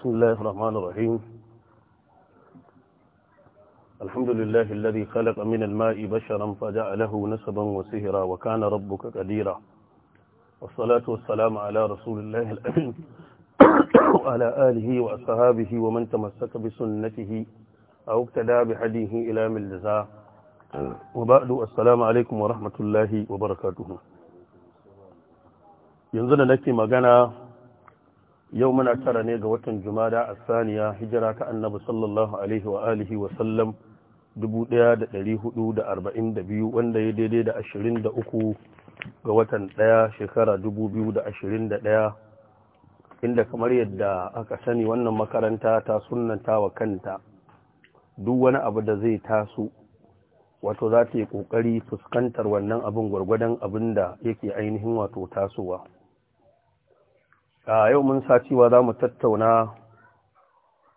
بسم الله الرحمن الرحيم الحمد لله الذي خلق من الماء بشرا فجعله نسبا وسهرا وكان ربك قديرا والصلاة والسلام على رسول الله الأمين وعلى آله وأصحابه ومن تمسك بسنته أو اقتدى بحديه إلى من الجزاء وبعد السلام عليكم ورحمة الله وبركاته ينزل لك مغانا yau muna tara ne ga watan jumada a saniya hijira ta annabi sallallahu alaihi wa alihi wa sallam 1442 wanda ya daidai da 23 ga watan ɗaya shekara 2021 inda kamar yadda aka sani wannan makaranta ta sunanta wa kanta duk wani abu da zai taso wato za ta yi ƙoƙari fuskantar wannan abin gwargwadon abin da yake ainihin wato tasowa. a yau mun sa cewa za mu tattauna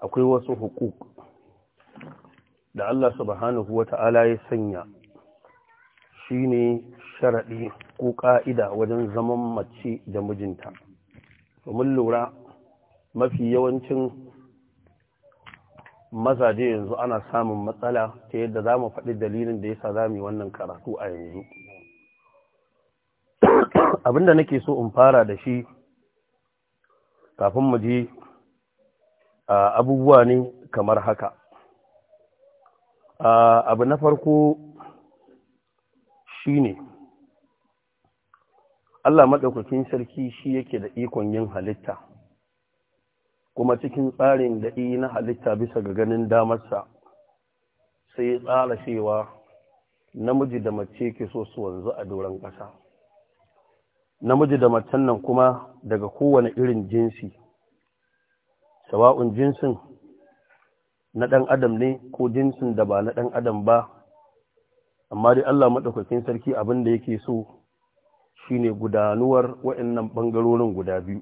akwai wasu hukuk da Allah subhanahu wa ta'ala ya sanya shi ne sharaɗi ko ƙa'ida wajen zaman mace da mijinta mun lura mafi yawancin mazaje yanzu ana samun matsala ta yadda za mu faɗi dalilin da ya sa za mu yi wannan karatu a yanzu abinda nake so in fara da shi kafin mu je abubuwa ne kamar haka abu na farko shine Allah maɗaukakin sarki shi yake da ikon yin halitta kuma cikin tsarin da yi na halitta bisa ga ganin damarsa sai tsara cewa namiji da mace ke so su wanzu a doron ƙasa namiji da macen nan kuma daga kowane irin jinsi sawa'un jinsin na ɗan adam ne ko jinsin da ba na ɗan adam ba amma dai Allah maɗaukakin sarki abin da yake so shi ne gudanuwar wa'annan ɓangarorin guda biyu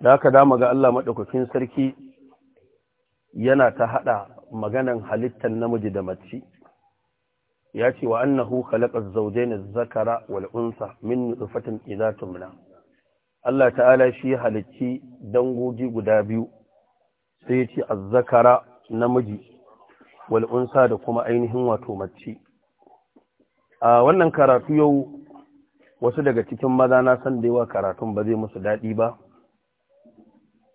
da aka dama ga Allah maɗaukakin sarki yana ta haɗa maganan halittar namiji da mace ya ce wa annahu khalaqa zawjayn az-zakara wal unsa min nutfatin idza tumna Allah ta'ala shi halicci dangoji guda biyu sai ya ce az-zakara namiji wal unsa da kuma ainihin wato mace a wannan karatu yau wasu daga cikin maza na san da yawa karatun ba zai musu daɗi ba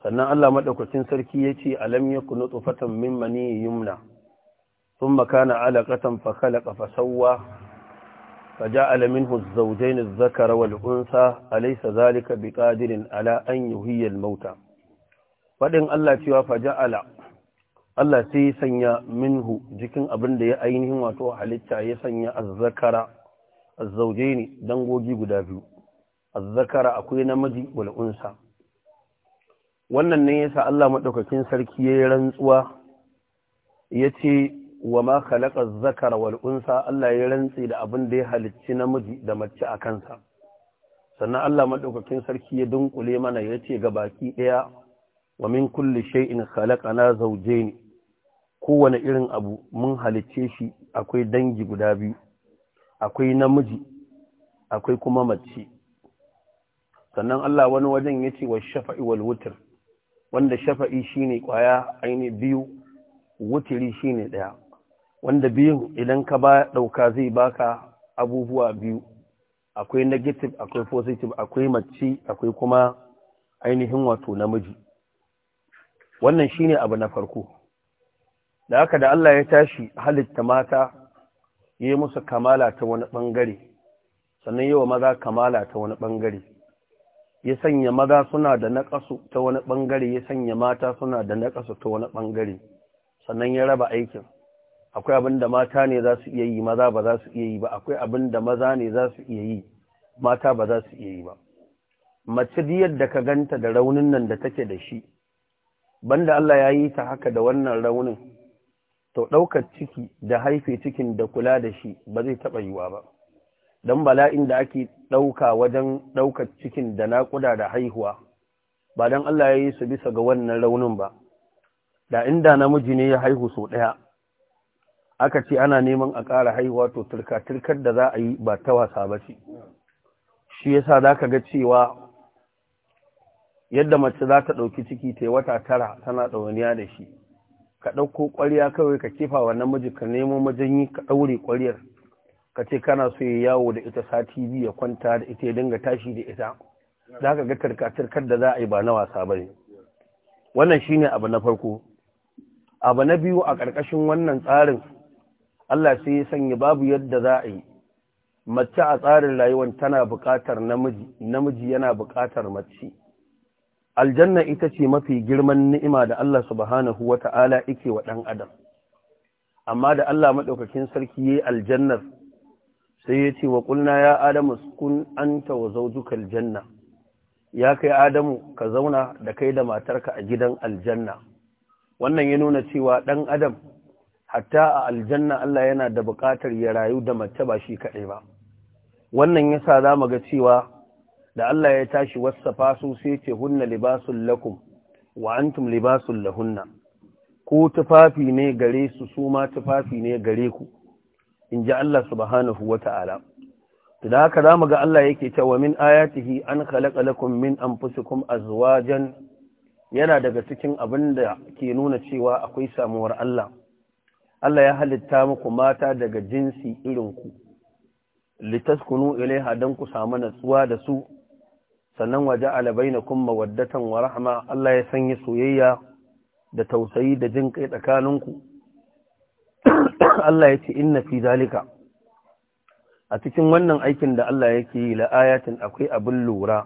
sannan Allah madaukakin sarki yace alam yakunu tufatan mimmani yumna Sun makana علقة فخلق فسوى فجعل منه الزوجين الذكر والأنثى أليس ذلك بقادر على أن يهي الموتى فإن الله تيوى فجعل Allah sai ya sanya minhu jikin abinda ya ainihin wato halitta ya sanya azzakara azzauje ne dangogi guda biyu Zakara akwai namiji wal wannan ne yasa Allah madaukakin sarki yayin rantsuwa Ya ce. wa ma khalaqa dhakara zakara wal unsa Allah ya rantsi da abin da ya halicci namiji da mace a kansa sannan Allah madaukakin sarki ya dunkule mana yace ga baki daya wa min kulli shay'in khalaqana zawjayn kowane irin abu mun halicce shi akwai dangi guda biyu akwai namiji akwai kuma mace sannan Allah wani wajen yace wa shafa'i wal wutr wanda shafa'i shine kwaya aini biyu wutiri shine daya wanda biyun idan ka ba ɗauka zai baka abubuwa biyu akwai negative akwai positive akwai mace akwai kuma ainihin wato namiji wannan shine abu na farko da haka da Allah ya tashi halitta mata yayi musu kamala ta wani ɓangare sannan yi maza kamala ta wani ɓangare ya sanya maza suna da naƙasu ta wani bangare ya sanya mata suna da naƙasu ta wani bangare sannan ya raba aikin akwai abin da mata ne za su iya yi maza ba za su iya yi ba akwai abin da maza ne za su iya yi mata ba za su iya yi ba mace da da ka ganta da raunin nan da take da shi banda Allah ya yi ta haka da wannan raunin to ɗaukar ciki da haife cikin da kula da shi ba zai taɓa yiwa ba don bala'in da ake ɗauka wajen ɗaukar cikin da naƙuda da haihuwa ba don Allah ya yi su bisa ga wannan raunin ba da inda namiji ne ya haihu sau ɗaya aka ce ana neman a ƙara haihuwa to turka-turkar da za a yi ba ta wasa ba ce shi yasa za ka ga cewa yadda mace za ta ɗauki ciki ta yi wata tara tana ɗauniya da shi ka ɗauko ƙwariya kawai ka kifa wa namiji ka nemo majanyi ka ɗaure ƙwariyar ka ce kana so ya yawo da ita sati biyu ya kwanta da ita ya dinga tashi da ita za ka ga turka-turkar da za a yi ba na wasa ba ne wannan shi ne abu na farko abu na biyu a ƙarƙashin wannan tsarin Allah sai ya sanya babu yadda za a yi mace a tsarin rayuwar tana buƙatar namiji namiji yana buƙatar mace aljanna ita ce mafi girman ni'ima da Allah subhanahu wata'ala yake wa ɗan adam amma da Allah Madaukakin sarki yayi aljannar sai ya ce wa ƙulna ya adamu kun anta wa zawjuka ya kai adamu ka zauna da kai da matarka a gidan aljanna wannan ya nuna cewa ɗan adam hatta a aljanna Allah yana da buƙatar ya rayu da mace ba shi kaɗai ba wannan ya sa za mu ga cewa da Allah ya tashi wasa faso sai ce hunna libasun lakum wa antum libasun lahunna ko tufafi ne gare su su ma tufafi ne gare ku in ji Allah subhanahu ta’ala. da haka za mu ga Allah yake cewa min ayatihi an khalaqa lakum min anfusikum azwajan yana daga cikin abin da ke nuna cewa akwai samuwar Allah Allah ya halitta muku mata daga jinsi irin irinku litaskunu ilaiha dan ku samu natsuwa da su sannan waje alabai na kuma waddatan wa rahama Allah ya sanya soyayya da tausayi da jin kai tsakaninku Allah ya ce inna fi zalika a cikin wannan aikin da Allah yake yi la'ayatin akwai abin lura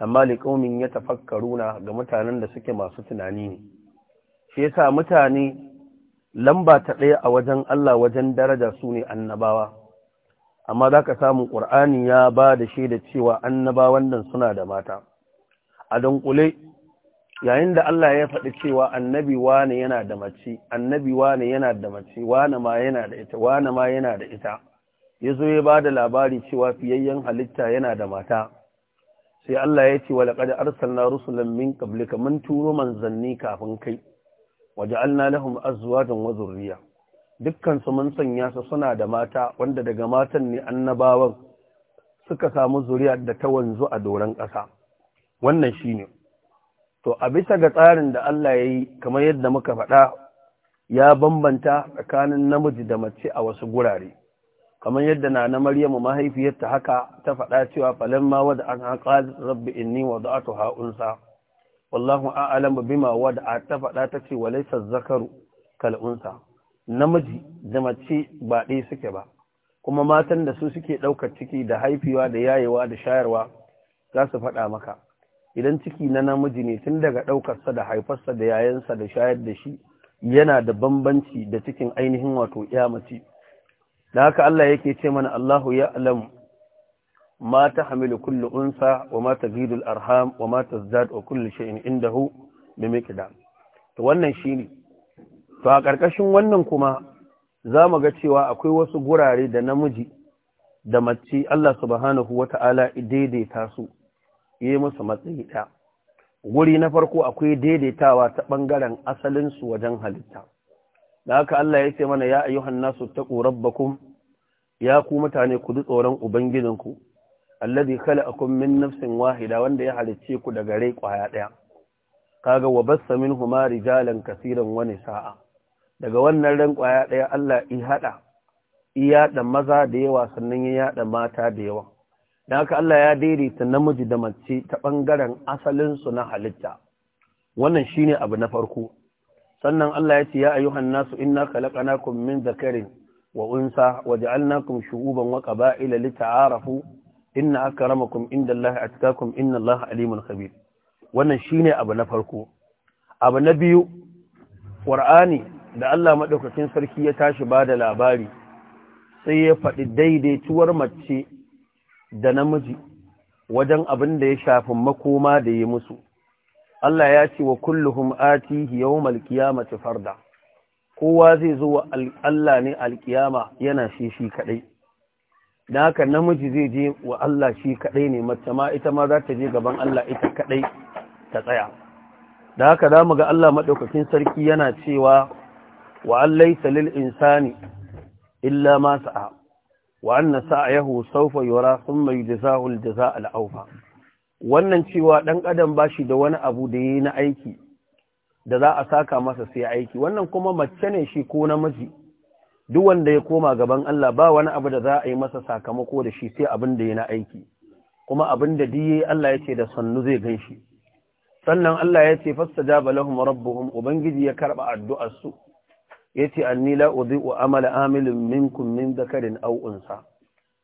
amma liƙaumin ya tafakkaruna ga mutanen da suke masu tunani ne shi yasa mutane lamba ta ɗaya a wajen Allah wajen daraja su ne annabawa amma za ka samu ƙur'ani ya ba da shaida cewa annabawan nan suna da mata a dunkule yayin da Allah ya faɗi cewa annabi wane yana da mace annabi wane yana da mace wane ma yana da ita wane ma yana da ita ya zo ya ba da labari cewa fiyayyen halitta yana da mata sai Allah ya ce wa laqad arsalna rusulan min qablika mun turo manzanni kafin kai waja'alna lahum azwajan wa zurriya dukkan su mun sanya su suna da mata wanda daga matan ne annabawan suka samu zuriya da ta wanzu a doran ƙasa wannan shine to a bisa ga tsarin da Allah ya yi kamar yadda muka faɗa ya bambanta tsakanin namiji da mace a wasu gurare kamar yadda na na Maryamu mahaifiyarta haka ta faɗa cewa falamma wada an haƙa rabbi inni wada'atu ha'unsa wallahu a'lam bima wada ta faɗa ta ce walaysa zakaru kal unsa namiji da mace ba ɗaya suke ba kuma matan da su suke ɗaukar ciki da haifiwa da yayewa da shayarwa za su faɗa maka idan ciki na namiji ne tun daga ɗaukarsa da haifarsa da yayansa da shayar da shi yana da bambanci da cikin ainihin wato ya mace da haka Allah yake ce mana Allahu ya'lam ما تحمل كل أنثى وما تزيد الأرحام وما تزداد وكل شيء عنده بمقدار wannan shine to a ƙarƙashin wannan kuma za mu ga cewa akwai wasu gurare da namiji da mace Allah subhanahu wata'ala daidaita su yi musu matsayi ɗaya guri na farko akwai daidaitawa ta ɓangaren asalinsu wajen halitta da haka Allah ya ce mana ya ayyuhan nasu taqu rabbakum ya ku mutane ku ji tsoron ubangijinku alladhi khalaqakum min nafsin wahida wanda ya halicce ku daga rai kwaya daya kaga wa bassa huma rijalan kaseeran wa nisaa daga wannan ran kwaya daya Allah i hada i yada maza da yawa sannan ya yada mata da yawa dan haka Allah ya daidaita namiji da mace ta bangaren asalin su na halitta wannan shine abu na farko sannan Allah ya ce ya ayyuhan nasu inna khalaqnakum min dhakarin wa unsa waja'alnakum shu'uban wa qaba'ila lita'arafu inna akramakum indallahi atqakum innallaha alimun khabir wannan shine abu na farko abu na biyu qur'ani da Allah maɗaukacin sarki ya tashi bada labari sai ya faɗi daidaituwar mace da namiji wajen abin da ya shafi makoma da yi musu Allah ya ce wa kulluhum atihi yawmal qiyamati farda kowa zai zo wa Allah ne alkiyama yana shi shi kadai da haka namiji zai je wa Allah shi kadai ne mace ma ita ma za ta je gaban Allah ita kadai ta tsaya da haka za mu ga Allah madaukakin sarki yana cewa wa allaisa lil insani illa ma sa'a wa anna sa'ayahu sawfa yura thumma yujzahu al jazaa al awfa wannan cewa dan adam bashi da wani abu da yayi na aiki da za a saka masa sai aiki wannan kuma mace ne shi ko namiji duk wanda ya koma gaban Allah ba wani abu da za a yi masa sakamako da shi sai abin da yana aiki kuma abin da diye Allah ya ce da sannu zai ganshi. sannan Allah ya ce fastajaba lahum rabbuhum ubangiji ya karba addu'ar su yace anni la udhi'u amala amilin minkum min dhakarin aw unsa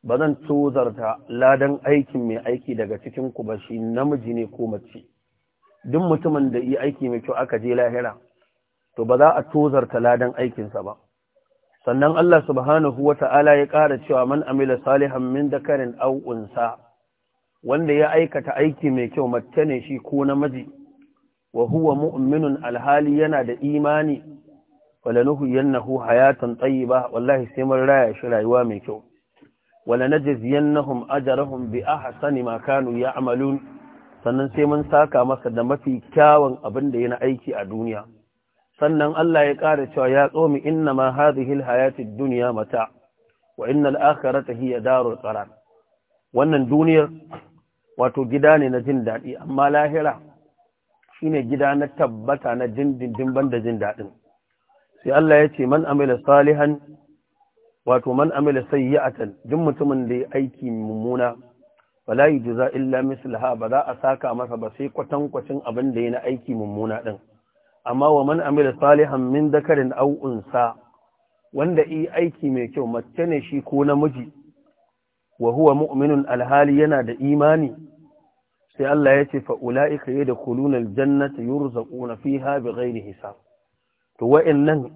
bazan tozarta ladan aikin mai aiki daga cikin ku ba shi namiji ne ko mace duk mutumin da yi aiki mai kyau aka je lahira to ba za a tozarta ladan aikinsa ba sannan Allah subhanahu wa ta'ala ya ƙara cewa man amila salihan min dakarin au'unsa, wanda ya aikata aiki mai kyau mace ne shi ko namiji wa huwa mu'minun alhali yana da imani falanuhyiyannahu hayatan ba, wallahi sai mun raya shi rayuwa mai kyau wala najziyannahum ajrahum bi ahsani ma ya ya'malun sannan sai mun saka masa da mafi kyawun abin da yana aiki a duniya sannan Allah ya ƙara cewa ya tsomi inna ma hadhihi alhayatid duniya mata wa inna al-akhirata hiya darul qarar wannan duniyar wato gida ne na jin daɗi amma lahira shine gida na tabbata na dindindin banda jin daɗin sai Allah ya ce man amila salihan wato man amila sayyi'atan duk mutumin da ya aiki mummuna wala yujza illa mislaha ba za a saka masa ba sai kwatankwacin abin da na aiki mummuna din amma wa man amila salihan min dakarin aw unsa wanda yi aiki mai kyau mace ne shi ko namiji wa huwa mu'minun alhali yana da imani sai Allah ya ce fa ulaika yadkhuluna aljannata yurzaquna fiha bighairi hisab to wa'annan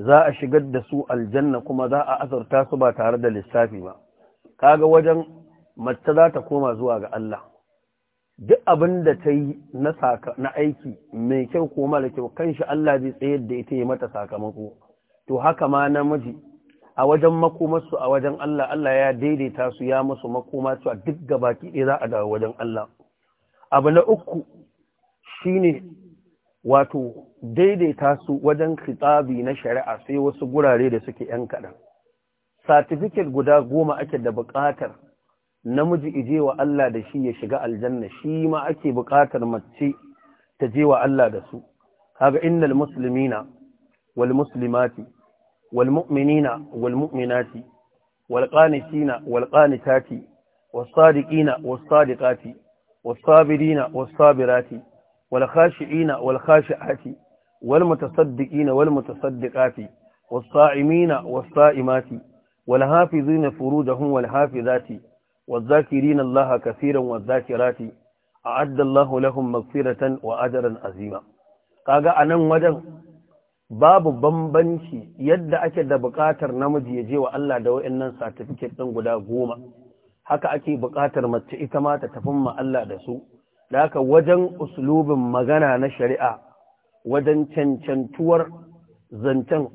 za a shigar da su aljanna kuma za a azurta su ba tare da lissafi ba kaga wajen mace za ta koma zuwa ga Allah duk abin da ta yi na aiki mai kyau ko mara kyau kan shi Allah zai tsaye da ita yi mata sakamako to haka ma namiji a wajen makomarsu a wajen Allah Allah ya daidaita su ya musu makoma A duk gabaki ɗaya za a dawo wajen Allah abu na uku shine wato daidaita su wajen kitabi na shari'a sai wasu gurare da suke ‘yan kaɗan. Satifiket guda goma ake da buƙatar namiji ije wa Allah da shi ya shiga aljanna shi ma ake buƙatar mace ta je wa Allah da su kaga innal muslimina wal muslimati wal mu'minina wal mu'minati wal qanitina wal qanitati was sadiqina was sadiqati was sabirina was sabirati wal khashiina wal khashiati wal mutasaddiqina wal mutasaddiqati was sa'imina was sa'imati wal hafizina furujahum wal hafizati والذاكرين الله كثيرا والذاكرات أعد الله لهم مغفرة وأجرا Ka ga anan wajen babu bambanci yadda ake da buƙatar namiji ya je wa Allah da wayannan certificate ɗin guda goma haka ake buƙatar mace ita ma ta tafi ma Allah da su da wajen uslubin magana na shari'a wajen cancantuwar zancen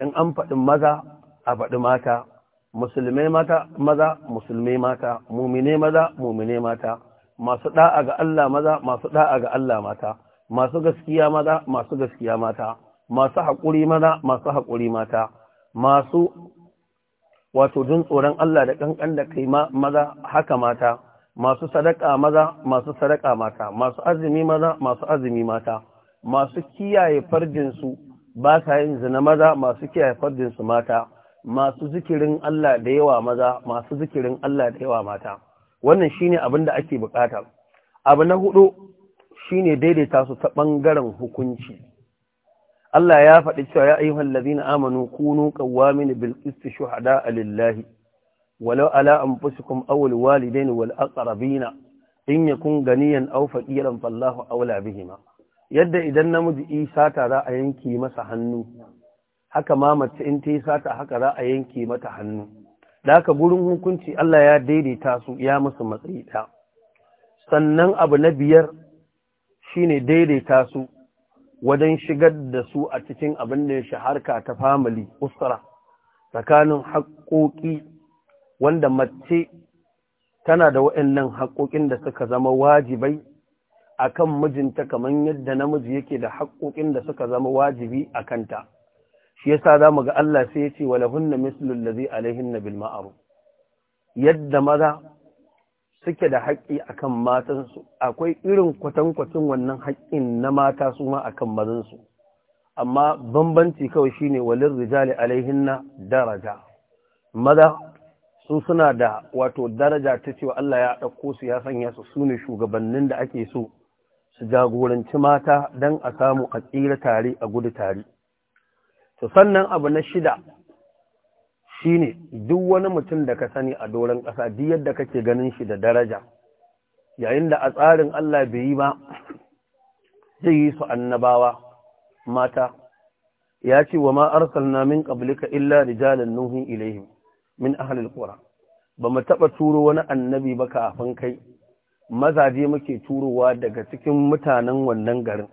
in an faɗi maza a faɗi mata musulmai mata maza musulmai mata mumine maza mumine mata masu da'a ga Allah maza masu da'a ga Allah mata masu gaskiya maza masu gaskiya mata masu haƙuri maza masu haƙuri mata masu wato jin tsoron Allah da kankan da kai maza haka mata masu sadaka maza masu sadaka mata masu azumi maza masu azumi mata masu kiyaye farjinsu ba sa yin zina maza masu kiyaye farjinsu mata masu zikirin Allah da yawa maza masu zikirin Allah da yawa mata wannan shine abin da ake bukata abu na hudu shine daidaita su ta bangaren hukunci Allah ya faɗi cewa ya ayyuhal ladina amanu kunu qawamin bil qist shuhada lillahi walau ala anfusikum aw al walidain wal aqrabina in yakun ganiyan aw faqiran fallahu awla bihima yadda idan namiji isa ta za a yanke masa hannu haka ma mace in ta yi sata haka za a yanke mata hannu da haka gurin hukunci Allah ya daidaita su ya musu matsayi ɗaya sannan abu na biyar shi ne daidaita su wajen shigar da su a cikin abin da ya shaharka ta famili usra tsakanin haƙoƙi wanda mace tana da waɗannan haƙoƙin da suka zama wajibai a kan mijinta kamar yadda namiji yake da haƙoƙin da suka zama wajibi a kanta shi yasa za mu ga Allah sai ya ce na mislul alaihin alaihinna bil ma'aru yadda maza suke da haƙƙi akan matansu akwai irin kwatankwacin wannan haƙƙin na mata su ma akan mazansu amma bambanci kawai shine walin rijali alaihin na daraja maza su suna da wato daraja ta cewa Allah ya ɗauko su ya sanya su su ne shugabannin da ake so su jagoranci mata don a samu a tsira tare a gudu tare to sannan abu na shida shi ne duk wani mutum da ka sani a doron ƙasa duk yadda kake ganin shi da daraja yayin da a tsarin Allah bai yi ba zai yi su annabawa mata ya ce wa ma na min qablika illa rijalin nuhi ilaihim min ahli ƙura. ba mu taɓa turo wani annabi ba kafin kai mazaje muke turowa daga cikin mutanen wannan garin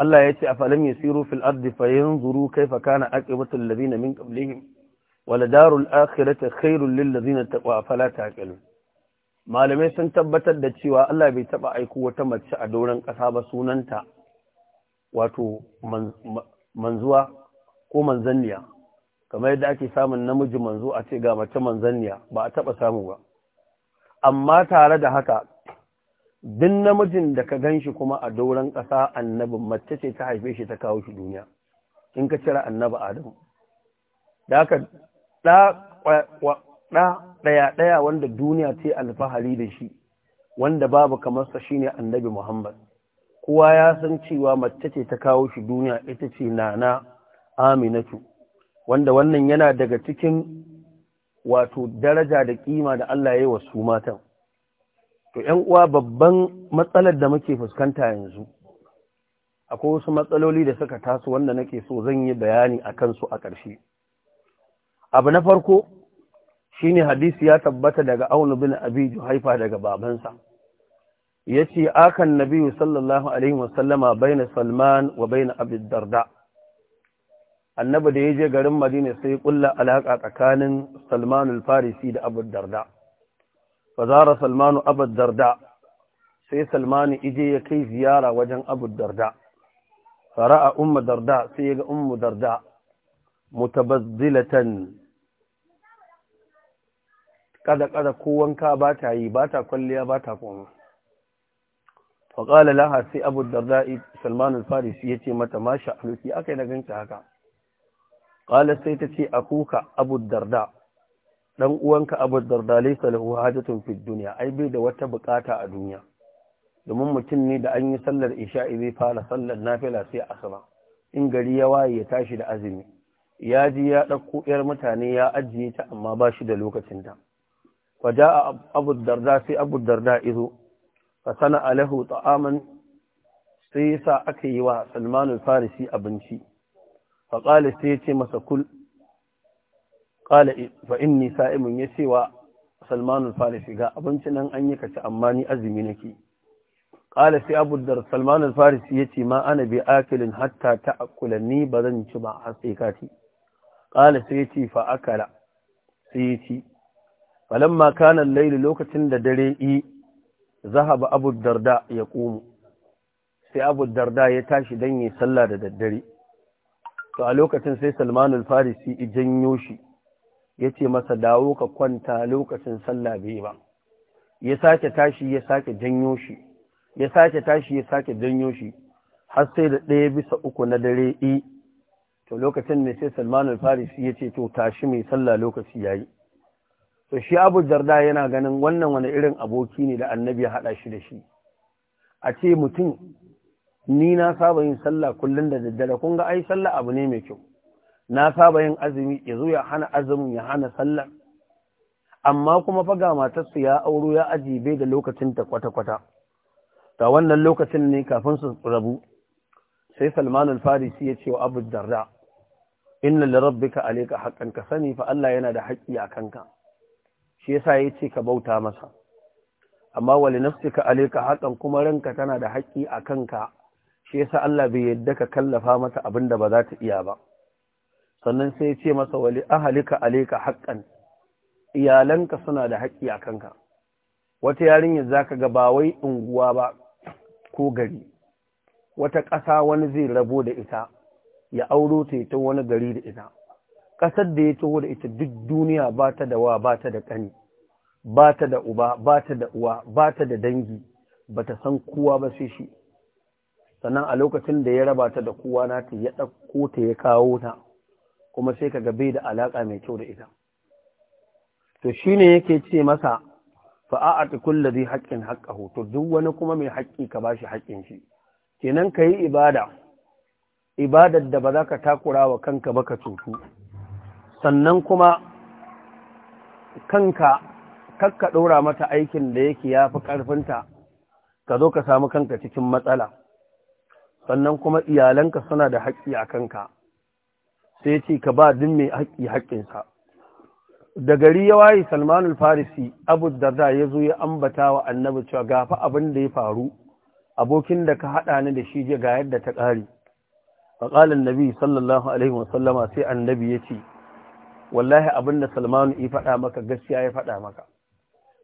Allah ya ce a falam yasiru fil ardi fayanzuru kaifa kana aqibatu alladhina min qablihim wala darul akhirati khairul lil ladhina taqwa fala taqilun malamai sun tabbatar da cewa Allah bai taba aiko wata mace a doron kasa ba sunanta wato manzuwa ko manzanniya kamar yadda ake samun namiji manzo a ce ga mace manzanniya ba a taba samu ba amma tare da haka duk namijin da ka gan shi kuma a doron ƙasa annabin mace ce ta haife shi ta kawo shi duniya in ka cira annabi adamu da aka ɗaya ɗaya wanda duniya ce alfahari da shi wanda babu kamar kamarsa ne annabi muhammad kowa ya san cewa mace ce ta kawo shi duniya ita ce nana aminatu wanda wannan yana daga cikin wato daraja da ƙima da Allah ya yi wa su matan to ‘yan uwa babban matsalar da muke fuskanta yanzu akwai wasu matsaloli da suka taso wanda nake so zan yi bayani a kansu a ƙarshe abu na farko shi ne hadisi ya tabbata daga aunu bin abi juhaifa daga babansa ya ce akan biyu, sallallahu alaihi wasallama baina salman wa baina abid darda annabi da ya je garin madina sai kulla alaƙa tsakanin salmanul farisi da abu darda fazara salmanu abu darda sai salmanu ije ya kai ziyara wajen abu darda fara'a umma darda sai ya ga ummu darda mutabazzilatan kada kada ko wanka ba ta yi ba ta kwalliya ba ta koma faƙala laha sai abu darda salman al ya ce mata ma sha'aluki aka yi na ganta haka ƙala sai ta ce a abu darda Ɗan uwanka Abu Darda salahu lahu hajatun fi dunya ai bai da wata bukata a duniya domin mutum ne da an yi sallar isha'i zai fara sallar nafila sai asuba in gari ya waye ya tashi da azumi ya ji ya ɗauko ‘yar mutane ya ajiye ta amma ba shi da ta Waja a abu darda sai abu darda izo, fa sana alahu ta'aman sai yasa aka yi wa salmanul farisi abinci, qala sai ya ce masa kul qala fa inni sa'imun ya cewa Salmanu al-farisi ga abincin nan an yi kace amma ni azumi nake qala sai abu dar salman al-farisi yace ma ana bi akilin hatta ta akula ni bazan ci ba har sai ka ci sai sai ce fa akala sai yace falamma kana al-layl lokacin da dare yi zahaba abu darda ya qumu sai abu darda ya tashi dan yi sallah da daddare to a lokacin sai salmanul al-farisi janyo shi ya ce masa dawo ka kwanta lokacin sallah bai ba ya sake tashi ya sake janyo shi ya sake tashi ya sake janyo shi har sai da ɗaya bisa uku na dare i to lokacin ne sai salman al ya ce to tashi mai sallah lokaci ya yi to shi abu jarda yana ganin wannan wani irin aboki ne da annabi ya haɗa shi da shi a ce mutum ni na saba yin sallah kullum da daddare kun ga ai sallah abu ne mai kyau na saba yin azumi ya zo ya hana azumin ya hana sallah amma kuma faga matarsu ya auro ya ajibe da lokacin ta kwata-kwata ta wannan lokacin ne kafin su rabu sai salman al-farisi ya ce wa abu darda inna li rabbika alayka haqqan ka sani fa Allah yana da haƙƙi a kanka shi yasa ce ka bauta masa amma wa li nafsika alayka haqqan kuma ranka tana da haƙƙi a kanka shi yasa Allah bai yadda ka kallafa mata abinda ba za ta iya ba sannan sai ya ce masa wali ahalika alaika haƙƙan iyalanka suna da haƙƙi a kanka wata yarinyar za ka ga ba wai unguwa ba ko gari wata ƙasa wani zai rabo da ita ya auro ta ita wani gari da ita ƙasar da ya taho da ita duk duniya ba ta da wa ba ta da ƙani ba ta da uba ba ta da uwa ba ta da dangi ba ta san kowa ba sai shi sannan a lokacin da ya raba ta da kowa na ta ya ɗauko ta ya kawo ta kuma sai ka bai da alaka mai kyau da ita to shi ne yake ce masa fa a'ati kulli zai haƙƙin haƙƙa to duk wani kuma mai haƙƙi ka ba shi haƙƙin shi kenan yi ibada ibadar da ba za ka takura wa kanka ba ka cutu sannan kuma kanka kakka ɗora mata aikin da yake ya fi ƙarfinta ka zo ka samu kanka cikin matsala sannan kuma iyalanka suna da haƙƙi a kanka sai ce ka ba duk mai haƙƙi haƙƙinsa da gari ya waye salman farisi abu za ya zo ya ambata wa annabi cewa gafa abin da ya faru abokin da ka haɗa ni da shi je ga yadda ta ƙare faƙalin nabi sallallahu alaihi wasallama sai annabi ya ce wallahi abin da salmanu ya faɗa maka gaskiya ya faɗa maka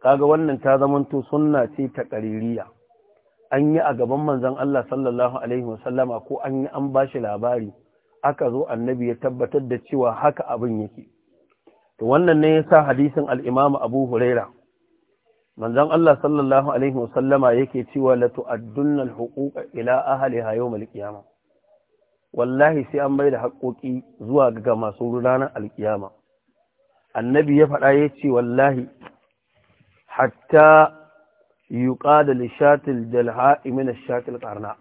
Ka ga wannan ta zamanto sunna ce ta ƙaririya an yi a gaban manzon Allah sallallahu alaihi wasallama ko an yi an bashi labari aka zo annabi ya tabbatar da cewa haka abin yake to wannan ne yasa hadisin al-Imam Abu Huraira manzon Allah sallallahu alaihi wasallama yake cewa la tu'addunna al-huquqa ila ahliha yawm al-qiyamah wallahi sai an bai da haƙoƙi zuwa ga masu ranar alƙiyama annabi ya faɗa ya ce wallahi hatta yuƙa da lishatil jalha'i min shatil ƙarna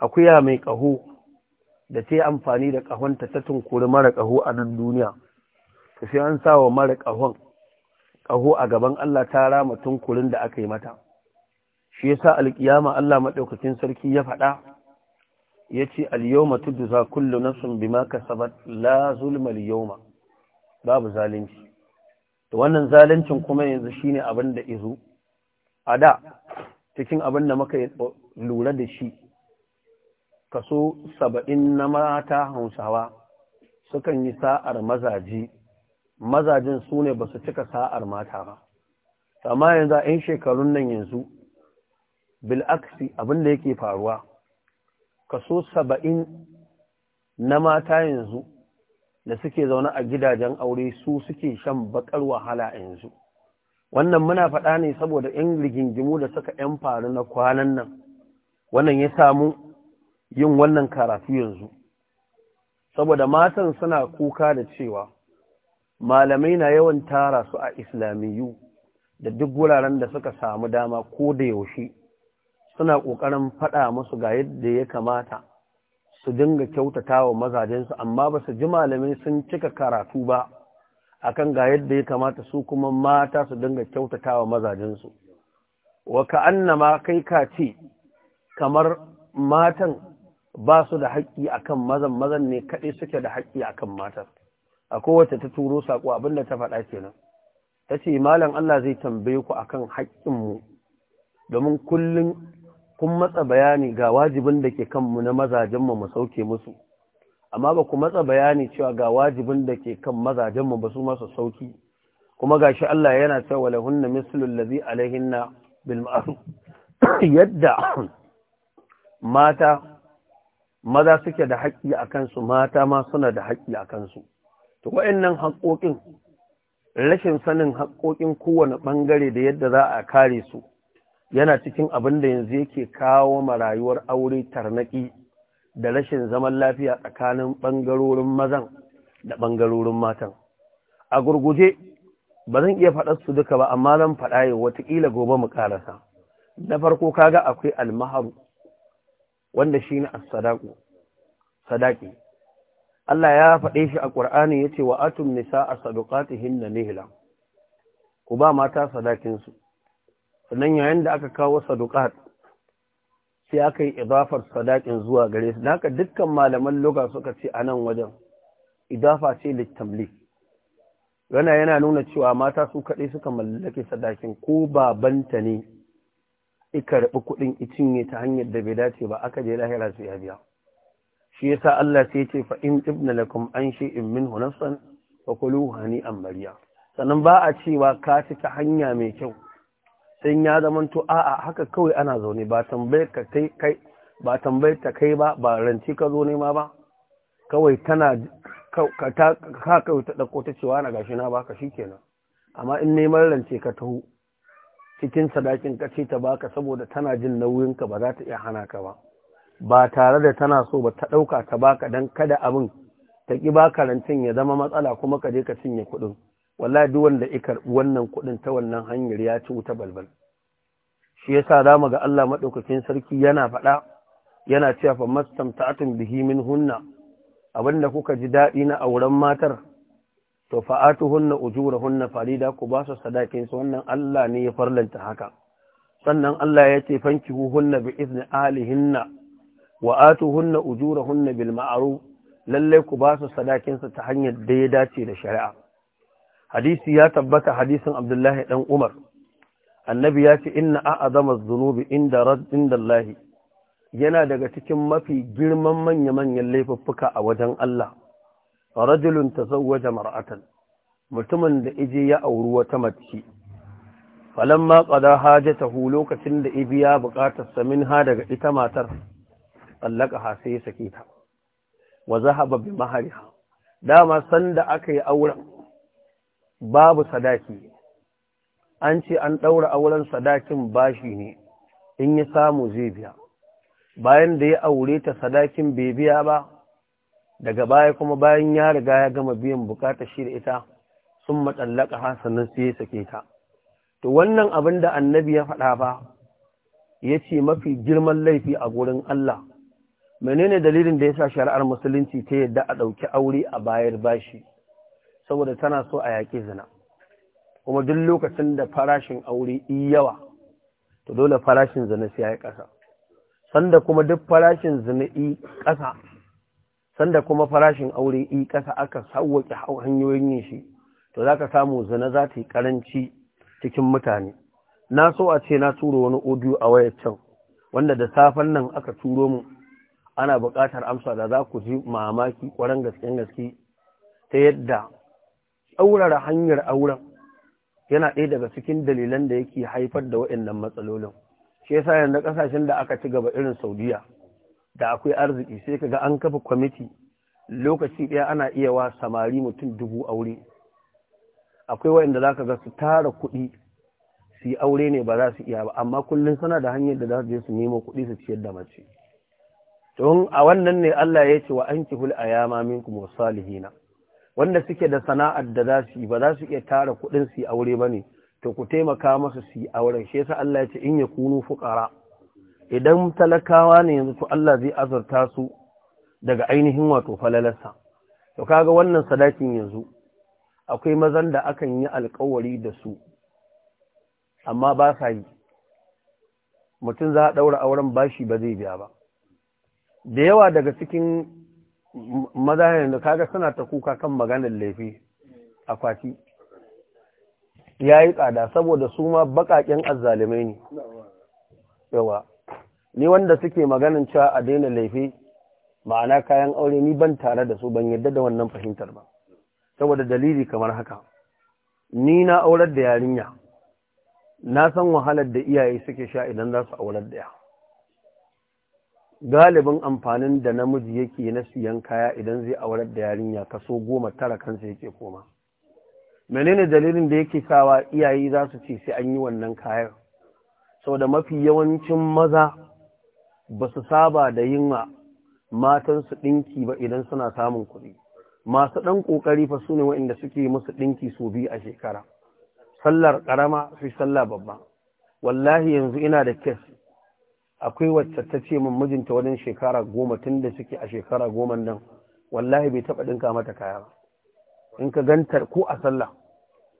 akuya mai ƙaho da ta yi amfani da ƙahonta ta tunkuri mara ƙaho a nan duniya ta sai an sa wa mara ƙahon ƙaho a gaban Allah ta rama tunkurin da aka yi mata shi ya sa alƙiyama Allah maɗaukacin sarki ya faɗa ya ce alyoma tudu za kullu na maka sabat la zulma alyawma babu zalunci Da wannan zaluncin kuma yanzu shi ne abin da izo a da cikin abin da muka lura da shi kaso saba'in na mata hausawa sukan yi sa'ar mazaji mazajin su ne ba su cika sa'ar mata ba amma yanzu a shekarun nan yanzu bil'aksi abinda yake faruwa kaso saba'in na mata yanzu da suke zaune a gidajen aure su suke shan bakar wahala yanzu wannan muna faɗa ne saboda 'yan rigingimu da suka 'yan faru na kwanan nan wannan ya samu yin wannan karatu yanzu saboda matan suna kuka da cewa malamai na yawan tara su a islamiyu da duk wuraren da suka samu dama ko da yaushe suna ƙoƙarin faɗa musu ga yadda ya kamata su dinga kyautata wa mazajensu amma ba su ji malamai sun cika karatu ba akan ga yadda ya kamata su kuma mata su dinga kyautata wa mazajensu wa ka'annama kai ka ce kamar matan ba su da haƙƙi akan mazan mazan ne kaɗai suke da haƙƙi akan matar. A kowace ta turo saƙo da ta faɗa kenan ta ce malam Allah zai tambaye ku akan haƙƙinmu domin kullum kun matsa bayani ga wajibin da ke kanmu na mazajenmu mu sauke musu amma ba ku matsa bayani cewa ga wajibin da ke kan mazajenmu ba su masu sauki kuma gashi Allah yana cewa lahunna mislul ladhi alaihinna bil ma'ruf yadda mata maza suke da haƙƙi a kansu mata ma suna da haƙƙi a kansu to wa'annan haƙƙoƙin rashin sanin haƙoƙin kowane ɓangare da yadda za a kare su yana cikin abin da yanzu yake kawo marayuwar aure tarnaƙi da rashin zaman lafiya tsakanin ɓangarorin mazan da ɓangarorin matan a gurguje ba zan iya faɗar su duka ba amma zan faɗa yau wataƙila gobe mu ƙarasa na farko kaga akwai almaharu wanda shi ne as-sadaqu Allah ya faɗe shi a Qur'ani yace wa atum nisaa sadaqatihinna nihla ku ba mata sadakin su sannan yayin da aka kawo sadaqat sai aka yi idafar sadakin zuwa gare su ka dukkan malaman loga suka ce a nan wajen idafa ce litamlik yana yana nuna cewa mata su kaɗai suka mallake sadakin ko babanta ne ikarbi kuɗin icinye ta hanyar da bai dace ba aka je lahira su ya biya shi yasa Allah sai ce fa in ibna lakum an shay'in min hunasan fa kulu hani an mariya sannan ba a cewa ka ci ta hanya mai kyau sai ya zama zamanto a'a haka kawai ana zaune ba tambayar ka kai kai ba tambayar ta kai ba ba ranci ka zo ma ba kawai tana ka ta ka ta dauko ta cewa na gashi na baka shikenan amma in neman rance ka taho cikin sadakin kace ta baka saboda tana jin nauyinka ba za ta iya hana ka ba ba tare da tana so ba ta ɗauka ta baka dan kada abin ta ƙi ba karantin ya zama matsala kuma ka je ka cinye kuɗin wallahi duk wanda ya karbi wannan kuɗin ta wannan hanyar ya ci wuta balbal shi yasa za mu ga Allah maɗaukakin sarki yana faɗa yana cewa fa mastamta'atun bihi min hunna abinda kuka ji daɗi na auren matar to ujura ujurahunna farida ku ba su sadakin wannan Allah ne ya farlanta haka sannan Allah ya ce hunna bi izni ahlihinna wa ujura ujurahunna bil ma'aru lallai ku ba su sadakin ta hanyar da ya dace da shari'a hadisi ya tabbata hadisin Abdullahi ɗan Umar annabi ya ce inna a adh zunubi inda Allah yana daga cikin mafi girman manya-manyan laifuffuka a wajen Allah rajulun waje mar'atan mutumin da ije ya auri wata mace falamma qada hajatahu lokacin da ibiya buƙatar sa minha daga ita matar tsallaka ha sai sake ta wa zahaba bi mahariha dama sanda aka yi auren babu sadaki an ce an ɗaura auren sadakin bashi ne in ya samu zai biya bayan da ya aure ta sadakin bai biya ba daga baya kuma bayan ya riga ya gama biyan bukatar shi da ita sun matsallaka hasannan sai ya sake ta to wannan abin da annabi ya faɗa ba ya ce mafi girman laifi a gurin Allah menene dalilin da ya sa shari'ar musulunci ta yadda a ɗauki aure a bayar bashi saboda tana so a yaƙi zina kuma duk lokacin da farashin aure yawa to dole farashin zina sai ya yi ƙasa sanda kuma duk farashin zina ƙasa sanda kuma farashin aure yi ƙasa aka sauwaƙe hanyoyin yin shi to za ka samu zina za ta yi ƙaranci cikin mutane na so a ce na turo wani audio a wayar can wanda da safen nan aka turo mu ana buƙatar amsa da za ku ji mamaki ƙwarar gasken gaske ta yadda tsaurara hanyar auren yana ɗaya daga cikin dalilan da yake haifar da waɗannan matsalolin shi yasa yanzu ƙasashen da aka ci gaba irin saudiya da akwai arziki sai kaga an kafa kwamiti lokaci ɗaya ana iya wa samari mutum dubu aure akwai wayanda za ka ga su tara kuɗi su yi aure ne ba za su iya ba amma kullum suna da hanyar da za su je su nemo kuɗi su ciyar da mace don a wannan ne Allah ya ce wa an kihul a minkum wa wanda suke da sana'ar da za su yi ba za su iya tara kuɗin su yi aure ba ne to ku taimaka masa su yi auren shi yasa Allah ya ce in ya kunu fuqara idan talakawa ne yanzu to Allah zai azurta su daga ainihin wato falalarsa to kaga wannan sadakin yanzu akwai mazan da akan yi alkawari da su amma ba sa yi mutum za a ɗaura auren bashi ba zai biya ba da yawa daga cikin maza yanzu kaga suna ta kuka kan maganar laifi akwati ya yi tsada saboda su ma baƙaƙen azzalimai ne yawa ni wanda suke maganin cewa a daina laifi ma'ana kayan aure ni ban tare da su ban yadda da wannan fahimtar ba saboda dalili kamar haka ni na aurar da yarinya na san wahalar da iyaye suke sha idan za su aurar da ya galibin amfanin da namiji yake na siyan kaya idan zai aurar da yarinya kaso goma tara kansa yake koma menene dalilin da yake sawa iyaye za su ce sai an yi wannan kayan sau da mafi yawancin maza ba su saba da yin matansu ɗinki ba idan suna samun kuɗi masu ɗan ƙoƙari fa su ne waɗanda suke musu ɗinki su biyu a shekara sallar ƙarama su sallah babba wallahi yanzu ina da kes akwai wacce ta ce min mijinta wajen shekara goma tun da suke a shekara goma nan wallahi bai taɓa ɗinka mata kaya ba in ka ganta ko a sallah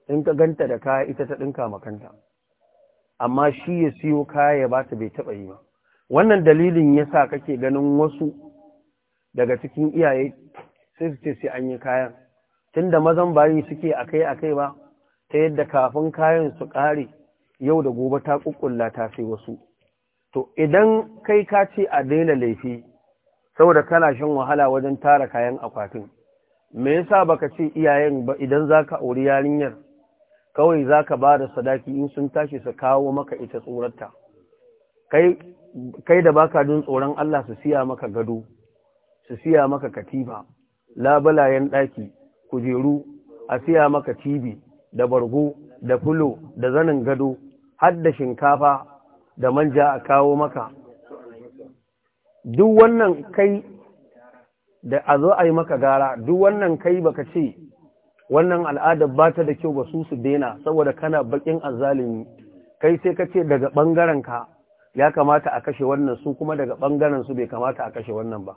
in ka ganta da kaya ita ta ɗinka makanta amma shi ya siyo kaya ya ba ta bai taɓa yi ba wannan dalilin ya sa kake ganin wasu daga cikin iyaye sai su ce sai an yi kayan tun da mazan bayi suke a kai a kai ba ta yadda kafin kayan su ƙare yau da gobe ta ƙuƙulla ta sai wasu to idan kai ka ce a daina laifi saboda kana shan wahala wajen tara kayan akwatin me yasa baka ce iyayen ba idan zaka auri yarinyar kawai zaka ba da sadaki in sun tashi su kawo maka ita tsoratta kai da baka jin tsoron Allah su siya maka gado su siya maka katifa labalayen ɗaki kujeru a siya maka tibi da bargo da fulo da zanin gado har da shinkafa da manja a kawo maka duk wannan kai da a zo a yi maka gara duk wannan kai baka ce wannan al'adar ba ta da kyau ba su su daina saboda kana baƙin azalimi kai sai ka ce daga ɓangarenka. ya kamata a kashe wannan su kuma daga ɓangaren su bai kamata a kashe wannan ba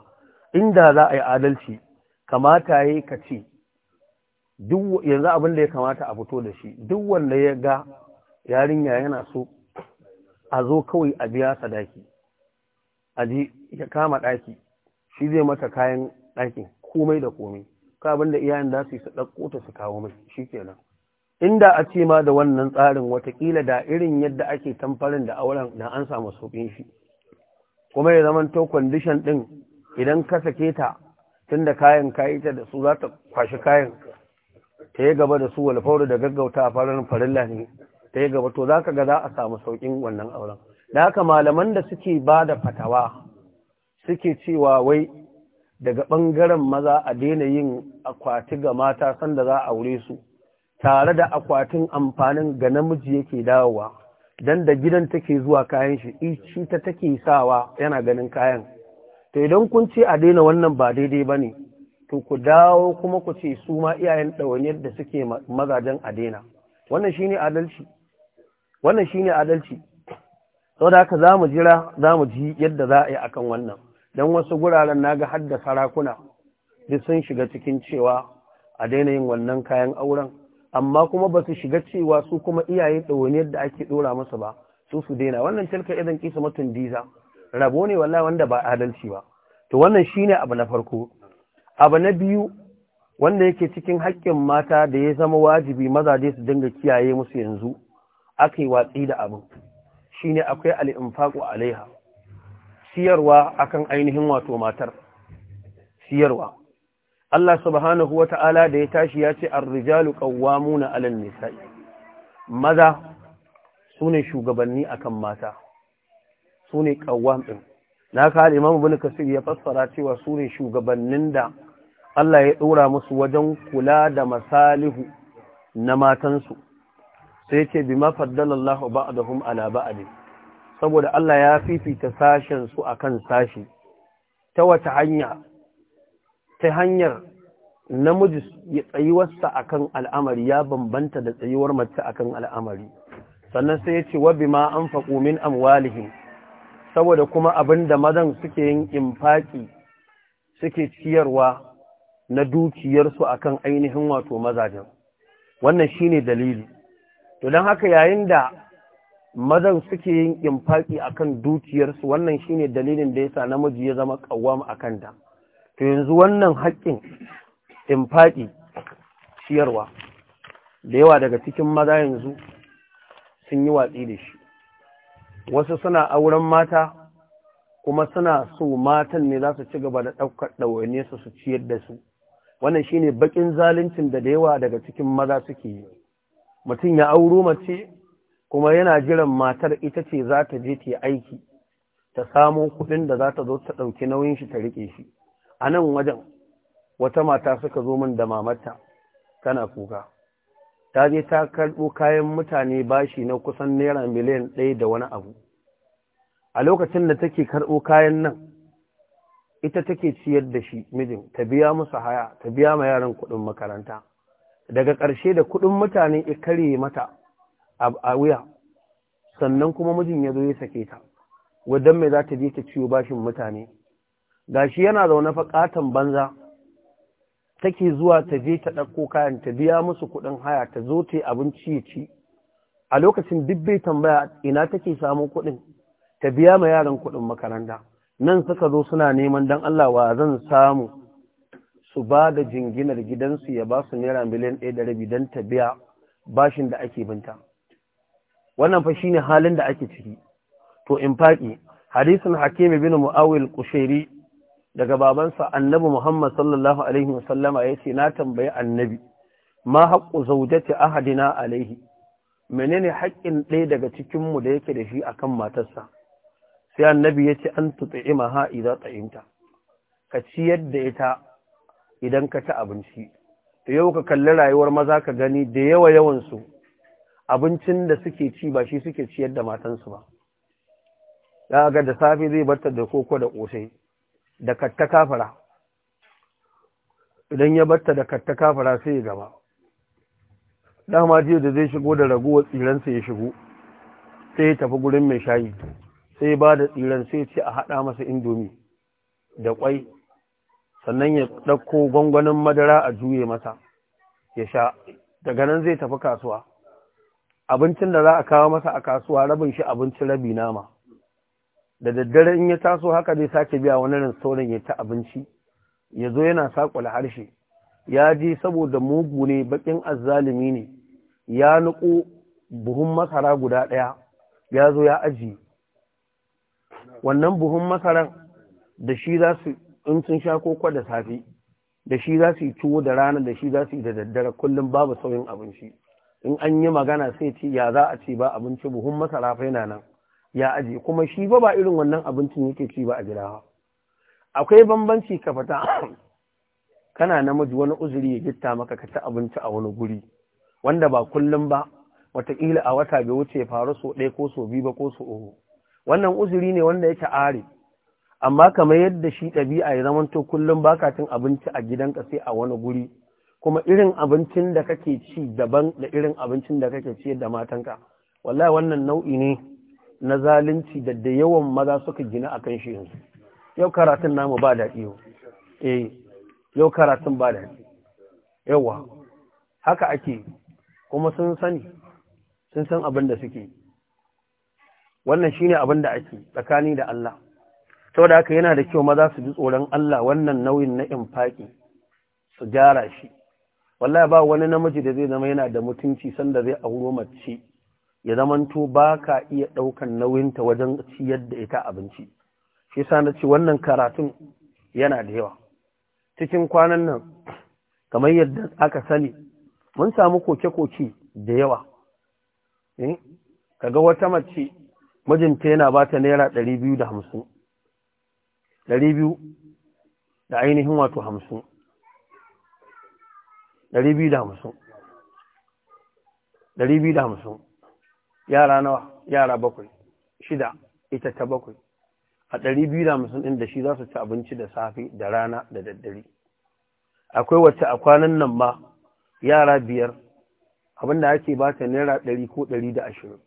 inda za a yi adalci kamata ya ka ce yanzu abin da ya kamata a fito da shi duk wanda ya ga yarinya yana so a zo kawai a biya sadaki a ji ya kama ɗaki shi zai mata kayan ɗakin komai da komai ka abin da iyayen da su yi su ɗauko ta su kawo mai shi kenan inda a ce ma da wannan tsarin watakila da irin yadda ake tamfarin da auren da an samu sauƙin shi kuma ya zama to kwandishan ɗin idan ka sake ta tun da kayan kayi ta da su za ta kwashi kayan ta yi gaba da su walfauru da gaggauta a farin farin ne ta yi gaba to za ka ga za a samu sauƙin wannan auren da haka malaman da suke ba da fatawa suke cewa wai daga ɓangaren maza a daina yin akwati ga mata sanda za a aure su tare da akwatin amfanin ga namiji yake dawowa dan da gidan take zuwa kayan shi shi ta take sawa yana ganin kayan to idan kun ce a daina wannan ba daidai bane to ku dawo kuma ku ce su ma iyayen ɗawainiyar da suke mazajen a daina wannan shine adalci wannan shine adalci saboda haka za mu jira za mu ji yadda za a yi akan wannan don wasu guraren na ga hadda sarakuna duk sun shiga cikin cewa a daina yin wannan kayan auren amma kuma ba su shiga cewa su kuma iyaye ɗawainiyar yadda ake ɗora masa ba su su daina wannan tilka idan kisa mutum diza rabo ne wallahi wanda ba adalci ba to wannan shine abu na farko abu na biyu wanda yake cikin haƙƙin mata da ya zama wajibi maza mazaje su dinga kiyaye musu yanzu aka yi watsi da abin shine akwai al'infaƙo alaiha siyarwa akan ainihin wato matar siyarwa Allah subhanahu wa ta'ala da ya tashi ya ce ar-rijalu qawwamuna 'alan nisa'i maza ne shugabanni akan mata sune qawwam din na ka imam ibn kasir ya fassara cewa sune shugabannin da Allah ya ɗora musu wajen kula da masalihu na matansu sai ce bima faddala Allah ba'dahum ala ba'd saboda Allah ya fifita sashen su akan sashi ta wata hanya ta hanyar namiji ya tsayuwarsa akan al'amari ya bambanta da tsayuwar mace akan al'amari sannan sai ya ce wa bima anfaqu min amwalihim saboda kuma abin da mazan suke yin infaki suke ciyarwa na dukiyarsu akan ainihin wato mazajen wannan shi ne dalili to don haka yayin da mazan suke yin a akan dukiyarsu wannan shi ne dalilin da ya sa namiji ya zama ƙawam a kanta. to yanzu wannan haƙƙin faɗi ciyarwa da yawa daga cikin maza yanzu sun yi watsi da shi wasu suna auren mata kuma suna so matan ne za su ci gaba da ɗaukar ɗawaine su su ciyar da su wannan shi ne baƙin zaluncin da da yawa daga cikin maza suke yi mutum ya auro mace kuma yana jiran matar ita ce za ta je ta aiki ta samo kuɗin da za ta zo ta ɗauki nauyin shi ta riƙe shi a nan wajen wata mata suka zo min da mamata tana kuka ta je ta karɓo kayan mutane bashi na kusan naira miliyan ɗaya da wani abu a lokacin da take karɓo kayan nan ita take ciyar da shi mijin ta biya musu haya ta biya ma yaran kuɗin makaranta daga ƙarshe da kuɗin mutane ya karye mata a wuya sannan kuma mijin ya zo ya sake ta wadda mai za ta je ta ciwo bashin mutane gashi yana zaune fa katan banza take zuwa ta je ta ɗauko kayan ta biya musu kuɗin haya ta zo ta abinci ya ci a lokacin duk bai tambaya ina take samu kuɗin ta biya ma yaran kuɗin makaranta nan suka zo suna neman dan Allah wa zan samu su ba da jinginar gidansu ya ba su naira miliyan ɗaya da rabi don ta biya bashin da ake binta wannan fa shine halin da ake ciki to in faƙi hadisin hakimi bin mu'awil qushairi daga babansa annabi Muhammad sallallahu alaihi wasallama ya ce na tambayi annabi ma haƙƙu zaujati ahadina alaihi menene haƙƙin ɗaya daga cikin mu da yake da shi akan matarsa sai annabi ya ce an tut'ima maha idza ta'imta ka ci yadda ita idan ka ta abinci to yau ka kalli rayuwar maza ka gani da yawa yawan su abincin da suke ci ba shi suke ciyar da matansu ba ga da safe zai barta da koko da ƙosai da katta kafara idan ya batta da katta kafara sai ya gaba dama jiya da zai shigo da raguwar tsiransa ya shigo sai ya tafi gurin mai shayi sai ba da tsiran sai ce a haɗa masa indomi da kwai sannan ya ɗauko gwangwanin madara a juye masa ya sha daga nan zai tafi kasuwa abincin da za a kawo masa a kasuwa rabin shi abincin rabi nama da daddare in ya taso haka zai sake biya wani restoran ya ta abinci ya zo yana saƙwala harshe ya je saboda mugu ne baƙin azzalumi ne ya nuku buhun masara guda ɗaya ya zo ya aji. wannan buhun masaran da shi za su in sun sha koko da safe da shi za su yi tuwo da rana da shi za su yi da daddare kullum babu sauyin abinci in an yi magana sai ce ya za a ce ba abinci buhun masara fa yana nan ya aje kuma shi ba ba irin wannan abincin yake ci ba a gida akwai bambanci ka fita kana namiji wani uzuri ya gitta maka ka ci abinci a wani guri wanda ba kullum ba wataƙila a wata bai wuce faru so ɗaya ko so biyu ba ko so uku wannan uzuri ne wanda yake are amma kamar yadda shi ɗabi'a ya zamanto kullum ba ka cin abinci a gidanka sai a wani guri kuma irin abincin da kake ci daban da irin abincin da kake ci da matanka wallahi wannan nau'i ne na zalunci da da yawan maza suka gina a kan shi yanzu yau karatun namu ba daɗi yau eh yau karatun ba daɗi yawa haka ake kuma sun sani sun san abin da suke wannan shi ne abin da ake tsakani da Allah da haka yana da kyau maza su ji tsoron Allah wannan nauyin na infaki su gyara shi wallahi ba wani namiji da zai zama yana da mutunci sanda zai auro mace ya zamanto ba ka iya ɗaukan nauyinta wajen ciyar da ita abinci shi sa na ce wannan karatun yana da yawa cikin kwanan nan kamar yadda aka sani mun samu koke-koke da yawa hmm? Ka ga wata mace mijinta yana ba ta naira ɗari biyu da hamsin ɗari biyu da ainihin wato hamsin ɗari biyu da hamsin ɗari biyu da hamsin yara nawa yara bakwai shida ita ta bakwai a ɗari biyu da hamsin ɗin da shi za su ci abinci da safe da rana da daddare akwai wacce a kwanan nan ma yara biyar abin da ake ba ta naira ɗari ko ɗari da ashirin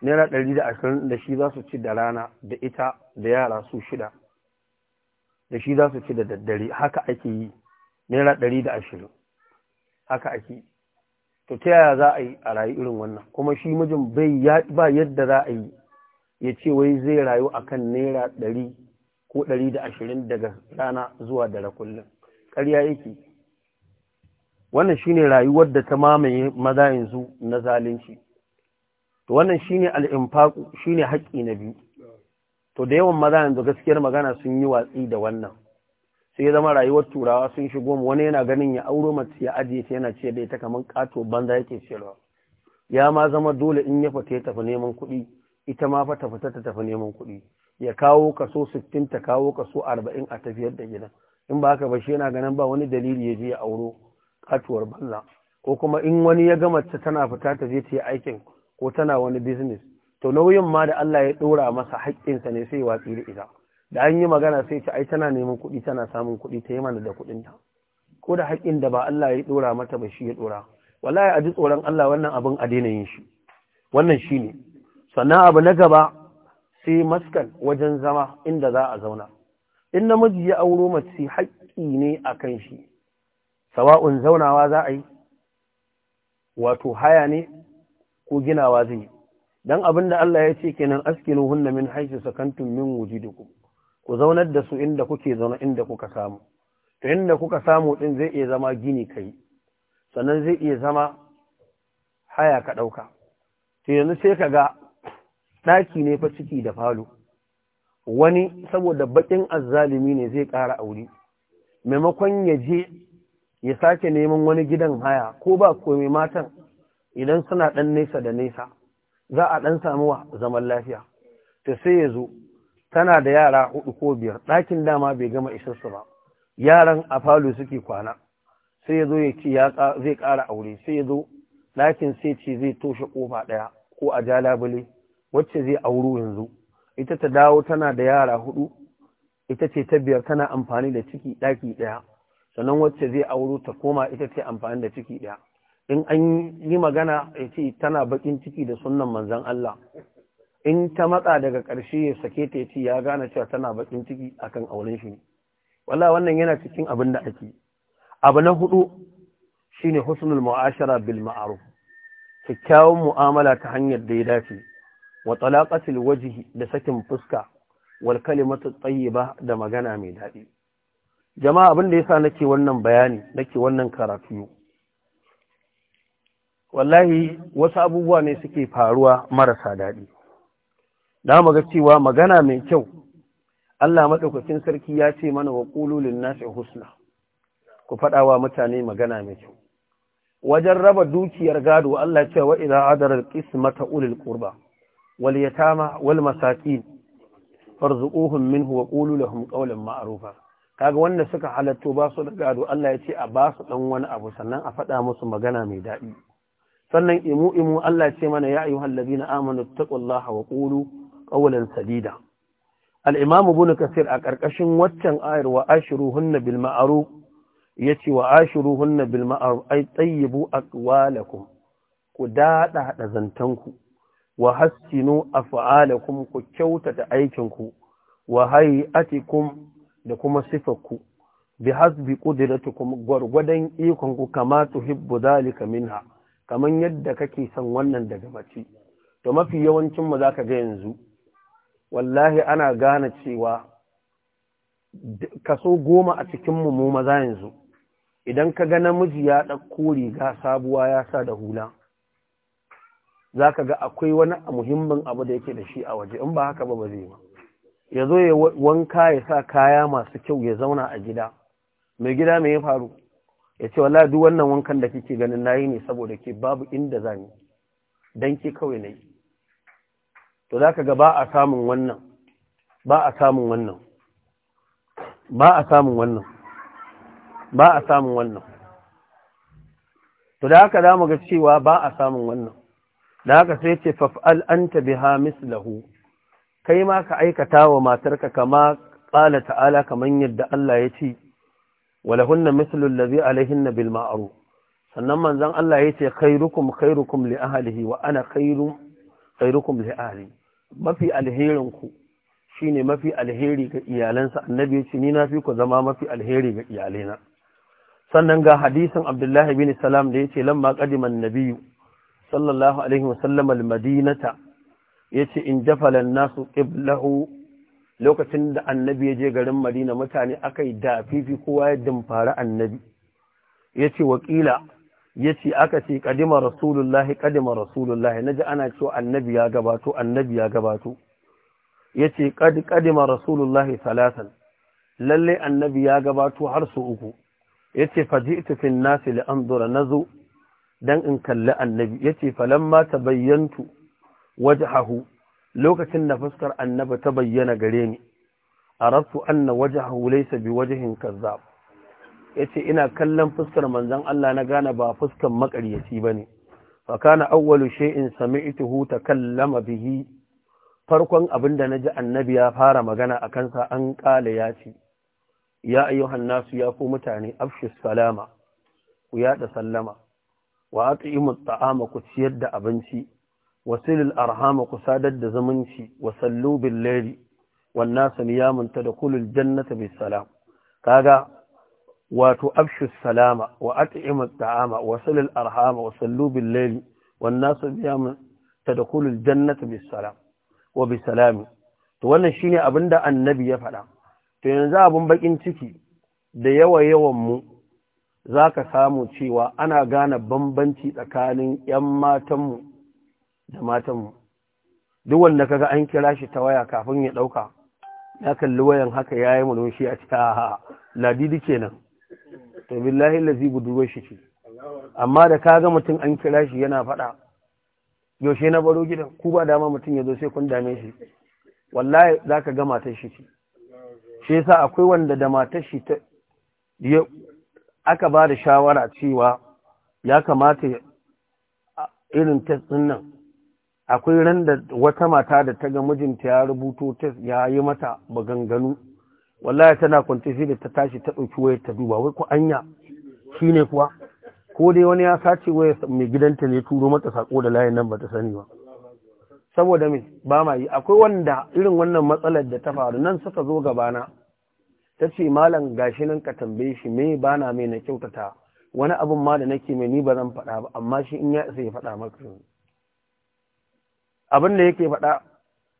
naira ɗari da ashirin da shi za su ci da rana da ita da yara su shida da shi za su ci da daddare haka ake yi naira ɗari da ashirin haka ake yi to ta yaya za a yi a rayu irin wannan kuma shi mijin bai ba yadda za a yi ya ce wai zai rayu a kan naira ɗari ko ɗari da ashirin daga rana zuwa dare kullum ƙarya yake wannan shi ne rayuwar da ta mamaye maza yanzu na zalunci to wannan shi shine al'infaku ne haƙƙi na biyu to da yawan maza yanzu gaskiyar magana sun yi watsi da wannan sai zama rayuwar turawa sun shigo mu wani yana ganin ya auro mace ya ajiye ta yana ce da ta kamar kato banza yake cewa ya ma zama dole in ya fita ya tafi neman kuɗi ita ma fa ta fita ta tafi neman kuɗi ya kawo kaso 60 ta kawo kaso 40 a tafiyar da gidan in ba haka ba shi yana ganin ba wani dalili ya je ya auro katuwar banza ko kuma in wani ya gama ta tana fita ta je ta yi aikin ko tana wani business to nauyin ma da Allah ya dora masa haƙƙinsa ne sai watsi da ita da an yi magana sai ce ai tana neman kuɗi tana samun kuɗi ta yi mana da kuɗin ta ko da haƙƙin da ba Allah ya ɗora mata ba shi ya ɗora wallahi a ji tsoron Allah wannan abin a daina yin shi wannan shi ne sannan abu na gaba sai maskan wajen zama inda za a zauna in namiji ya auro mace haƙƙi ne a kan shi sawa'un zaunawa za a yi wato haya ne ko ginawa zai yi Dan abin da Allah ya ce kenan askinu hunna min haisu sakantun min wujidukum ku zaunar da su inda kuke zaune inda kuka samu to inda kuka samu din zai iya zama gini kai sannan zai iya zama haya ka ɗauka to yanzu sai ka ga ɗaki ne fa ciki da falo wani saboda baƙin azzalumi ne zai ƙara aure maimakon ya je ya sake neman wani gidan haya ko ba komai matan idan suna ɗan nesa da nesa za a ɗan samuwa zaman lafiya to sai ya zo tana da yara hudu ko biyar ɗakin dama bai gama isarsu ba yaran a falo suke kwana sai ya zo ya ce zai ƙara aure sai ya zo ɗakin sai ce zai toshe ƙofa ɗaya ko a ja labule wacce zai auro yanzu ita ta dawo tana da yara hudu ita ce ta biyar tana amfani da ciki ɗaki ɗaya sannan wacce zai auro ta koma ita ce amfani da ciki ɗaya in an yi magana ya ce tana bakin ciki da sunan manzan Allah in ta matsa daga ƙarshe ya sake ta ce ya gane cewa tana bakin ciki akan auren shi Wala wannan yana cikin abin da ake abu na hudu shine husnul mu'ashara bil ma'ruf kyakkyawan mu'amala ta hanyar da ya dace wa talaqatil wajhi da sakin fuska wal kalimatu tayyiba da magana mai daɗi jama'a abin da yasa nake wannan bayani nake wannan karatu wallahi wasu abubuwa ne suke faruwa marasa daɗi da mu ga cewa magana mai kyau Allah madaukakin sarki ya ce mana wa qulu lin-nasi husna ku fada wa mutane magana mai kyau wajen raba dukiyar gado Allah ya ce wa idza adara al-qismata ulil qurba wal yatama wal masakin farzuquhum minhu wa qulu lahum qawlan ma'rufa kaga wanda suka halatto ba su da gado Allah ya ce a ba su dan wani abu sannan a faɗa musu magana mai daɗi sannan imu imu Allah ya ce mana ya ladina amanu taqullaha wa qulu qawlan salida, al-imam ibn kasir a ƙarƙashin waccan ayar wa hunna bil ma'ruf yace wa hunna bil ma'ruf ay tayyibu aqwalakum ku dada da zantanku wa hassinu af'alakum ku kyautata aikinku wa hay'atikum da kuma sifakku bi hasbi qudratikum gwargwadon ikonku kama hibbu zalika minha kaman yadda kake son wannan daga mace to mafi yawancin mu ka ga yanzu wallahi ana gane cewa kaso goma a cikin mu maza yanzu idan ka ga namiji ya ɗauko riga sabuwa ya sa da hula za ka ga akwai wani muhimmin abu da yake da shi a waje in ba haka ba ba zai ba ya zo ya wanka ya sa kaya masu kyau ya zauna a gida mai gida mai ya faru ya ce wallahi duk wannan wankan da kike ganin nayi ne saboda ke babu inda zani dan ke kawai nayi to za ka ga ba a samun wannan ba a samun wannan ba a samun wannan ba a samun wannan to da haka za mu ga cewa ba a samun wannan da haka sai ce faf'al anta biha mislahu kai ma ka aikata wa matarka kama ƙala ta'ala kaman yadda Allah ya ce walahunna mislu allazi alaihinna bil ma'ruf sannan manzon Allah ya ce khairukum khairukum li ahlihi wa ana khairum khairukum li ahlihi mafi alherin ku shine mafi alheri ga iyalansa annabi ya ce ni na fi ku zama mafi alheri ga iyalaina sannan ga hadisin abdullahi bin salam da ya ce lamma kadiman nabiyyu sallallahu alaihi wasallam almadinata ce in jafalan nasu qiblahu lokacin da annabi ya je garin madina mutane aka yi dafifi kowa ya dimfara annabi ya ce wakila yace aka ce kadima rasulullahi kadima rasulullahi naji ana cewa annabi ya gabato annabi ya gabato yace ce kadima rasulullahi salasan lallai annabi ya gabato har su uku yace faji'tu fil nasi li anzura nazu dan in kalli annabi yace falamma tabayyantu wajhahu lokacin da fuskar annabi ta bayyana gare ni arabtu anna bi laysa biwajhin kazzab ya ce ina kallon fuskar manzan Allah na gane ba fuskar makaryaci ba ne fa kana awwalu shay'in huta takallama bihi farkon abin da na ji annabi ya fara magana a kansa an kale ya ce ya ayyuhan nasu ya ku mutane afshu salama ku da sallama wa yi ta'ama ku ciyar da abinci wasilul arhama ku sadar da zumunci wa sallu bil layli wan nasu niyamun tadkhulul jannata bis salam kaga wato afshu salama wa at'imu ta'ama wa salil arhama wa sallu bil layl wan nasu biyam tadkhulu al jannata bis salam wa bi salam to wannan shine abinda annabi ya faɗa to yanzu abun bakin ciki da yawa yawan mu zaka samu cewa ana gane bambanci tsakanin yan matanmu da matanmu duk wanda kaga an kira shi ta waya kafin ya dauka ya kalli wayan haka yayi murmushi a cikin ladidi kenan to billahi lazi budurwar shi ce amma da ka ga mutum an kira shi yana faɗa yaushe na baro gidan ku ba dama mutum ya zo sai kun dame shi wallahi za ka ga matar shi ce shi yasa akwai wanda da matar shi ta aka ba da shawara cewa ya kamata irin test din nan akwai ran da wata mata da ta ga mijinta ya rubuto test ya yi mata maganganu wallahi tana kwance da ta tashi ta ɗauki wayar ta duba wai ko anya shine kuwa ko dai wani ya sace wayar mai gidanta ne turo mata sako da layin nan bata sani ba saboda me ba ma yi akwai wanda irin wannan matsalar da ta faru nan suka zo gabana ta ce malam gashi nan ka tambaye shi me bana mai na kyautata wani abin ma da nake mai ni ba zan faɗa ba amma shi in ya isa ya faɗa maka abin da yake faɗa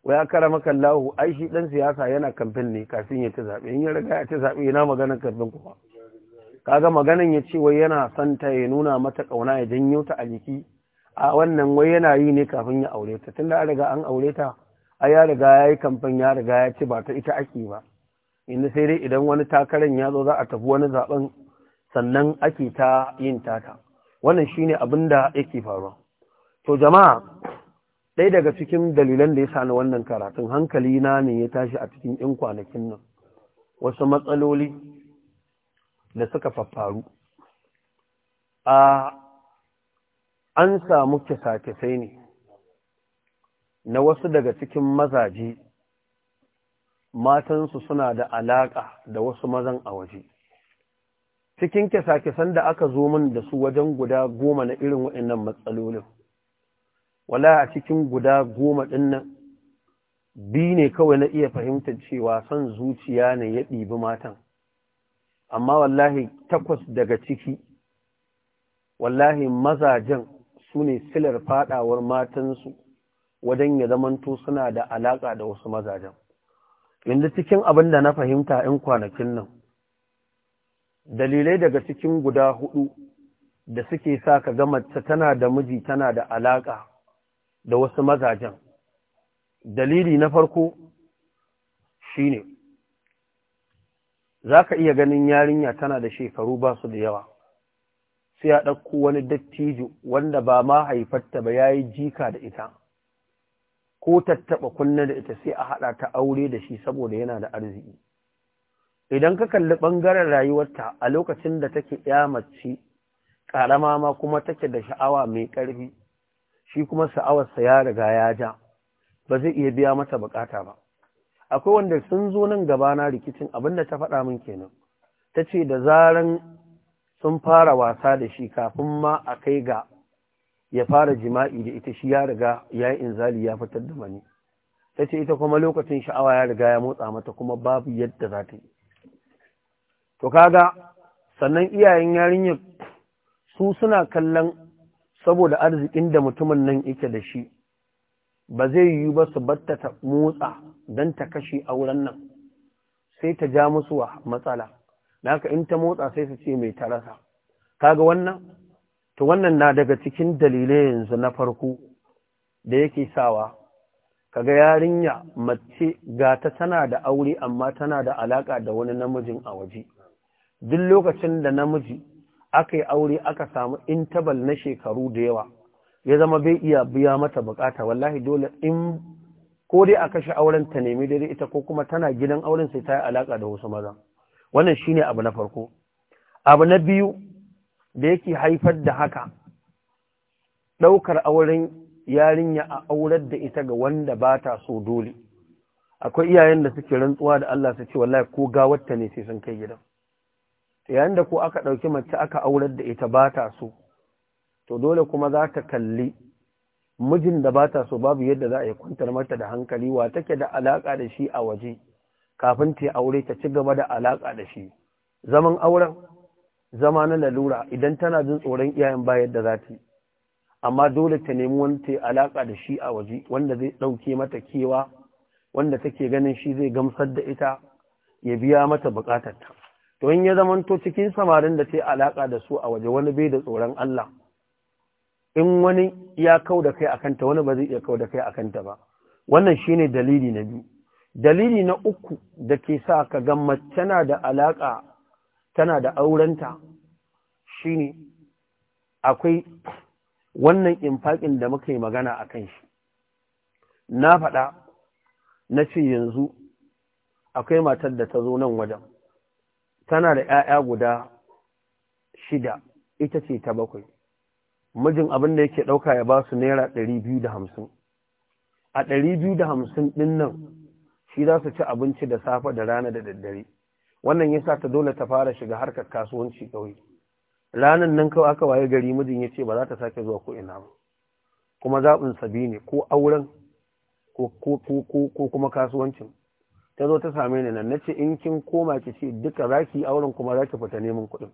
wa ya kara maka lahu ai shi dan siyasa yana kamfen ne kafin ya ci zaɓe in ya riga ya ci zaɓe yana maganar kamfen kuma kaga maganan ya ce wai yana son ta ya nuna mata ƙauna ya janyo ta a jiki a wannan wai yana yi ne kafin ya aure ta tunda an riga an aure ta a ya riga ya yi kamfen ya riga ya ci ba ta ita ake ba inda sai dai idan wani takaran ya zo za a tafi wani zaɓen sannan ake ta yin tata wannan shine abin da yake faruwa to jama'a ɗaya daga cikin dalilan da ya sa ni wannan karatun hankali na ne ya tashi a cikin ‘yan kwanakin nan wasu matsaloli da suka faffaru a an samu kisa-kisai ne na wasu daga cikin mazaje matansu suna da alaƙa da wasu mazan a waje cikin kisa-kisan da aka zo min da su wajen guda goma na irin waɗannan matsalolin wala a cikin guda goma ɗin nan bi ne kawai na iya fahimtar cewa son zuciya ne ya ɗibi matan amma wallahi takwas daga ciki wallahi mazajen su ne silar faɗawar matansu wajen ya zamanto suna da alaƙa da wasu mazajen yanzu cikin abin da na fahimta ‘yan kwanakin nan dalilai daga cikin guda hudu da suke sa ka ga tana da miji tana da alaƙa da wasu mazajen dalili na farko shi ne. za ka iya ganin yarinya tana da shekaru ba su da yawa sai ya ɗauko wani dattijo wanda ba ma haifarta ba ya yi jika da ita ko tattaɓa kunna da ita sai a haɗa ta aure da shi saboda yana da arziki idan ka kalli ɓangaren rayuwarta a lokacin da take mace ƙarama ma kuma take da sha'awa mai ƙarfi shi kuma sa'awarsa ya riga ya ja ba zai iya biya mata bukata ba akwai wanda sun zo nan gaba na rikicin da ta faɗa min kenan ta ce da zaran sun fara wasa da shi kafin ma a kai ga ya fara jima'i da ita shi ya riga ya yi inzali ya fitar da mani ta ce ita kuma lokacin sha'awa ya riga ya motsa mata kuma babu yadda za ta yi to kaga sannan iyayen yarinyar su suna kallon saboda arzikin da mutumin nan yake da shi ba zai yi ba su batta ta motsa don ta kashe a wurin nan sai ta ja musu wa matsala da haka in ta motsa sai su ce mai tarasa kaga wannan to wannan na daga cikin dalilai yanzu na farko da yake sawa Ka kaga yarinya mace ga ta tana da aure amma tana da alaƙa da wani namijin a waje duk lokacin da namiji aka yi aure aka samu intabal na shekaru da yawa ya zama bai iya biya mata bukata wallahi dole in ko dai a kashe auren ta nemi daidai ita ko kuma tana gidan auren sai ta yi alaka da wasu maza wannan shine abu na farko abu na biyu da yake haifar da haka ɗaukar auren yarinya a aurar da ita ga wanda ba ta so dole akwai iyayen da suke rantsuwa da Allah su ce wallahi ko gawarta ne sai sun kai gidan yayin da ko aka ɗauki mace aka aurar da ita bata so to dole kuma za ta kalli mijin da bata so babu yadda za a yi kwantar mata da hankali wa take da alaƙa da shi a waje kafin ta aure ta ci gaba da alaƙa da shi zaman auren zama na lalura idan tana jin tsoron iyayen ba yadda za ta yi amma dole ta nemi wani ta alaƙa da shi a waje wanda zai ɗauke mata kewa wanda take ganin shi zai gamsar da ita ya biya mata buƙatarta to in ya zamanto cikin samarin da ta alaka da su a waje wani bai da tsoron Allah in wani ya kau da kai akanta wani ba zai iya kau da kai akanta ba wannan shine dalili na biyu dalili na uku da ke sa ka ga mace na da alaka tana da aurenta shine akwai wannan infaƙin da muka yi magana a kan shi na faɗa na ce yanzu akwai matar da ta zo nan wajen tana da ‘ya'ya guda shida ita ce ta bakwai mijin abin da yake ɗauka ya ba su naira ɗari biyu da hamsin a ɗari biyu da hamsin ɗin nan shi za su ci abinci da safe da rana da daddare wannan ya sa ta dole ta fara shiga harkar kasuwanci kauye. ranar nan kawai aka waye gari mijin ya ce ba za ta sake zuwa ko ina ba kuma zaɓin sabi ne ko auren ko kuma kasuwancin ta zo ta same ni nan nace in kin koma ki ce duka zaki auren kuma zaki fita neman kuɗin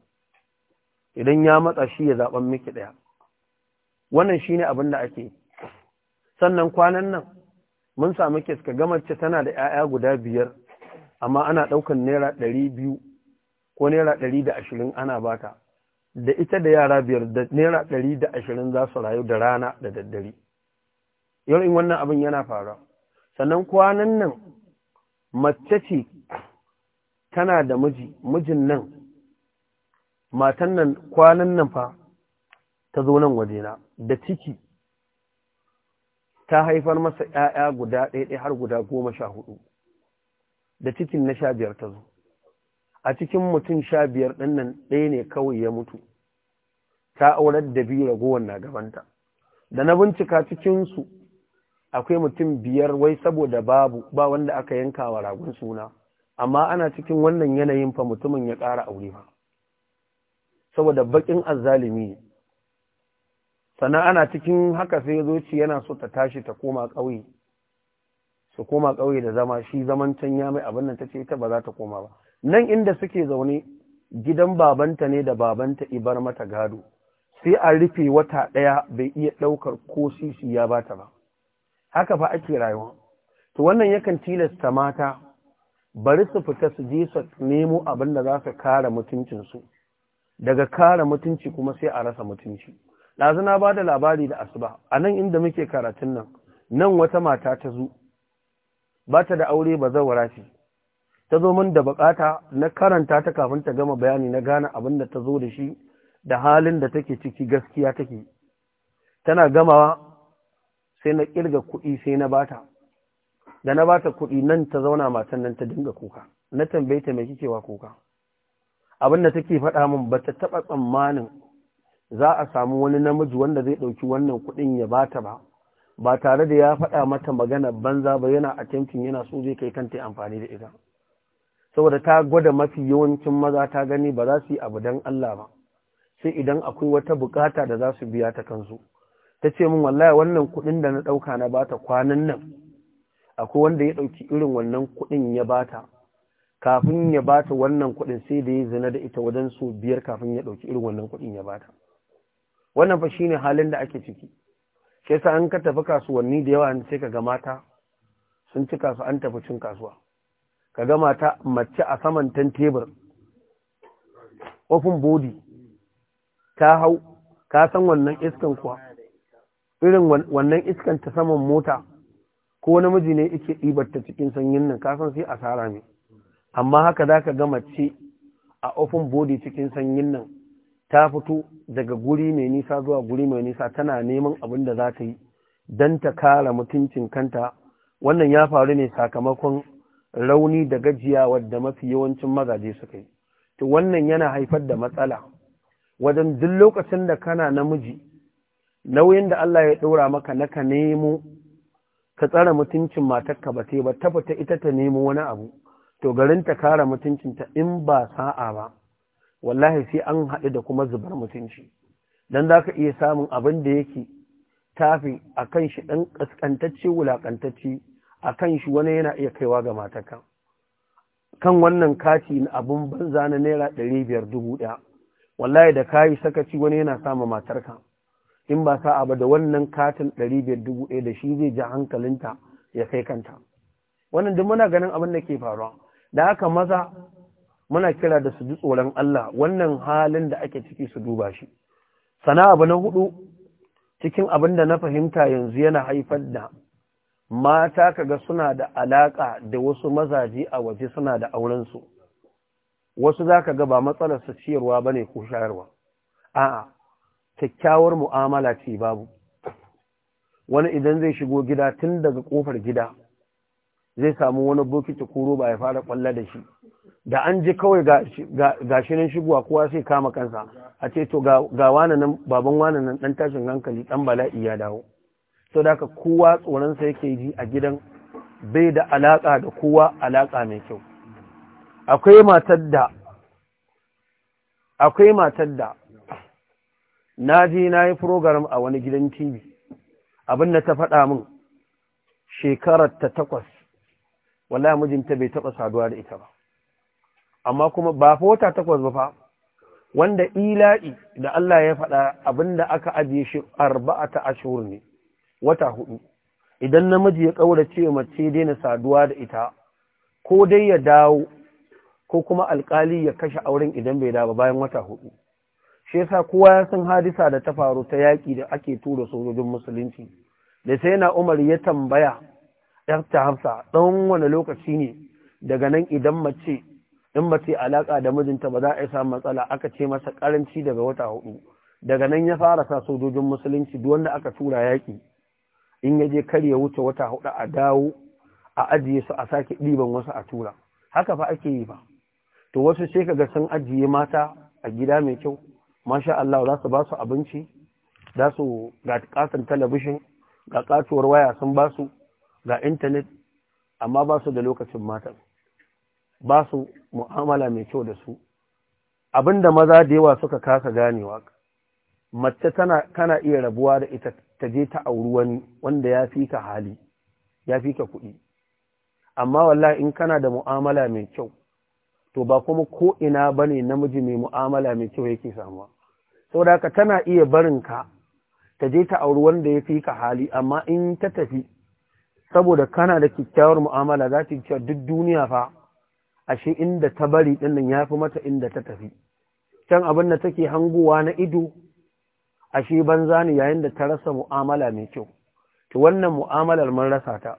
idan ya matsa shi ya zaban miki ɗaya. wannan shine abin da ake sannan kwanan nan mun samu kes ka ce tana da 'ya'ya guda biyar amma ana ɗaukan naira ɗari biyu ko naira ɗari da ashirin ana bata da ita da yara biyar da naira ɗari da ashirin za su rayu da rana da daddare yau in wannan abin yana faruwa sannan kwanan nan mace ce tana da miji mijin nan matan nan kwanan nan fa ta zo nan wajena da ciki ta haifar masa ‘ya'ya guda ɗaya har guda goma sha hudu da cikin na sha biyar ta zo a cikin mutum sha biyar ɗin nan ɗaya ne kawai ya mutu ta aurar da biyu ragowar na gabanta da na bincika cikinsu akwai mutum biyar wai saboda babu ba wanda aka yanka wa ragon suna amma ana cikin wannan yanayin fa mutumin ya ƙara aure ba saboda baƙin azzalimi sannan ana cikin haka sai ya zo ci yana so ta tashi ta koma ƙauye su koma ƙauye da zama shi zaman can ya mai abin nan ta ce ita ba za ta koma ba nan inda suke zaune gidan babanta ne da babanta ibar mata gado sai a rufe wata ɗaya bai iya ɗaukar ko sisi ya bata ba haka fa ake rayuwa to wannan yakan tilasta mata bari su fita su je su nemo abin da za su kare mutuncinsu daga kare mutunci kuma sai a rasa mutunci ɗazu na ba da labari da asuba a nan inda muke karatun nan nan wata mata ta zo ba ta da aure ba zawara ce ta zo min da bukata na karanta ta kafin ta gama bayani na gane abin da ta zo da shi da halin da take ciki gaskiya take tana gamawa sai na kirga kuɗi sai na bata da na bata kuɗi nan ta zauna matan nan ta dinga kuka na tambaye ta mai kikewa kuka abin da take faɗa min ba ta taɓa tsammanin za a samu wani namiji wanda zai ɗauki wannan kuɗin ya bata ba ba tare da ya faɗa mata magana banza ba yana a attempting yana so zai kai kanta amfani da ita saboda ta gwada mafi yawancin maza ta gani ba za su yi abu don Allah ba sai idan akwai wata bukata da za su biya ta kansu ta ce min wallahi wannan kuɗin da na ɗauka na bata kwanan nan akwai wanda ya ɗauki irin wannan kuɗin ya bata kafin ya bata wannan kuɗin sai da ya zina da ita wajen so biyar kafin ya ɗauki irin wannan kuɗin ya bata wannan fa shine halin da ake ciki shi sa an ka tafi kasuwanni da yawa sai ka ga mata sun ci kasu an tafi cin kasuwa ka ga mata mace a saman tan tebur ofin bodi ta hau ka san wannan iskan kuwa irin wannan iskan ta saman mota ko namiji ne yake ɗibar ta cikin sanyin nan kasan sai asara ne amma haka za ka gama ce a ofin Bodi cikin sanyin nan ta fito daga guri mai nisa zuwa guri mai nisa tana neman abin da za ta yi don ta kara mutuncin kanta wannan ya faru ne sakamakon rauni da gajiya da mafi yawancin mazaje suka yi to wannan yana haifar da matsala wajen duk lokacin da kana namiji nauyin da Allah ya ɗora maka na ka nemo ka tsara mutuncin matarka ba sai ba ta ita ta nemo wani abu to garin ta kara mutuncinta in ba sa'a ba wallahi sai an haɗu da kuma zubar mutunci dan za ka iya samun abin da yake tafi a kan shi ɗan ƙasƙantacce wulaƙantacce a kan shi wani yana iya kaiwa ga matarka kan wannan kati na abin banza na naira ɗari biyar dubu ɗaya wallahi da kayi sakaci wani yana samun matarka in ba sa ba da wannan katin ɗari biyar dubu ɗaya da shi zai ji hankalinta ya kai kanta wannan duk muna ganin abin da ke faruwa da haka maza muna kira da su ji tsoron Allah wannan halin da ake ciki su duba shi sana abu na hudu cikin abin da na fahimta yanzu yana haifar da mata kaga suna da alaka da wasu mazaje a waje suna da auren su wasu za ka ga ba matsalar su ciyarwa ba ne ko shayarwa a'a kyakkyawar mu'amala ce babu wani idan zai shigo gida tun daga kofar gida zai samu wani bokiti ko roba ya fara kwalla da shi da an ji kawai ga shi nan shigowa kowa sai kama kansa a ce to ga wananan baban wananan dan tashin hankali dan bala'i ya dawo to da kowa tsoronsa yake ji a gidan bai da alaka da kowa alaka mai kyau akwai matar da na je na yi program a wani gidan TV abin da ta faɗa min shekarar ta takwas wallahi mijinta bai taɓa saduwa da ita ba amma kuma ba fa wata takwas ba fa wanda ila'i da Allah ya faɗa abin da aka ajiye shi arba'a ta ashur ne wata hudu idan namiji ya kaura ce mace daina saduwa da ita ko dai ya dawo ko kuma alkali ya kashe auren idan bai dawo bayan wata hudu shi yasa kowa ya san hadisa da ta faru ta yaƙi da ake tura sojojin musulunci da sai yana umar ya tambaya 'yarta ta hafsa ɗan wani lokaci ne daga nan idan mace in mace alaƙa da mijinta ba za a samu matsala aka ce masa ƙaranci daga wata hudu daga nan ya fara sa sojojin musulunci duk wanda aka tura yaƙi in ya je kar ya wuce wata hudu a dawo a ajiye su a sake ɗiban wasu a tura haka fa ake yi ba to wasu sai kaga sun ajiye mata a gida mai kyau masha Allah za su ba su abinci za su ga kasan talabishin ga katuwar waya sun ba su ga intanet amma ba su da lokacin matan ba su mu'amala mai kyau da su Abin da maza da yawa suka kasa ganewa mace tana kana iya rabuwa da ita ta je ta auri wani wanda ya fi ka hali ya fi ka kuɗi amma wallahi in kana da mu'amala mai kyau to ba kuma ko ina bane namiji mai mu'amala mai kyau yake samuwa saboda ka tana iya barin ka ta je ta auri wanda ya fi ka hali amma in ta tafi saboda kana da kyakkyawar mu'amala za ta cewa duk duniya fa ashe inda ta bari din nan yafi mata inda ta tafi can abin da take hangowa na ido ashe banza ne yayin da ta rasa mu'amala mai kyau to wannan mu'amalar mun rasa ta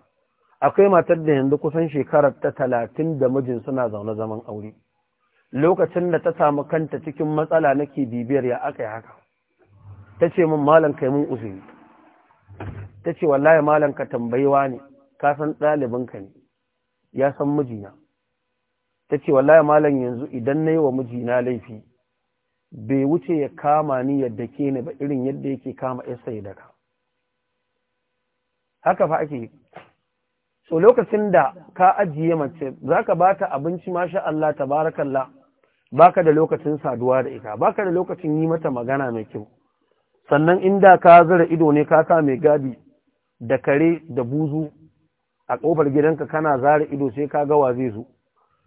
akwai matar da yanzu kusan shekarar ta talatin da mijin suna zaune zaman aure lokacin da ta samu kanta cikin matsala nake bibiyar ya aka haka ta ce min malam kai mun uzuri ta ce wallahi malam ka tambayiwa ne ka san ɗalibinka ne ya san mijina ta ce wallahi malam yanzu idan na yi wa mijina laifi bai wuce ya kama ni yadda ke ni ba irin yadda yake kama ya sai daga haka fa ake so lokacin da ka ajiye mace za ka ba abinci masha Allah tabarakallah baka da lokacin saduwa da ita baka da lokacin yi mata magana mai kyau sannan inda ka zura ido ne ka sa mai gadi da kare da buzu a kofar gidanka kana zara ido sai ka ga wa zai zo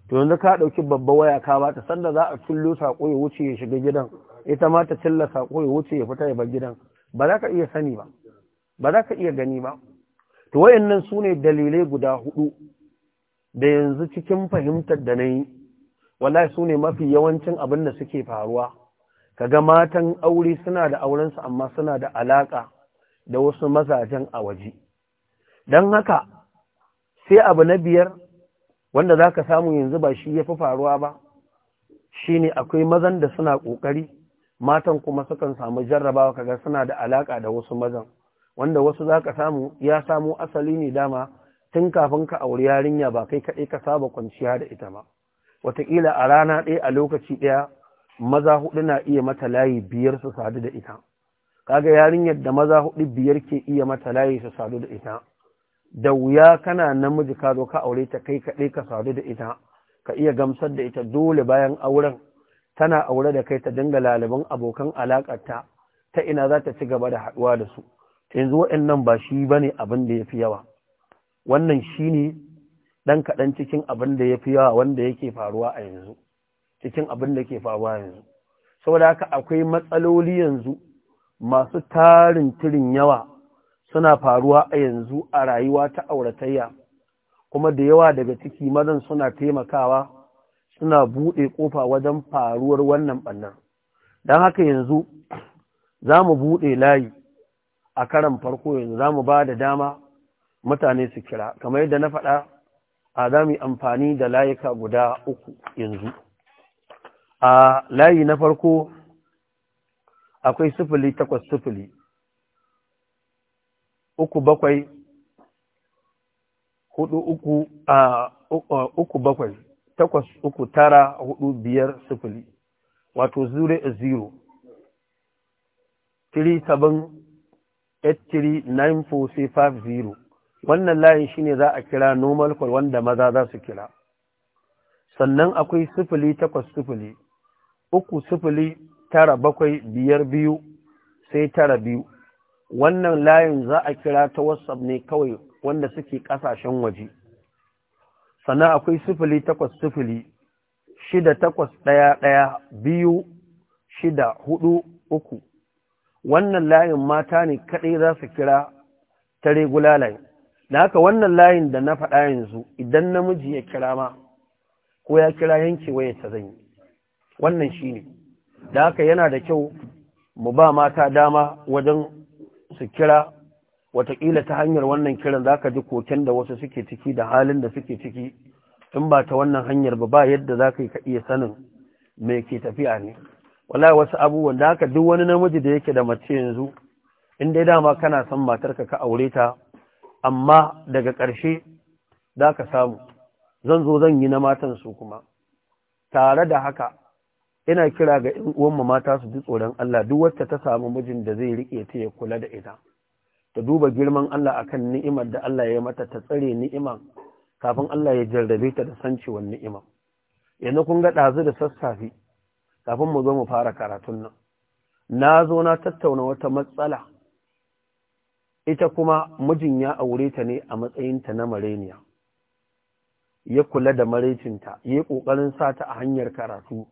to yanzu ka dauki babba waya ka bata, sanda za a cillo sako ya wuce ya shiga gidan ita ma ta cilla sako ya wuce ya fita ya bar gidan ba za ka iya sani ba ba za ka iya gani ba to wayannan sune dalilai guda hudu da yanzu cikin fahimtar da nayi wallahi su ne mafi yawancin abin da suke faruwa Ka ga matan aure suna da aurensu amma suna da alaka da wasu mazajen a waje don haka sai abu na biyar wanda za ka samu yanzu ba shi ya fi faruwa ba shi ne akwai mazan da suna ƙoƙari matan kuma sukan samu jarrabawa ga suna da alaka da wasu mazan wanda wasu za samu ya samu asali ne dama tun kafin ka auri yarinya ba kai kaɗai ka saba kwanciya da ita ba wataƙila a rana ɗaya a lokaci ɗaya maza huɗu na iya mata layi biyar su sadu da ita kaga yarinyar da maza huɗu biyar ke iya mata layi su sadu da ita da wuya kana namiji ka zo ka aure ta kai kaɗai ka sadu da ita ka iya gamsar da ita dole bayan auren tana aure da kai ta dinga laliban abokan alaƙarta ta ina za ta ci gaba da haɗuwa da su yanzu waɗannan ba shi ba ne abin da ya fi yawa wannan shi ne dan kaɗan cikin abin da ya fi yawa wanda yake faruwa a yanzu cikin abin da ke faruwa yanzu saboda haka akwai matsaloli yanzu masu tarin tirin yawa suna faruwa a yanzu a rayuwa ta auratayya kuma da yawa daga ciki mazan suna taimakawa suna buɗe ƙofa wajen faruwar wannan ɓannan don haka yanzu za mu buɗe layi a karan farko yanzu za mu ba da dama mutane su kira kamar yadda na faɗa a za mu amfani da layuka guda uku yanzu a layi na farko akwai sifili takwas sifili uku bakwai hudu uku a uku bakwai takwas uku tara hudu biyar sifili wato zure a zero three seven eight three nine four five zero wannan layin shine za a kira normal call wanda maza za su kira sannan akwai sifili takwas sifili uku sifili tara bakwai biyar biyu sai tara biyu wannan layin za a kira ta whatsapp ne kawai wanda suke kasashen waje sannan akwai sifili takwas sifili shida takwas ɗaya ɗaya biyu shida hudu uku wannan layin mata ne kaɗai za su kira ta regular line da haka wannan layin da na faɗa yanzu idan namiji ya kira ma ko ya kira yanke wayarsa zan yi wannan shi ne da haka yana da kyau mu ba mata dama wajen su kira watakila ta hanyar wannan kiran za ka ji koken da wasu suke ciki da halin da suke ciki in ba ta wannan hanyar ba ba yadda za ka iya sanin mai ke tafiya ne wala wasu abubuwan da haka duk wani namiji da yake da mace yanzu in dai dama kana son matarka ka aure ta amma daga ƙarshe za ka samu zan zo zan yi na matan su kuma tare da haka ina kira ga uwanmu mata su ji tsoron Allah duk wacce ta samu mijin da zai riƙe ta ya kula da ita ta duba girman Allah akan ni'imar da Allah ya mata ta tsare ni'imar kafin Allah ya jarrabe ta da sancewar ni'imar yanzu kun ga ɗazu da sassafe kafin mu zo mu fara karatun nan na zo na tattauna wata matsala ita kuma mijin ya aure ta ne a matsayinta na mareniya ya kula da maraicinta ya yi ƙoƙarin sa ta a hanyar karatu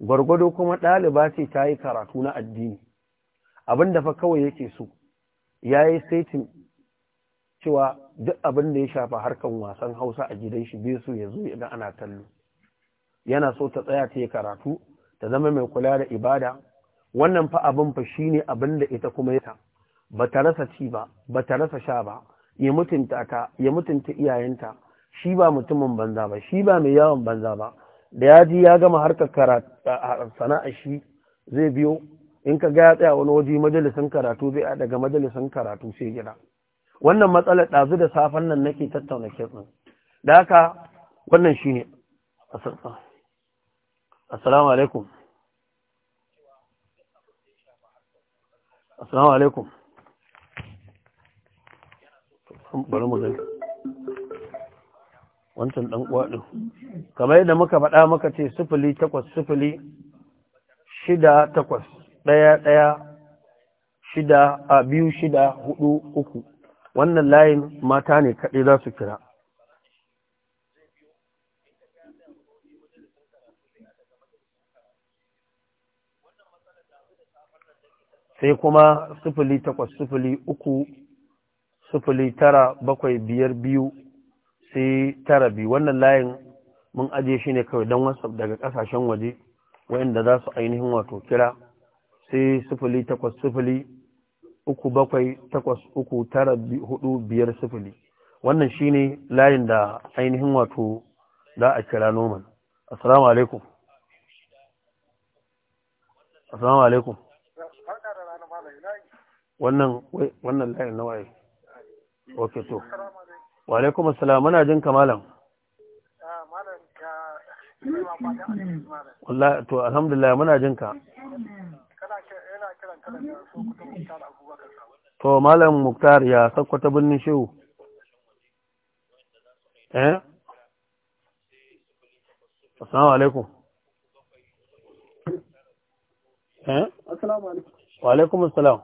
gwargwado kuma ɗaliba ce ta yi karatu na addini abin da fa kawai yake so ya yi saitin cewa duk abin da ya shafa harkan wasan hausa a gidan shi bai so ya zo ya ga ana kallo yana so ta tsaya ta yi karatu ta zama mai kula da ibada wannan fa abin fa shine abin da ita kuma ya ta ba ta rasa ci ba ba ta rasa sha ba ya mutunta ka ya mutunta iyayenta shi ba mutumin banza ba shi ba mai yawon banza ba da ya ji ya gama harkar sana'a shi zai biyo in ka ga ya tsaya wani waje majalisin karatu zai daga majalisin karatu sai gida wannan matsalar ɗazu da safen nan nake tattauna kitsin da haka wannan shi ne assalamu alaikum assalamu alaikum bari mu gani wancan ɗan kwaɗin kamar yadda muka faɗa muka ce sufuli takwas sufuli shida takwas ɗaya ɗaya shida a biyu shida hudu uku wannan layin mata ne kaɗai za su kira sai kuma sufuli takwas sufuli uku sufuli tara bakwai biyar biyu sai tara biyu wannan layin mun aje shi ne kawai don wasu daga kasashen waje wa'inda za su ainihin wato kira sai sufuli takwas sufuli uku bakwai takwas uku tara hudu biyar sufuli wannan shi ne layin da ainihin wato za a kira noman assalamu alaikum assalamu alaikum wannan layin na waye Oke to wa alaikum assalam muna jin ka malam wallahi to alhamdulillah muna jin ka to malam muktar ya sakkwata birnin shehu eh assalamu alaikum eh assalamu alaikum wa alaikum assalam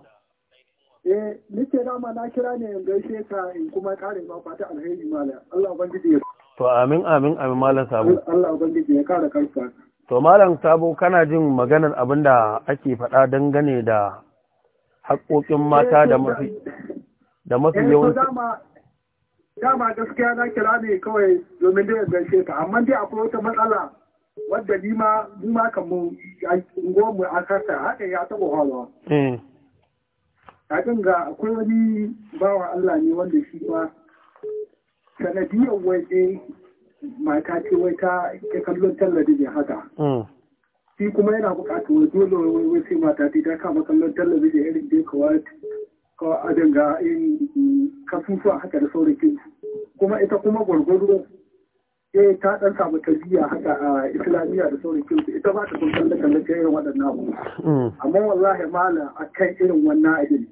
eh nike dama na kira ne in gaishe ka in kuma ƙarin ba fata alheri malam Allah ubangiji ya to amin amin amin malam sabo Allah ubangiji ya kara karfa to malam sabo kana jin maganar abin da ake faɗa dangane da haƙoƙin mata da eh, mafi da mafi eh, yawanci dama gaskiya na kira ne kawai domin da gaishe ka amma dai akwai wata matsala wadda ni ma mu ma kan mu unguwar mu a kasa haka ya taɓa hawa hakan ga akwai wani bawa Allah ne wanda shi ba sanadiyar waje mata ce wai ta kallon ne haka hmm. shi kuma yana bukatar wai dole wai wai sai mata ta ta kama kallon ne irin da kawai kawai adin ga irin kasusuwa haka da sauran kuma ita kuma gwargwaro eh ta dan samu tarbiyya haka a islamiyya da sauran kinsu ita ba ta kun kallon kalle irin waɗannan abu hmm. amma wallahi mala akan irin wannan abin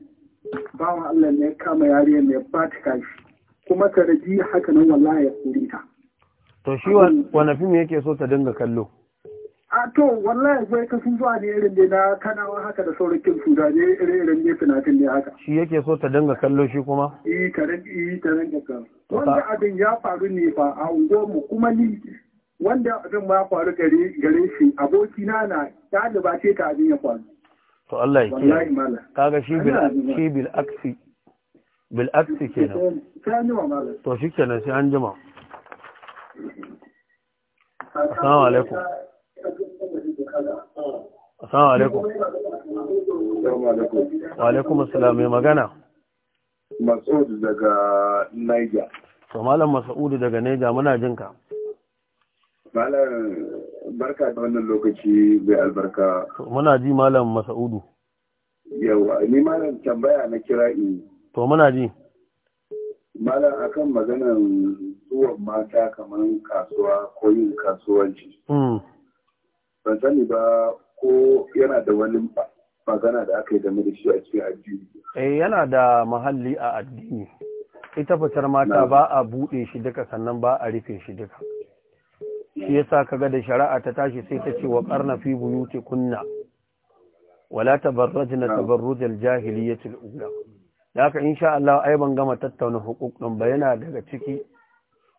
wa Allah ne ya kama yare ne ya ta kashi, kuma ta raji haka nan wallahi ya kore ta to shi wani fim yake so ta dinga kallo a to wallahi zai ka sun zuwa ne irin da na kanawa haka da sauran kin su da ne irin ne finatin ne haka shi yake so ta dinga kallo shi kuma eh ta dinga eh, kallo wanda abin ya faru ne ba a unguwarmu kuma ni wanda abin ma faru gare gare shi abokina na ɗaliba ce ta abin ya faru to Allah ya kiyaye kaga shi bil shi bil aksi bil aksi kenan to shi kenan sai an jima assalamu alaikum assalamu alaikum wa alaikum assalam mai magana Mas'ud daga Niger to malam Mas'ud daga Niger muna jinka Malam barka da wannan lokaci bai albarka. Muna ji Malam Masa'udu. Yawa, ni Malam tambaya na kira in. To muna ji. Malam akan maganan zuwan mata kamar kasuwa ko yin kasuwanci. Hmm. Ban sani ba ko yana da wani magana da aka yi game da shi a cikin addini. Eh yana da mahalli a addini. Ita fitar mata ba a buɗe shi duka sannan ba a rufe shi duka. shi yasa kaga da shari'a ta tashi sai ta ce wa qarna fi kunna. wala tabarrajna tabarruj al alula haka insha Allah ai ban gama tattauna hukukun ba yana daga ciki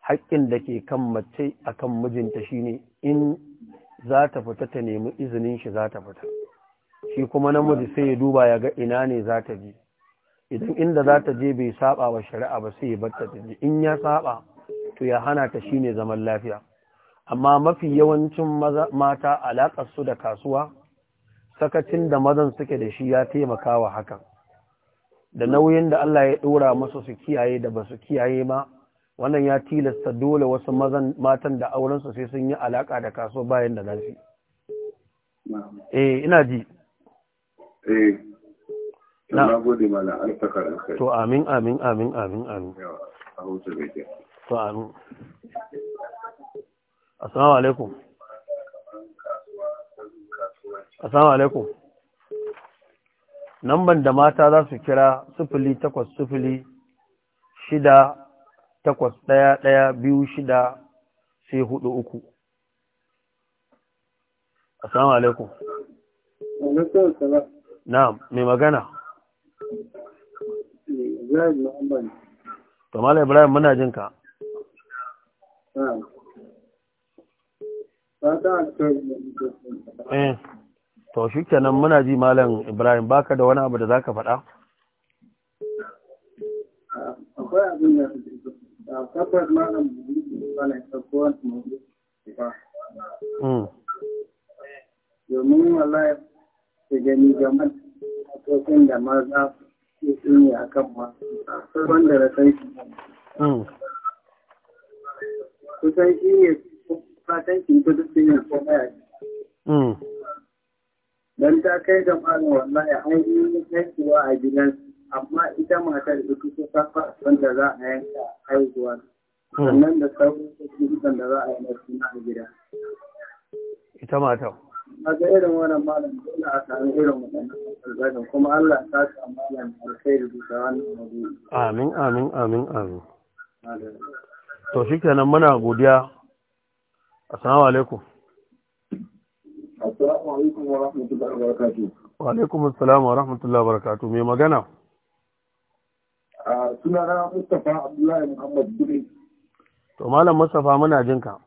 haƙƙin da ke kan mace akan mijinta shine in za ta fita ta nemi izinin shi za ta fita shi kuma namiji sai ya duba ya ga ina ne za ta je idan inda za ta je bai saba wa shari'a ba sai ya bar ta je in ya saba to ya hana ta shine zaman lafiya amma mafi yawancin mata alaƙarsu da kasuwa sakacin da mazan suke da shi ya taimaka wa hakan da nauyin da Allah ya ɗora masu su kiyaye da ba su kiyaye ma wannan ya tilasta dole wasu mazan matan da aurensu sai sun yi alaƙa da kasuwa bayan da zafi eh ina ji eh na gode mana an saka ranka to amin amin amin amin amin to amin assalamu alaikum assalamu alaikum namban da mata za su kira sufuli takwas sufuli shida takwas ɗaya ɗaya biyu shida sai hudu uku assalamu alaikum na mai magana Ibrahim Muhammad. Tomala Ibrahim muna jinka. eh to shikenan muna ji malam Ibrahim baka da wani abu da zaka faɗa akwai abin da tabbas malam wala tsakuwan ba domin wallahi da gani game da da maza su yi a kan masu wanda da sai hmm. kusan shi ne fatan ki ta duk dan hmm. ta kai ga wallahi an yi a gidan amma ita matar ta safa wanda za a yanka haihuwa hmm. sannan da sauran da za a yi na suna a gida ita matar irin wannan malam dole a irin kuma Allah ta sa malam wannan Amin amin amin amin. To muna godiya Assalamu alaikum. Assalamu alaikum wa rahmatullahi wa barakatuh. Wa alaikum assalam wa rahmatullahi wa barakatuh. Me magana? A ah, na Mustapha Abdullahi Muhammad Dure. To Malam Mustapha muna jin ka.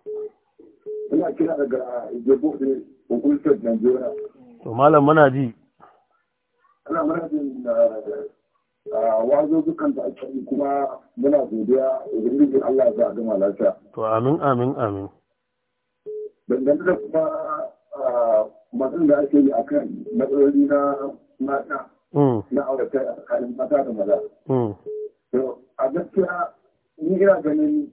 Ina kira daga Ijebu da Okulfed Nigeria. To Malam muna ji. Ana muna jin ah, ah, wazo dukan da ake kuma muna godiya ubangiji Allah ya ga gama lafiya. To amin amin amin. dangane da kuma matsin da ake yi a kan matsaloli na mata hmm. na aurata a tsakanin mata da maza. Hmm. A gaskiya ni ina ganin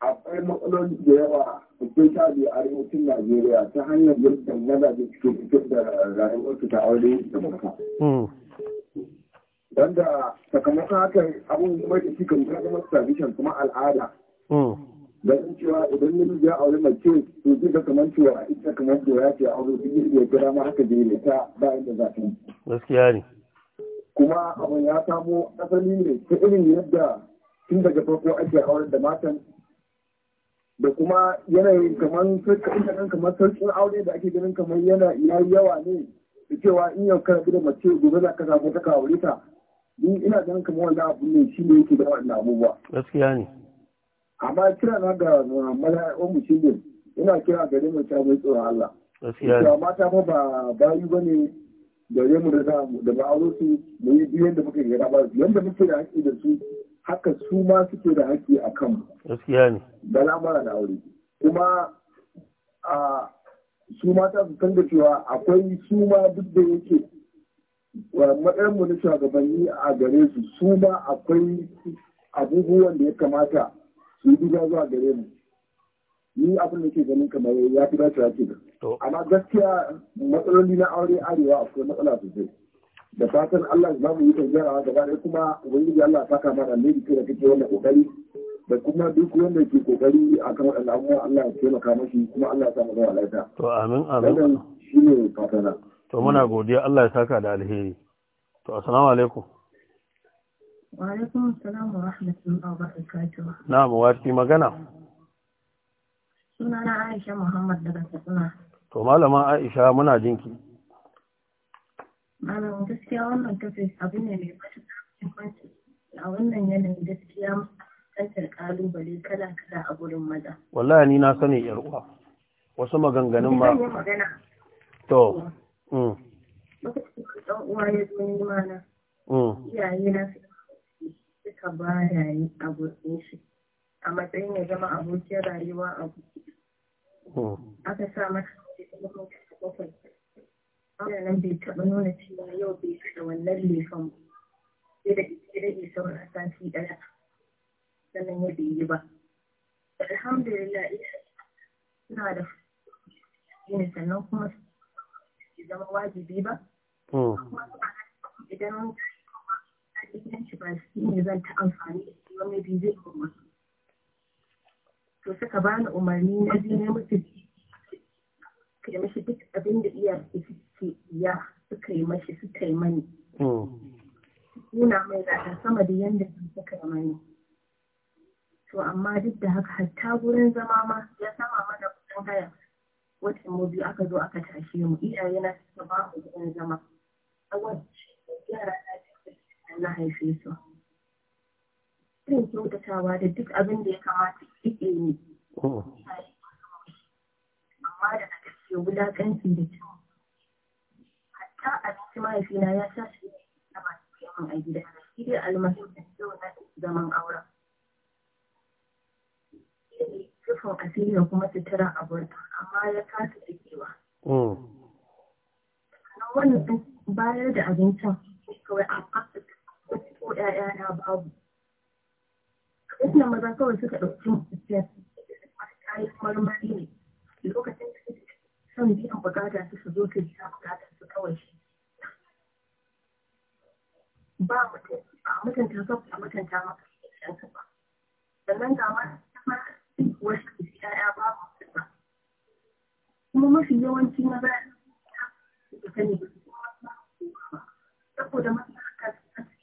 akwai matsaloli da yawa akwai ta a rikicin Najeriya ta hanyar dangana da suke fitar da su ta aure da mata. Hmm. Wanda sakamakon haka abubuwan da shi kan zama kuma al'ada. ganin cewa idan namiji ya aure mace to zai ga kamar cewa ita kamar cewa ya ce aure duk ya kira ma haka da ya ta ba inda za ta gaskiya ne kuma abin ya samo asali ne ta irin yadda tun daga farko ake aure da matan da kuma yanayin kamar sarkin kamar sarkin aure da ake ganin kamar yana yi yawa ne da cewa in yau kana da mace gobe za ka samu ta ka aure ta ni ina ganin kamar wannan abu ne shi ne yake da wannan abubuwa gaskiya ne amma kira na ga mala'ikun mu shine ina kira gare mu ta mai tsoron Allah gaskiya mata ma ba bayu bane gare mu da za mu da ba aure su mu yi biyan da muke gaba yadda muke da haƙƙi da su haka su ma suke da haƙƙi a kanmu gaskiya ne da lamara da aure kuma a su mata su san da cewa akwai su ma duk da yake matsayin mu na shugabanni a gare su su ma akwai abubuwan da ya kamata su yi zuwa gare mu ni abin da ke ganin kamar ya fi dacewa ke da amma gaskiya matsaloli na aure arewa akwai matsala sosai da fatan Allah za mu yi tafiya gaba da kuma ubangiji Allah ta kama da alheri kai da kake wannan kokari da kuma duk wanda ke kokari akan waɗannan abubuwa Allah ya taimaka mashi kuma Allah ya samu zama lafiya to amin amin shine fatana to muna godiya Allah ya saka da alheri to assalamu alaikum Wa'alaikun salamu wa rahmatullahi wa barakatuhu. Na muwafi magana? Suna na Aisha Muhammad daga Katsina. To malama Aisha muna jinki. Malam gaskiya wannan kafin abu ne mai muhimmanci a wannan yanayi, gaskiya tantar kalubale kala-kala a gurin maza. Wallahi ni na sani yar uwa. Wasu maganganun ma. To. Mm. Lokacin da ɗan uwa ya zo ni mana. Iyaye na su ka ba da ni abokin shi a matsayin ya zama abokin rayuwa a hmm. aka sa mata kwakwai wannan nan bai taɓa nuna cewa yau bai da wannan lefan ba sai da ita rage sauran sati ɗaya sannan ya bai yi ba alhamdulillah ya suna da ne sannan kuma zama wajibi ba hmm. idan sunan shi ba ne zan ta amfani da shi mai biyu zai kuma to suka bani umarni na biyu na mutu yi mashi duk abin da iya ke iya suka yi mashi suka yi mani hmm. nuna mai zata sama da yadda suka yi mani to amma duk da haka hatta wurin zama ma ya sama mana kusan haya watan mu biyu aka zo aka tashe mu iyaye na suka ba mu zama a yara na haife su irin kyautatawa da duk abin da ya kamata ke ne hmm. amma da ƙarshe wulaƙanci da ciwo hatta abinci mahaifina ya sa shi a masu kemin a gida shi dai almahim da yau na zaman aura. rufin asiri da kuma sutura a burta amma ya kasa cikewa hmm. wannan bayar da abincin kawai a kasa ko ‘ya'yana babu. Wannan maza kawai suka ɗauki mutum kayan marmari ne lokacin da suke son biyan bukata su su zo ta biya bukatar su kawai shi. Ba mutum ba mutunta a ba ta maka shi ba. Sannan ga ma wasu ‘ya'ya babu ba. Kuma mafi yawanci maza da sani saboda mafi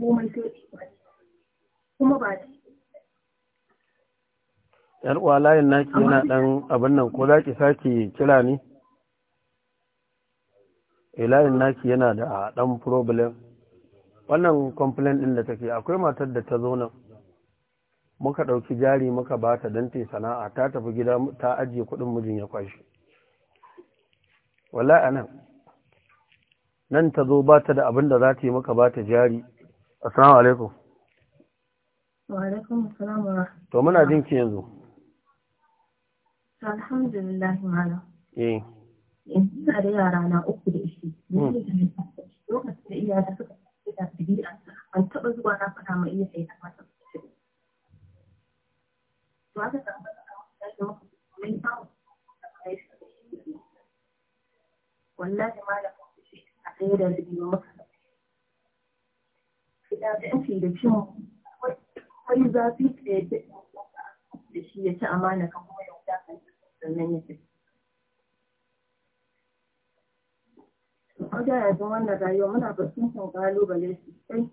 yan yar uwa layin naki yana dan abin nan ko zaki sake kira ni eh layin naki yana da dan problem wannan complaint din da take akwai matar da ta zo nan muka dauki jari muka bata dan tai sana'a ta tafi gida ta ajiye kudin mijin ya kwashi wallahi anan nan ta zo ba ta da abin da za ta yi maka ba ta jari assalamu alaikum wa alaikum assalam wa to muna jin ki yanzu alhamdulillah malam eh yanzu ina da yara na uku da shi hmm. lokacin da iyaka suka da biya, an taɓa zuwa na faɗa ma iya sai ta mata to aka samu wallahi malam ɗaya da rabi muka fiɗaɗanci da cin wani zafi da ya ce da shi ya ci amana kan kuma ya wuta kan sannan ya ce Oda yanzu wannan rayuwa muna fuskantar ƙalubale sosai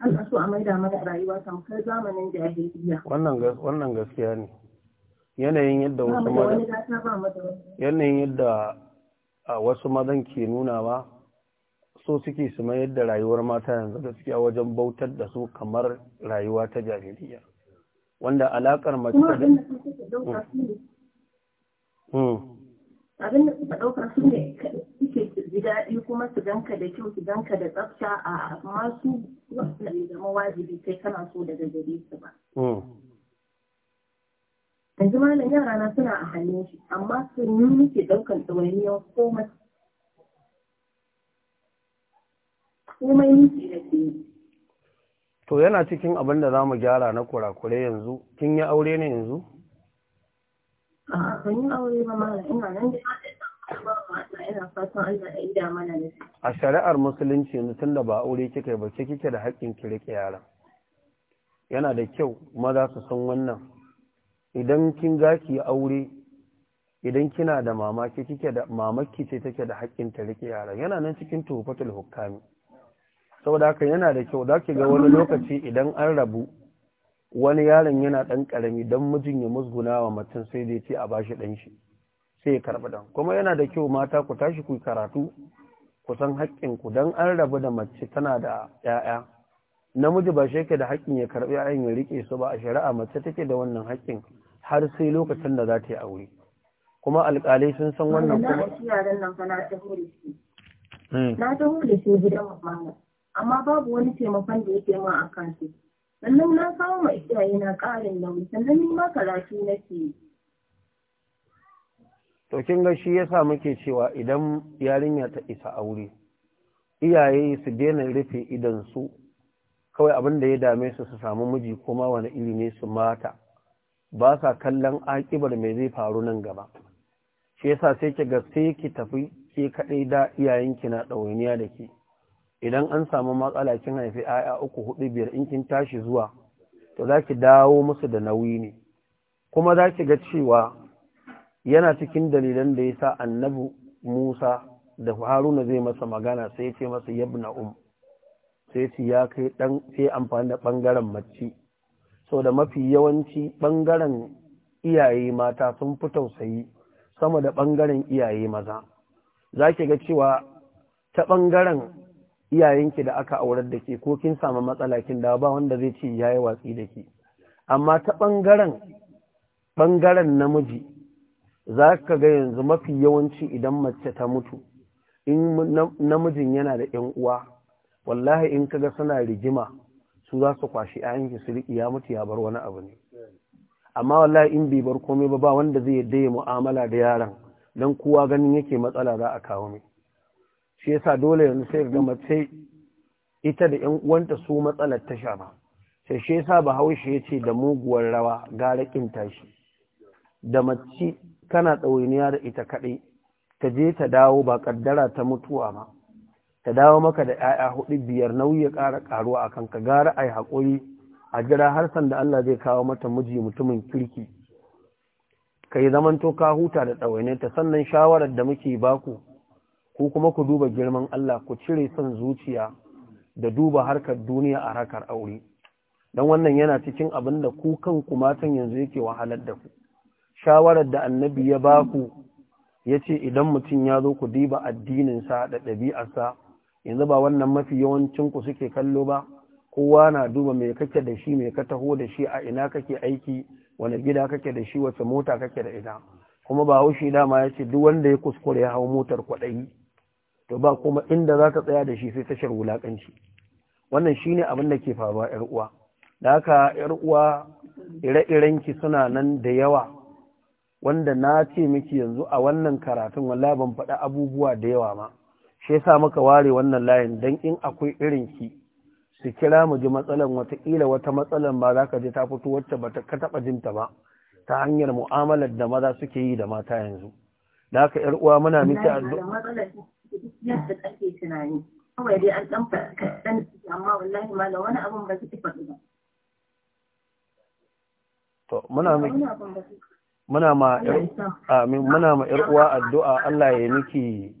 an so a maida mana rayuwa tamkar zamanin jahiliya. Wannan gaskiya ne. Yanayin yadda wasu mazan ke nuna ba? so suke su mayar da rayuwar mata yanzu gaskiya wajen bautar da su kamar rayuwa ta jahiliya wanda alakar mace da hmm. hmm. abin da suka ɗauka su ne suke ji daɗi kuma su ganka da kyau su ganka da tsafta a masu wasu da zama wajibi kai kana so daga gare su ba. Hmm. Yanzu malam yara na suna a hannun shi amma sun yi muke ɗaukan ko komai komai miki da yi to yana cikin abin da zamu gyara na kurakure yanzu kin yi aure ne yanzu ban yi aure ba mana ina nan fatan mana a shari'ar musulunci yanzu tunda ba aure kika ba ke kike da haƙƙin ki rike yara. yana da kyau maza su san wannan idan kin zaki aure idan kina da mamaki kike da mamaki ce take da haƙƙin ta rike yara. yana nan cikin tufatul hukami saboda haka yana da kyau ki ga wani lokaci idan an rabu wani yaron yana ɗan ƙarami don mijin ya musguna wa mutum sai dai ce a bashi ɗan shi sai ya karɓi ɗan kuma yana da kyau mata ku tashi ku karatu ku san haƙƙinku don an rabu da mace tana da ‘ya'ya namiji ba shi da haƙƙin ya karɓi ‘ya'yan ya riƙe su ba a shari'a mace take da wannan haƙƙin har sai lokacin da za ta yi aure kuma alƙalai sun san wannan kuma na ta hore hmm. gidan mamana amma babu wani taimakon da yake min a kansu sannan na kawo ma iyaye na ƙarin nauyi sannan ni ma karatu nake to kin ga shi yasa muke cewa idan yarinya ta isa aure iyaye su daina rufe idan su kawai abin da ya dame su su samu miji kuma wani iri ne su mata ba sa kallon akibar mai zai faru nan gaba shi yasa sai ki ga sai ki tafi ke kaɗai da iyayenki na ɗawainiya da ke idan an samu matsala kin haifi aya uku hudu biyar in kin tashi zuwa to za ki dawo musu da nauyi ne kuma za ki ga cewa yana cikin dalilan da ya sa annabi musa da haruna zai masa magana sai ce masa yabna um sai ce ya kai dan sai amfani da bangaren mace so da mafi yawanci bangaren iyaye mata sun fi tausayi sama da bangaren iyaye maza za ki ga cewa ta bangaren iyayenki da aka aurar da ke ko kin samu matsala kin da ba wanda zai ce yayi watsi da ke amma ta bangaren bangaren namiji za ka ga yanzu mafi yawanci idan mace ta mutu in namijin yana da ‘yan uwa wallahi in kaga suna rigima su za su kwashi ‘ya'yanki su riƙi ya mutu ya bar wani abu ne amma wallahi in bai bar komai ba ba wanda zai daya mu'amala da yaran don kowa ganin yake matsala za a kawo mai shi yasa dole yanzu sai ga mace ita da ƴan uwanta su matsalar ta shafa sai shi yasa bahaushe yace da muguwar rawa gara ƙin tashi da mace kana tsawainiya da ita kadai ta je ta dawo ba kaddara ta mutuwa ba. ta dawo maka da 'ya'ya hudu biyar nauyi ya ƙara ƙaruwa akan ka gara ai haƙuri a jira har sanda Allah zai kawo mata miji mutumin kirki kai zamanto ka huta da tsawaininta ta sannan shawarar da muke baku ku kuma ku duba girman Allah ku cire son zuciya da duba harkar duniya a harkar aure don wannan yana cikin abin da ku kanku matan yanzu yake wahalar da ku shawarar da annabi ya ba ku ya ce idan mutum ya zo ku diba addininsa da ɗabi'arsa yanzu ba wannan mafi yawancin ku suke kallo ba kowa na duba me kake da shi Me ka taho da shi a ina kake aiki wani gida kake da shi wace mota kake da ita kuma ba haushi dama ya ce duk wanda ya kuskure ya hau motar kwaɗayi to ba kuma inda za ta tsaya da shi sai tashar wulaƙanci wannan shi ne abin da ke faruwa ‘yar uwa da haka ‘yar uwa ire-irenki suna nan da yawa wanda na ce miki yanzu a wannan karatun wala ban faɗa abubuwa da yawa ma shi sa muka ware wannan layin don in akwai irin irinki su kira mu ji matsalan wataƙila wata matsalan ba za ka je ta fito wacce ba ka taɓa jinta ba ta hanyar mu'amalar da maza suke yi da mata yanzu da haka ‘yar uwa muna miki addu'a tunani kawai dai muna ma yaruwa ƴar uwa addu'a Allah ya miki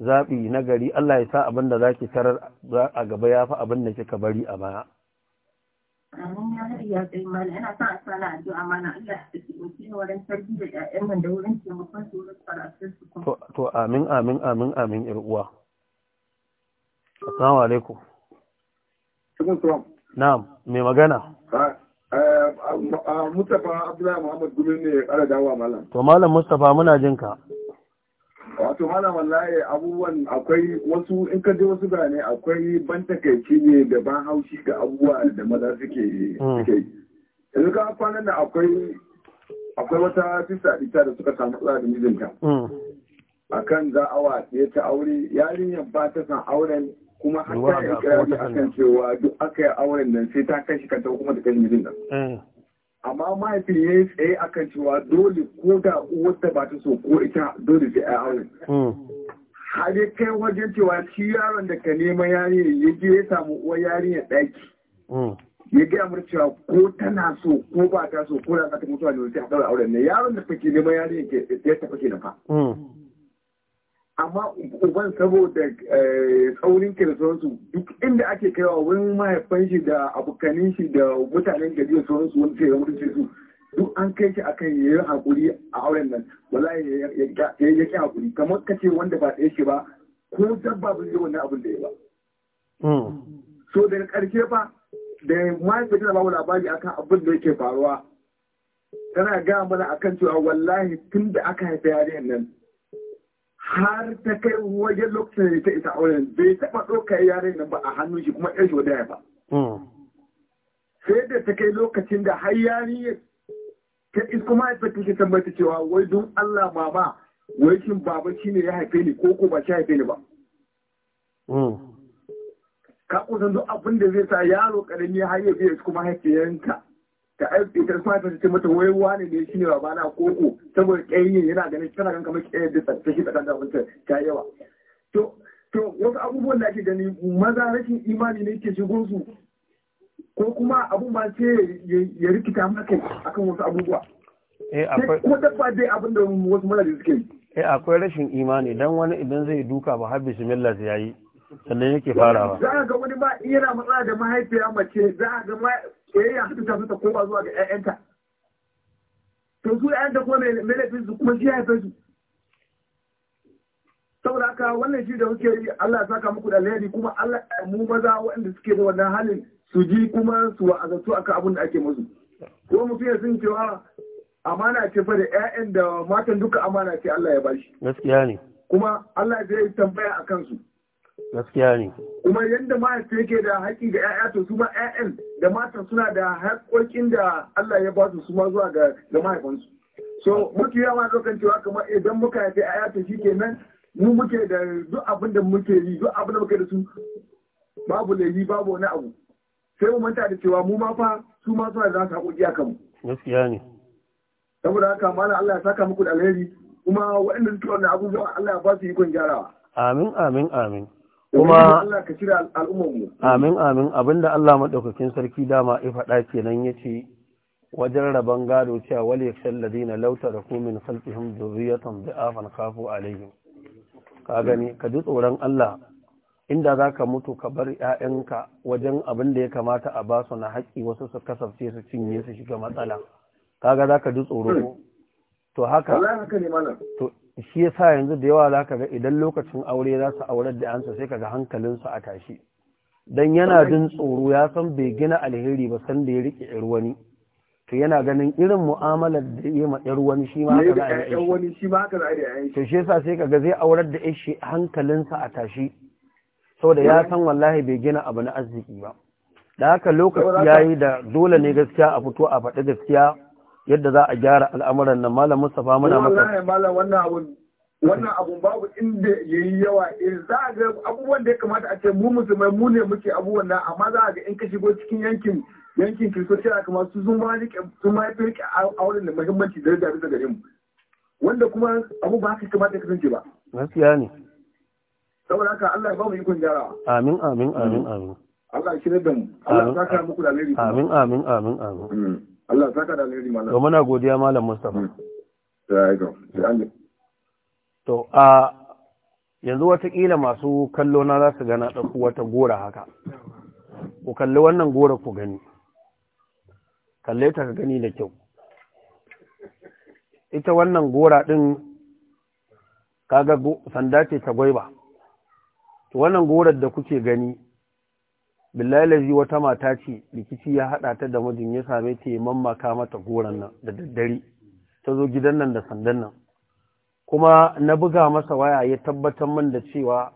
zaɓi na gari Allah ya sa abin da zaki tarar a gaba ya fi abin da kika bari a baya. Amin ya hari ya kai mana yana sa a sana amma mana Allah ya taimake ni wurin sarki da ƴaƴan nan da wurin taimakon su wurin karatun su. To to amin amin amin amin ƴar uwa. Assalamu alaikum. Na'am, mai magana? Ah, ah, ah, Mustapha Abdullahi Muhammad Gumi ne ya ƙara dawa malam. To malam Mustapha muna jinka. wato malaman wallahi abubuwan akwai wasu in ka je wasu birane akwai ban takaici ne da ban haushi ga abubuwa da maza suke hmm. suke yanzu ka kwanan da akwai akwai wata sista ita da suka samu tsada da mijinta hmm. akan za awa ɗaya ta aure yarinyar ba ta san auren kuma har ta yi akan cewa duk aka yi auren nan sai ta kai shi kanta kuma ta kai mijinta hmm. amma mahaifin ya yi tsaye akan cewa dole ko da wata ba ta so ko ita dole sai a aure hmm. har ya kai wajen cewa shi yaron da ka nema yarinya ya je ya samu uwar yarinya ɗaki hmm. ya gaya mata cewa ko tana so ko ba ta so ko da za ta mutuwa ne sai a ɗaura auren ne yaron da fake neman yarinya ya tafi ke na fa. Hmm. amma uban saboda eh, saurin kirsansu duk inda ake kaiwa wani mahaifan shi da abokanin shi da mutanen gari da sauransu wani sai ya su duk an kai shi akan kan yi hakuri a auren nan wala ya ki hakuri kamar kace wanda ba ɗaya shi ba ko dabba ba zai wannan abin da ya ba. Hmm. so daga ƙarshe fa da mahaifin tana babu labari akan abin da yake faruwa tana gaya mana akan cewa wallahi tun da aka haifi yarinyar nan har ta kai wajen lokacin da ta isa auren bai taɓa ɗaukar yaren nan ba a hannun shi kuma ɗan shi wadaya ba. Hmm. Sai da ta kai lokacin da har yari ta kuma mahaifar ta ke tambata cewa wai don Allah baba wai shin baba shi ne ya haife ni ko ko ba shi haife ni ba. Hmm. Ka kusan duk abin da zai sa yaro ƙarami har ya biya kuma haifiyarta. ta aiki ta suna ta ce mata wai wani ne shi ne babana koko saboda ƙayyin yana ganin tana ganin kamar ƙayyar da ta shi tsakanin wancan ta yawa to to wasu abubuwan da ake gani maza rashin imani ne ke shigo su ko kuma abun ba ce ya rikita maka akan wasu abubuwa eh, ko dabba dai abin da wasu mazaje suke yi eh akwai rashin imani dan wani idan zai duka ba har bismillah sai yayi sannan yake farawa za a ga wani ba yana matsala da mahaifiya mace za a ga soyayya suka sa suka koma zuwa ga 'ya'yanta to su 'ya'yanta kuma mai laifin su kuma shi ya haife su saboda haka wannan shi da muke yi Allah ya saka muku da alheri kuma Allah ya mu maza waɗanda suke da wannan halin su ji kuma su wa'azatu akan abin da ake musu ko mu fiye sun cewa amana ce fa da ƴaƴan da matan duka amana ce Allah ya bashi gaskiya ne kuma Allah zai tambaya akan su gaskiya ne kuma yadda mahaifi yake da haƙƙi ga 'ya'ya to su ma 'ya'yan da matan suna da haƙƙoƙin da Allah ya ba su su ma zuwa ga mahaifansu so muke yawa lokan cewa kamar idan muka haifi 'ya'ya to shi ke nan, mu muke da duk abin da muke yi duk abin da muke da su babu laifi babu wani abu sai mu manta da cewa mu ma fa su ma suna da za su haƙoƙi a kanmu gaskiya ne saboda haka malam Allah ya saka muku da alheri kuma waɗanda suke wannan abubuwa Allah ya ba su ikon gyarawa amin amin amin kuma amin amin abinda Allah maɗaukakin sarki dama ya faɗa kenan ce wajen rabon gado cewa wal yakshal ladina komin taraku min khalfihim afan dha'afan a alaihim ka gani ka ji tsoron Allah inda za ka mutu ka bar 'ya'yanka wajen abin da ya kamata a basu na haƙi wasu su kasafce su cinye su shiga matsala Ka ga za ka ji tsoro hmm. to haka shi ya sa yanzu da yawa za ka ga idan lokacin aure za su aurar da yansa sai ka ga hankalinsu a tashi don yana jin tsoro ya san bai gina alheri ba san da ya riƙe ‘yar wani to yana ganin irin mu'amalar da ya ma ‘yar wani shi ma haka za a yi to shi yasa sai ka ga zai aurar da ishi hankalinsa a tashi saboda ya san wallahi bai gina abu na arziki ba da haka lokaci ya yi da dole ne gaskiya a fito a faɗi gaskiya yadda za a gyara al'amuran nan malam Mustapha muna maka wallahi malam wannan abun wannan abun babu inda yayi yawa in eh, za a ga abubuwan da ya kamata a ce mu musulmai mu ne muke abubuwan nan amma za a ga in ka shigo cikin yankin yankin kristoci kamar su sun ma rike sun ma fi rike wurin da muhimmanci da da gare mu wanda kuma abu ba haka kamata ka kasance ba gaskiya ne saboda haka Allah ya ba mu ikon gyarawa amin amin amin mm. amin Allah ya shirya da mu Allah ya saka muku da alheri amin amin amin amin mm. Allah saka da alheri malam. To muna godiya malam Mustapha. Hmm. To a yanzu watakila masu kallo na za su gana ɗauko wata gora haka. Ku kalli wannan gora ku gani. Kalle ta ka gani da kyau. Ita wannan gora ɗin kaga sanda ce ta gwaiba. To wannan gorar da kuke gani billahi wata mata ce rikici ya haɗa ta da mijin ya same ta yi mamaka mata goron nan da daddare ta zo gidan nan da sandan nan kuma na buga masa waya ya tabbatar min da cewa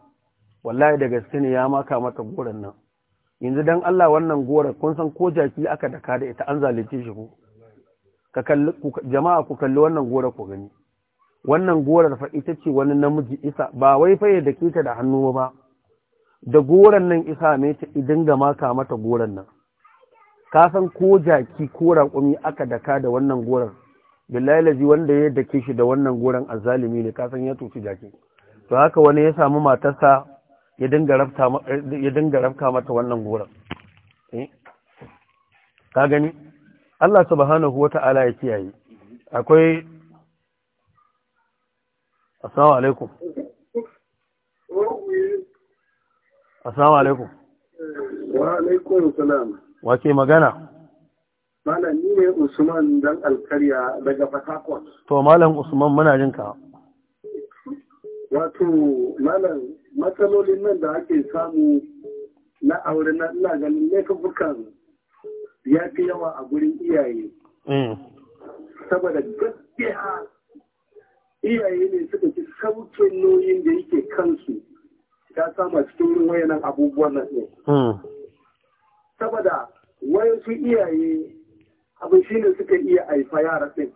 wallahi da gaske ne ya maka mata goron nan yanzu dan Allah wannan gora kun san ko jaki aka daka da ita an zalunce shi ko ka kalli jama'a ku kalli wannan gora ku gani wannan gorar fa ita ce wani namiji isa ba wai fa ya dake ta da hannu ba da goron nan isa mai ta idin ga maka mata goron nan ka san ko jaki ko raƙumi aka daka da wannan goron billahi wanda ya dake shi da wannan goron zalimi ne ka san ya tuci jaki to haka wani ya samu matarsa ya dinga rafka mata wannan goron eh? ka gani Allah subhanahu wa ta'ala ya kiyaye akwai assalamu alaikum Assalamu alaikum. Wa alaikum salam. Wa ke magana? Malam ni ne Usman dan Alkarya daga Port To Malam Usman muna jin ka. Wato Malam matsalolin nan da ake samu na aure na ina ganin ne bukan ya fi yawa a gurin iyaye. Mm. Saboda gaskiya iyaye ne suka ci sauke noyin da yake kansu. ya sama cikin irin wayannan abubuwan nan ne. Hmm. Saboda su iyaye abin shi ne suka iya haifa yara ɗin.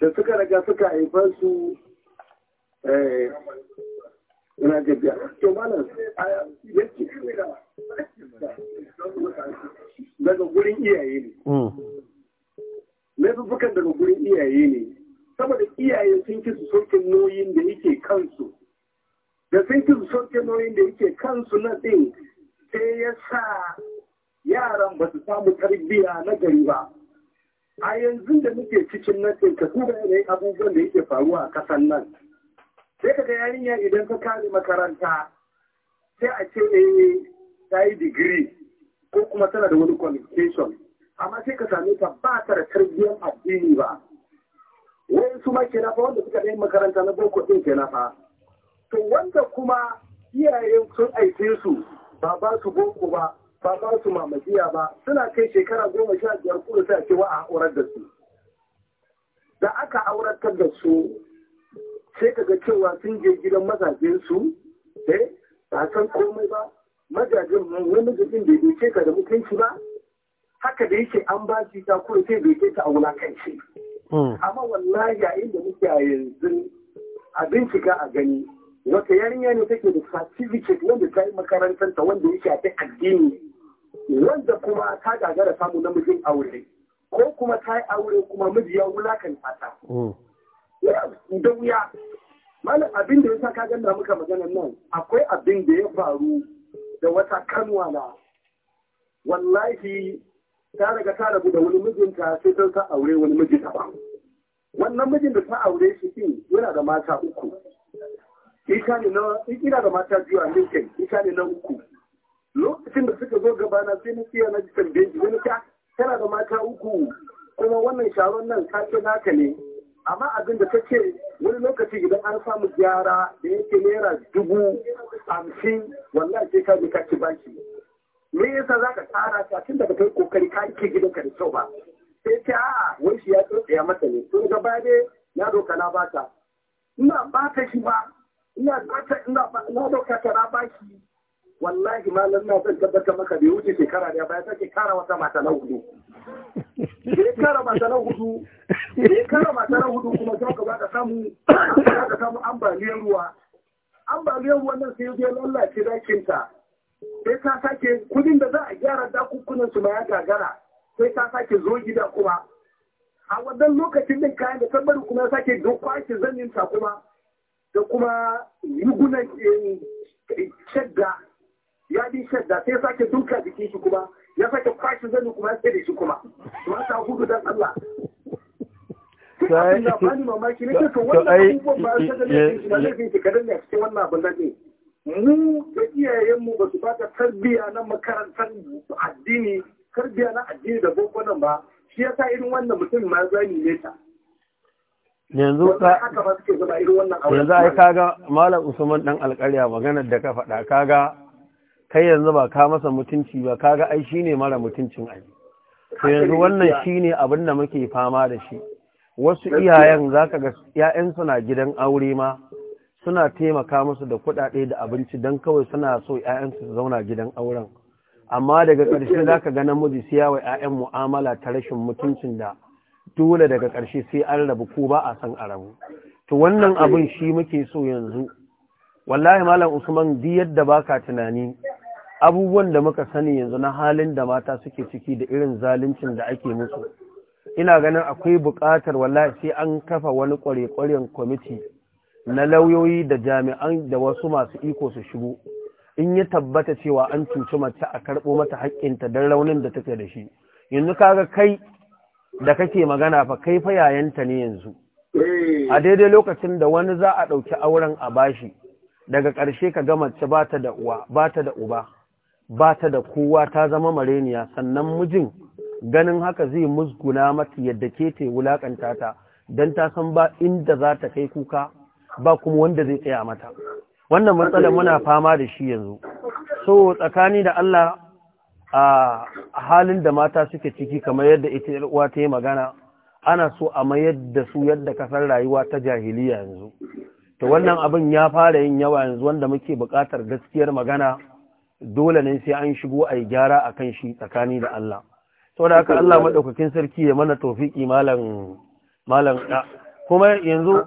Da suka raga suka haifa su eh, ina jabiya. To malam yake daga gurin iyaye ne. Hmm. Laifukan daga gurin iyaye ne. Saboda iyaye sun ki su soke nauyin da yake kansu. da sun ki su sauke nauyin da yake kansu na ɗin sai ya sa yaran ba su samu tarbiyya na gari ba a yanzu da muke cikin na ɗin ka kuma yanayi abubuwan da yake faruwa a kasan nan sai ka ga yarinya idan ka kare makaranta sai a ce a eh, ta yi digiri ko kuma tana da wani qualification amma sai ka same ta ba ta da tarbiyyar addini ba Wai su ma ke nafa wanda suka yi makaranta na boko ɗin kenan fa to wanda kuma iyayen sun aike su ba ba su boko ba ba ba su mamajiya ba suna kai shekara goma sha biyar kuma sai ce wa a aurar da su da aka auratar da su sai kaga cewa sun je gidan mazajen su eh ba san komai ba mazajen wani da bai ce ka da mutunci ba haka da yake an ba shi ta kuma sai bai ta a wulakanci hmm. amma wallahi yayin da muke a yanzu a bincika a gani wata yarinya ne take da certificate wanda ta yi makarantarta wanda ya shafi addini wanda kuma ta gagara samu namijin aure ko kuma ta yi aure kuma miji ya wulakanta ta mm. da wuya malam abin da ya sa kagan na muka maganar nan akwai abin da ya faru da wata kanwa na wallahi ta daga ta rabu da wani mijinta sai ta sa aure wani miji daban wannan mijin da ta aure shi din yana da mata uku ina da mata biyu a linkin ita ne na uku lokacin da suka zo gabana sai na tsaya na jikin beji wani ta tana da mata uku kuma wannan sharon nan kace naka ne amma abin da take wani lokaci idan an samu gyara da yake naira dubu hamsin wallahi sai ka je ka ci baki me yasa zaka tsara ka tun daga kai kokari ka gidan ka da kyau ba sai ta a'a ah, wai shi ya tsaya mata ne to ga ya na doka na bata ina bata shi ba ina dauka ina na dauka kana baki wallahi malam na zan tabbata maka bai wuce shekara da baya take kara wata mata na hudu ke kara mata na hudu ke kara mata na hudu kuma zaka ka ka samu za samu ambaliyar ruwa ambaliyar ruwan nan sai ya lallace dakin ta sai ta sake kudin da za a gyara dakukunan su ma ya gagara sai ta sake zo gida kuma a wannan lokacin din kayan da tabbari kuma ya sake duk zanin ta kuma da kuma rigunan shadda ya bi shadda sai sake duka jikin shi kuma ya sake kwashe zani kuma ya tsere shi kuma to an hudu dan Allah sai da mamaki ne to wannan abubuwan ba sai da ne shi ba kadan ne cikin wannan abin nan ne mu da iyayenmu ba su bada tarbiyya na makarantar addini tarbiyya na addini da boko ba shi yasa irin wannan mutum ma zani ne ta yanzu yanzu ai kaga malam usman dan alƙarya maganar da ka faɗa kaga kai yanzu ba ka masa mutunci ba kaga ai shine mara mutuncin ai to yanzu wannan shine abin da muke fama da shi wasu iyayen zaka ga ƴaƴan suna gidan aure ma suna taimaka musu da kuɗaɗe da abinci dan kawai suna so ƴaƴan su zauna gidan auren amma daga ƙarshe zaka ga namiji siya wa ƴaƴan mu'amala ta rashin mutuncin da dole daga ƙarshe sai an rabu ko ba a san a rabu to wannan abin shi muke so yanzu wallahi malam usman di yadda baka tunani abubuwan da muka sani yanzu na halin da mata suke ciki da irin zaluncin da ake musu ina ganin akwai buƙatar wallahi sai an kafa wani ƙware kwamiti na lauyoyi da jami'an da wasu masu iko su shigo in ya tabbata cewa an cuci mace a karɓo mata haƙƙinta don raunin da take da shi yanzu kaga kai da kake magana fa kai fa yayanta ne yanzu eh. a daidai lokacin da wani za a ɗauki auren a bashi daga ƙarshe ka ga mace ba ta da uwa ba da uba ba ta da kowa ta zama mareniya sannan mijin ganin haka zai musguna mata yadda ke te wulakanta ta don ta san ba inda za ta kai kuka ba kuma wanda zai tsaya mata wannan matsalar muna fama da shi yanzu so tsakani da Allah a halin da mata suke ciki kamar yadda ita uwa ta yi magana ana so a mayar da su yadda kasar rayuwa ta jahiliya yanzu to wannan abin ya fara yin yawa yanzu wanda muke buƙatar gaskiyar magana dole ne sai an shigo a yi gyara a kan shi tsakani da Allah saboda haka Allah maɗaukakin sarki ya mana tofiki malam malam kuma yanzu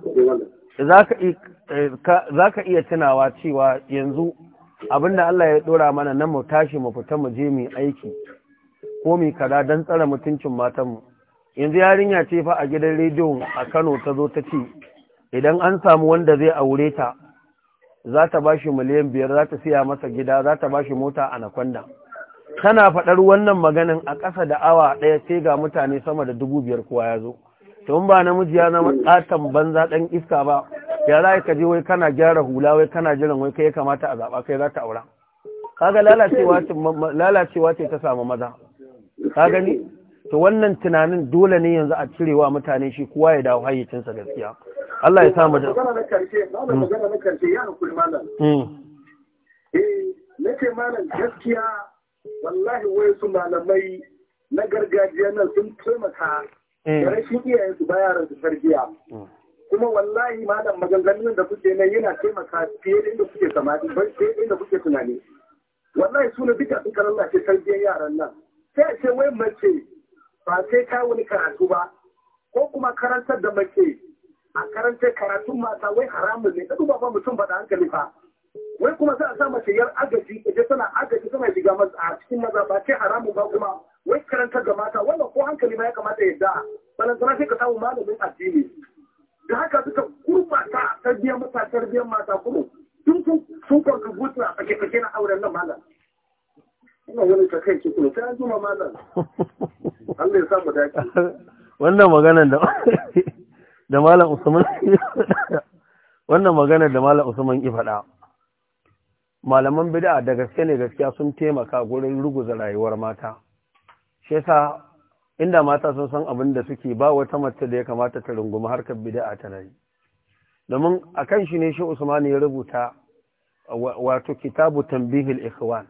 eh, za ka iya tunawa cewa yanzu abinda Allah ya ɗora mana nan mu tashi mu fita mu je mu aiki ko mu kaza dan tsara mutuncin matan mu yanzu yarinya ce fa a gidan rediyo a Kano ta zo ta ce idan an samu wanda zai aure ta za ta ba shi miliyan biyar za ta siya masa gida za ta ba shi mota a nakwanda tana faɗar wannan maganin a ƙasa da awa ɗaya sai ga mutane sama da dubu biyar kowa ya zo tun ba namiji ya zama ƙaton banza ɗan iska ba ya za ka je wai kana gyara hula wai kana jiran wai kai ya kamata a zaɓa kai za ta aura kaga lalacewa ce ta samu maza ka gani to wannan tunanin dole ne yanzu a cirewa mutane shi kowa ya dawo hayyacinsa gaskiya Allah ya samu da magana na karshe na hmm. magana na karshe ya hakuri malam hmm. eh ce malam gaskiya wallahi wai su malamai na gargajiya nan sun taimaka hmm. da rashin iyayensu bayaran su tarbiya kuma wallahi malam maganganun da kuke nan yana taimaka fiye da inda kuke samari ban fiye da inda kuke tunani wallahi suna duka sun karanta lashe tarbiyyar yaran nan sai a ce wai mace ba sai ta wani karatu ba ko kuma karantar da mace a karantar karatun mata wai haramun ne ka duba mutum ba da hankali fa wai kuma sai a sa mace yar agaji ita tana agaji tana shiga a cikin maza ba ce haramun ba kuma wai karantar da mata wannan ko hankali ma ya kamata ya da balantana sai ka samu malamin addini da haka suka gurbata tarbiyyar mata tarbiyyar mata kuma sun sun contribute a fake-fake na auren nan malam ina wani ta kai ki kuma sai an zuma malam Allah ya sa mu dace wannan magana da da malam Usman wannan magana da malam Usman ki faɗa malaman bid'a da gaske ne gaskiya sun taimaka gurin ruguza rayuwar mata shi yasa inda mata sun san abin da suke ba wata mace da ya kamata ta rungumi harkar bid'a ta nayi domin akan shi ne shi Usman ya rubuta wato kitabu tanbihil ikhwan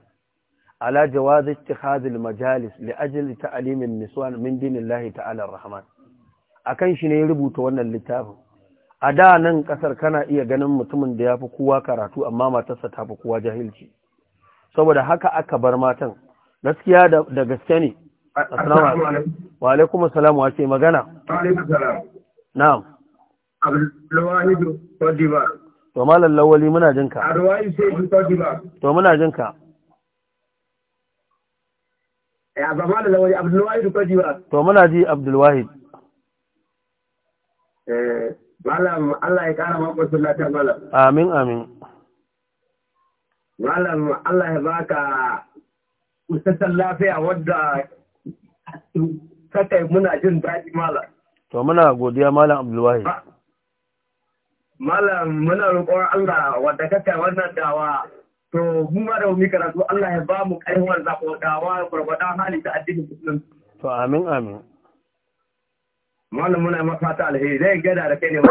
ala jawaz ittikhadh majalis li ajli ta'lim an niswan min dinillahi ta'ala Rahman. akan shi ne ya rubuta wannan littafin a da nan kasar kana iya ganin mutumin da yafi kowa karatu amma matarsa ta fi kowa jahilci saboda haka aka bar matan gaskiya da gaske ne Assalamu alaikum. Wa alaikum assalam wa ce magana? Wa alaikum assalam. Na'am. To malam Lawali muna jin ka. Abdulwahid sai Todiba. To muna jin ka. Eh ba malam Lawali Abdulwahid Todiba. To muna ji Abdulwahid. Eh malam Allah ya kara maka sunnata malam. Amin amin. Malam Allah ya baka kusantar lafiya wadda kakai muna jin daɗi malam to muna godiya malam abdulwahi malam muna roƙon Allah wadda kakai wannan dawa to mu ma da mu karatu Allah ya ba mu ƙarfin zaɓo dawa gurgurdan hali ta addinin musulunci to amin amin malam muna mafata alheri zai gada da kai ne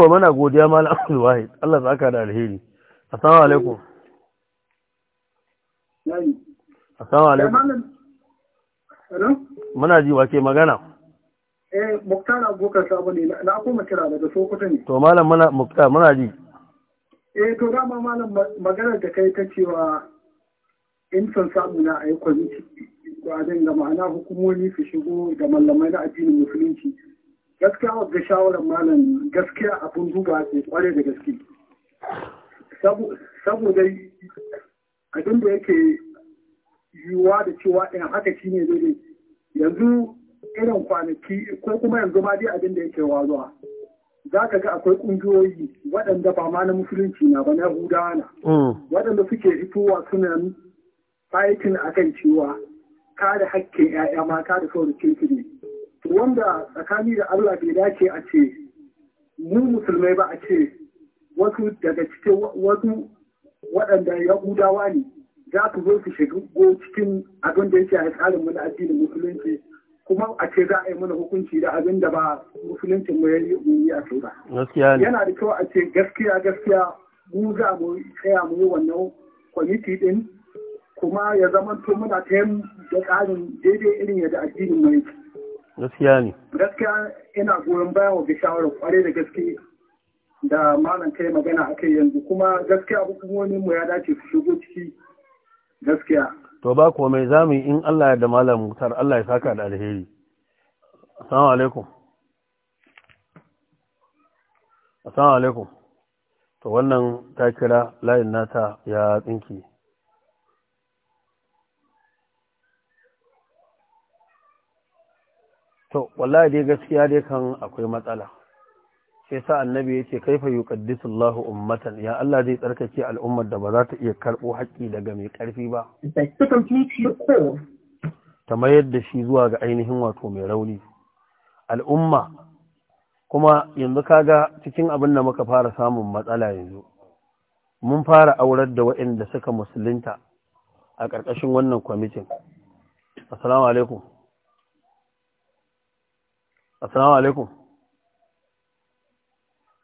To muna godiya malam abdulwahi Allah zaka da alheri assalamu alaikum assalamu alaikum muna ji wace magana eh muktar abubakar sabo ne na kuma kira daga sokoto ne to malam muna muktar muna ji eh to dama malam maganar da kai ta cewa in son samu na ayi kwamiti abin da ma'ana hukumomi su shigo da mallamai na addinin musulunci gaskiya ga shawarar malam gaskiya abin duba ne kware da gaske saboda abin da yake yiwuwa da cewa ɗin haka shine zai yanzu irin kwanaki ko kuma yanzu ma dai abin da yake wazuwa za ka ga akwai ƙungiyoyi waɗanda ba ma na musulunci na ba na hudana mm. waɗanda suke fitowa suna fighting kan cewa kare hakkin 'ya'ya mata da sauran kirkiri to wanda tsakani da Allah bai dace a ce mu musulmai ba a ce wasu daga cikin wasu waɗanda yahudawa ne za ku zo ku shiga cikin abin da yake a tsarin mu na addinin musulunci kuma a ce za a yi mana hukunci da abin da ba musulunci mu ya yi a kai ba. Yana da kyau a ce gaskiya gaskiya mu za mu tsaya mu yi wannan kwamiti din kuma ya zama to muna ta yin da tsarin daidai irin yadda addinin mu yake. Gaskiya ne. Gaskiya ina goyon baya wa shawarar kwarai da gaske da malam kai magana a kai yanzu kuma gaskiya hukumomin mu ya dace su shigo ciki gaskiya to ba komai zamu yi in Allah ya da malam mutar Allah ya saka da alheri assalamu alaikum assalamu alaikum to wannan ta kira layin nata ya tsinki to wallahi dai gaskiya dai kan akwai matsala sai sa annabi ya ce kaifa yuqaddisu ummatan ya Allah zai tsarkake al'ummar da ba za ta iya karɓo haƙƙi daga mai ƙarfi ba ta mayar da shi zuwa ga ainihin wato mai rauni al'umma kuma yanzu kaga cikin abin da muka fara samun matsala yanzu mun fara aurar da waɗanda suka musulunta a ƙarƙashin wannan kwamitin assalamu alaikum assalamu alaikum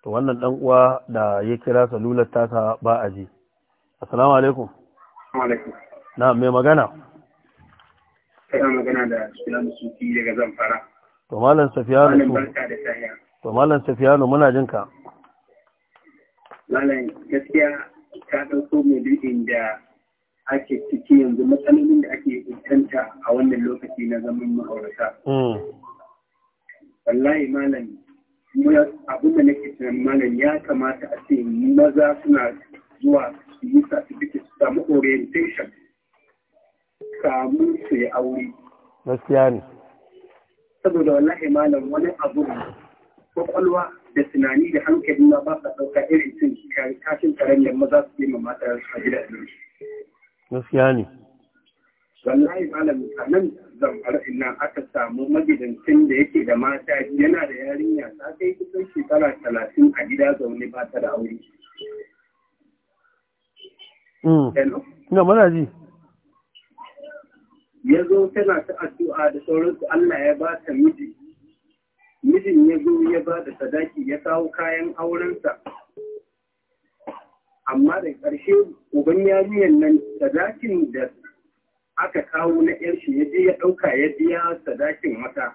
to wannan dan uwa da ya kira salular tasa ba a ji assalamu alaikum alaikum na mai magana kana magana da Sufiyanu Suki daga Zamfara to malam Safiyanu to muna jin ka malam gaskiya ta dauko maudu'in da ake ciki yanzu matsalolin da ake fuskanta a wannan lokaci na zaman ma'aurata mm. wallahi malam kuma abin da nake tunanin ya kamata a ce maza suna zuwa su yi satifiki su samu orientation samu su yi aure gaskiya ne saboda wallahi malam wani abu kwakwalwa da tunani da hankali ma ba sa ɗauka irin cin kashin karen yamma za su yi ma mata a gida gaskiya ne wallahi malam nan zamfara ina aka samu magidancin da yake da mata yana da yarinya ta kai kusan shekara talatin a gida zaune ba ta da aure. Hmm. Na mana ji. Ya zo tana ta addu'a da sauransu Allah ya ba ta miji. Mijin ya zo ya ba da sadaki ya kawo kayan aurensa. amma da ƙarshe uban yarinyar nan sadakin da aka kawo na ‘yan shi ya je ya ɗauka ya biya sadakin wata.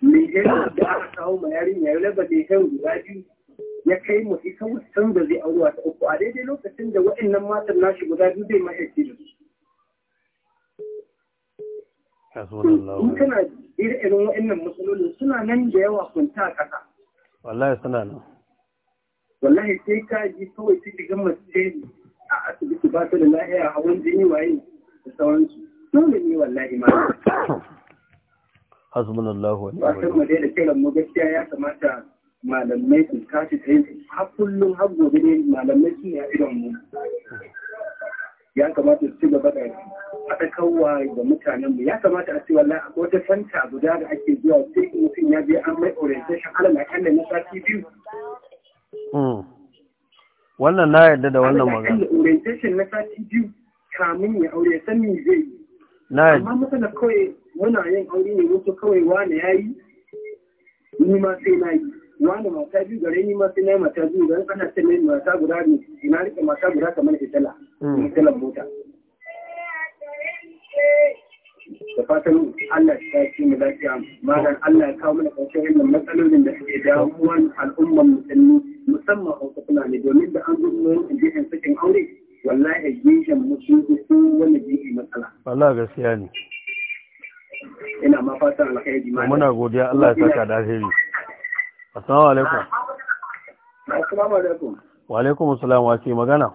Mai ‘yan da aka kawo ma yarin ya raba da ‘yan guda biyu ya kai mu ita wutan da zai aurewa ta uku a daidai lokacin da waɗannan matan nashi guda biyu zai mahaifi da su. In kana irin waɗannan matsalolin suna nan da yawa kwanta a ƙasa. Wallahi suna nan. Wallahi sai ka ji kawai sai ki gama sai a asibiti ba su da lahiya hawan jini waye da sauransu dole ne wallahi ma hasbunallahu wa ni'mal wakil ba da kiran mu gaskiya ya kamata malamai su tashi tsaye har kullum har gobe ne malamai su ne a idon mu ya kamata su ci gaba da faɗakarwa da mutanen mu ya kamata a ce wallahi a wata fanta guda da ake zuwa sai mutum ya je an mai orientation alal akalla na sati biyu hmm. wannan na yarda da wannan magana orientation na sati biyu kamin ya aure san me zai yi na yarda amma kawai muna yin aure ne wato kawai wani yayi ni ma sai na yi wani mata biyu gare ni ma sai na yi mata biyu gare ce mata guda ne ina rike mata guda kamar fitila hmm. mota da fatan Allah ya ci mu lafiya magan Allah ya kawo mana ƙarshen wannan matsalolin da suke damuwan al'ummar musulmi musamman hausa ne domin da an zuwa yin jihin sakin aure wallahi jihin musu ko wani jihin matsala. Allah gaskiya ne. Ina ma fata alkhairi ma. Muna godiya Allah ya saka da alheri. Assalamu alaikum. Assalamu alaikum. Wa alaikum assalam wa ke magana?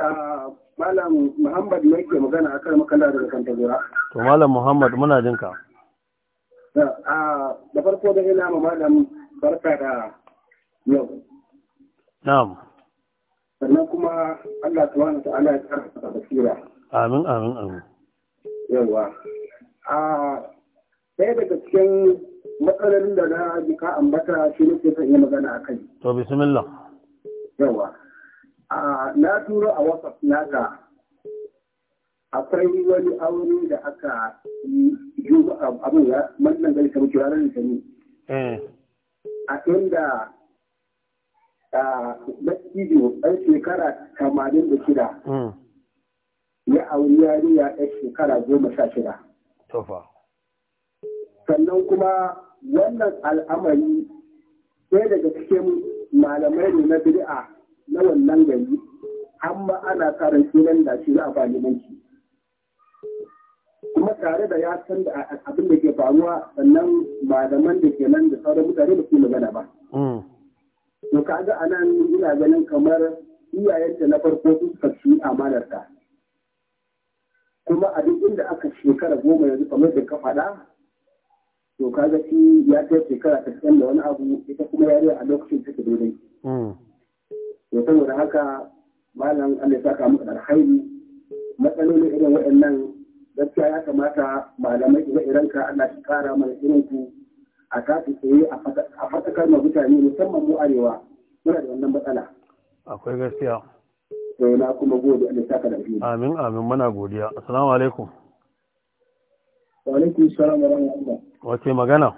Ah, malam Muhammad ne ke magana a kan makalla da kan tabura. To Malam Muhammad muna jinka. Ah, da farko da ina ma Malam barka da yau na'am sannan kuma Allah subhanahu ta'ala ya karfafa basira amin amin amin yawa a sai daga cikin matsalolin da na ji ka ambata shi ne sai yi magana a kai to bismillah yawa a na turo a whatsapp naka akwai wani aure da aka yi abin ya mallan gari kamar kirarar da ne eh. a inda dattijo ɗan shekara tamanin da shida hmm. ya auri yariya ɗan shekara goma sha shida. Sannan kuma wannan al'amari ɗaya daga cikin malamai ne na biri'a, na wannan gari amma ana karin sunan da shi a balimanci. Kuma tare da ya san da abin da ke faruwa sannan malaman da ke nan da sauran mutane ba su magana ba. Hmm. to kaga a nan ina ganin kamar iyayenta na farko su suka amanar ta kuma a duk inda aka shekara goma yanzu kamar da ka faɗa to kaga shi ya kai shekara ta da wani abu ita kuma yariya a lokacin take daidai hmm. to saboda haka malam Allah ya saka muku alhairi matsalolin irin waɗannan gaskiya ya kamata malamai ire-irenka Allah shi kara mana irin ku a kafin tsaye a fatakar ma mutane musamman mu arewa muna da wannan matsala. Akwai gaskiya. Sai na kuma gode a saka da biyu. Amin amin muna godiya. Assalamu alaikum. Wa alaikum salam wa rahmatullah. Wace magana?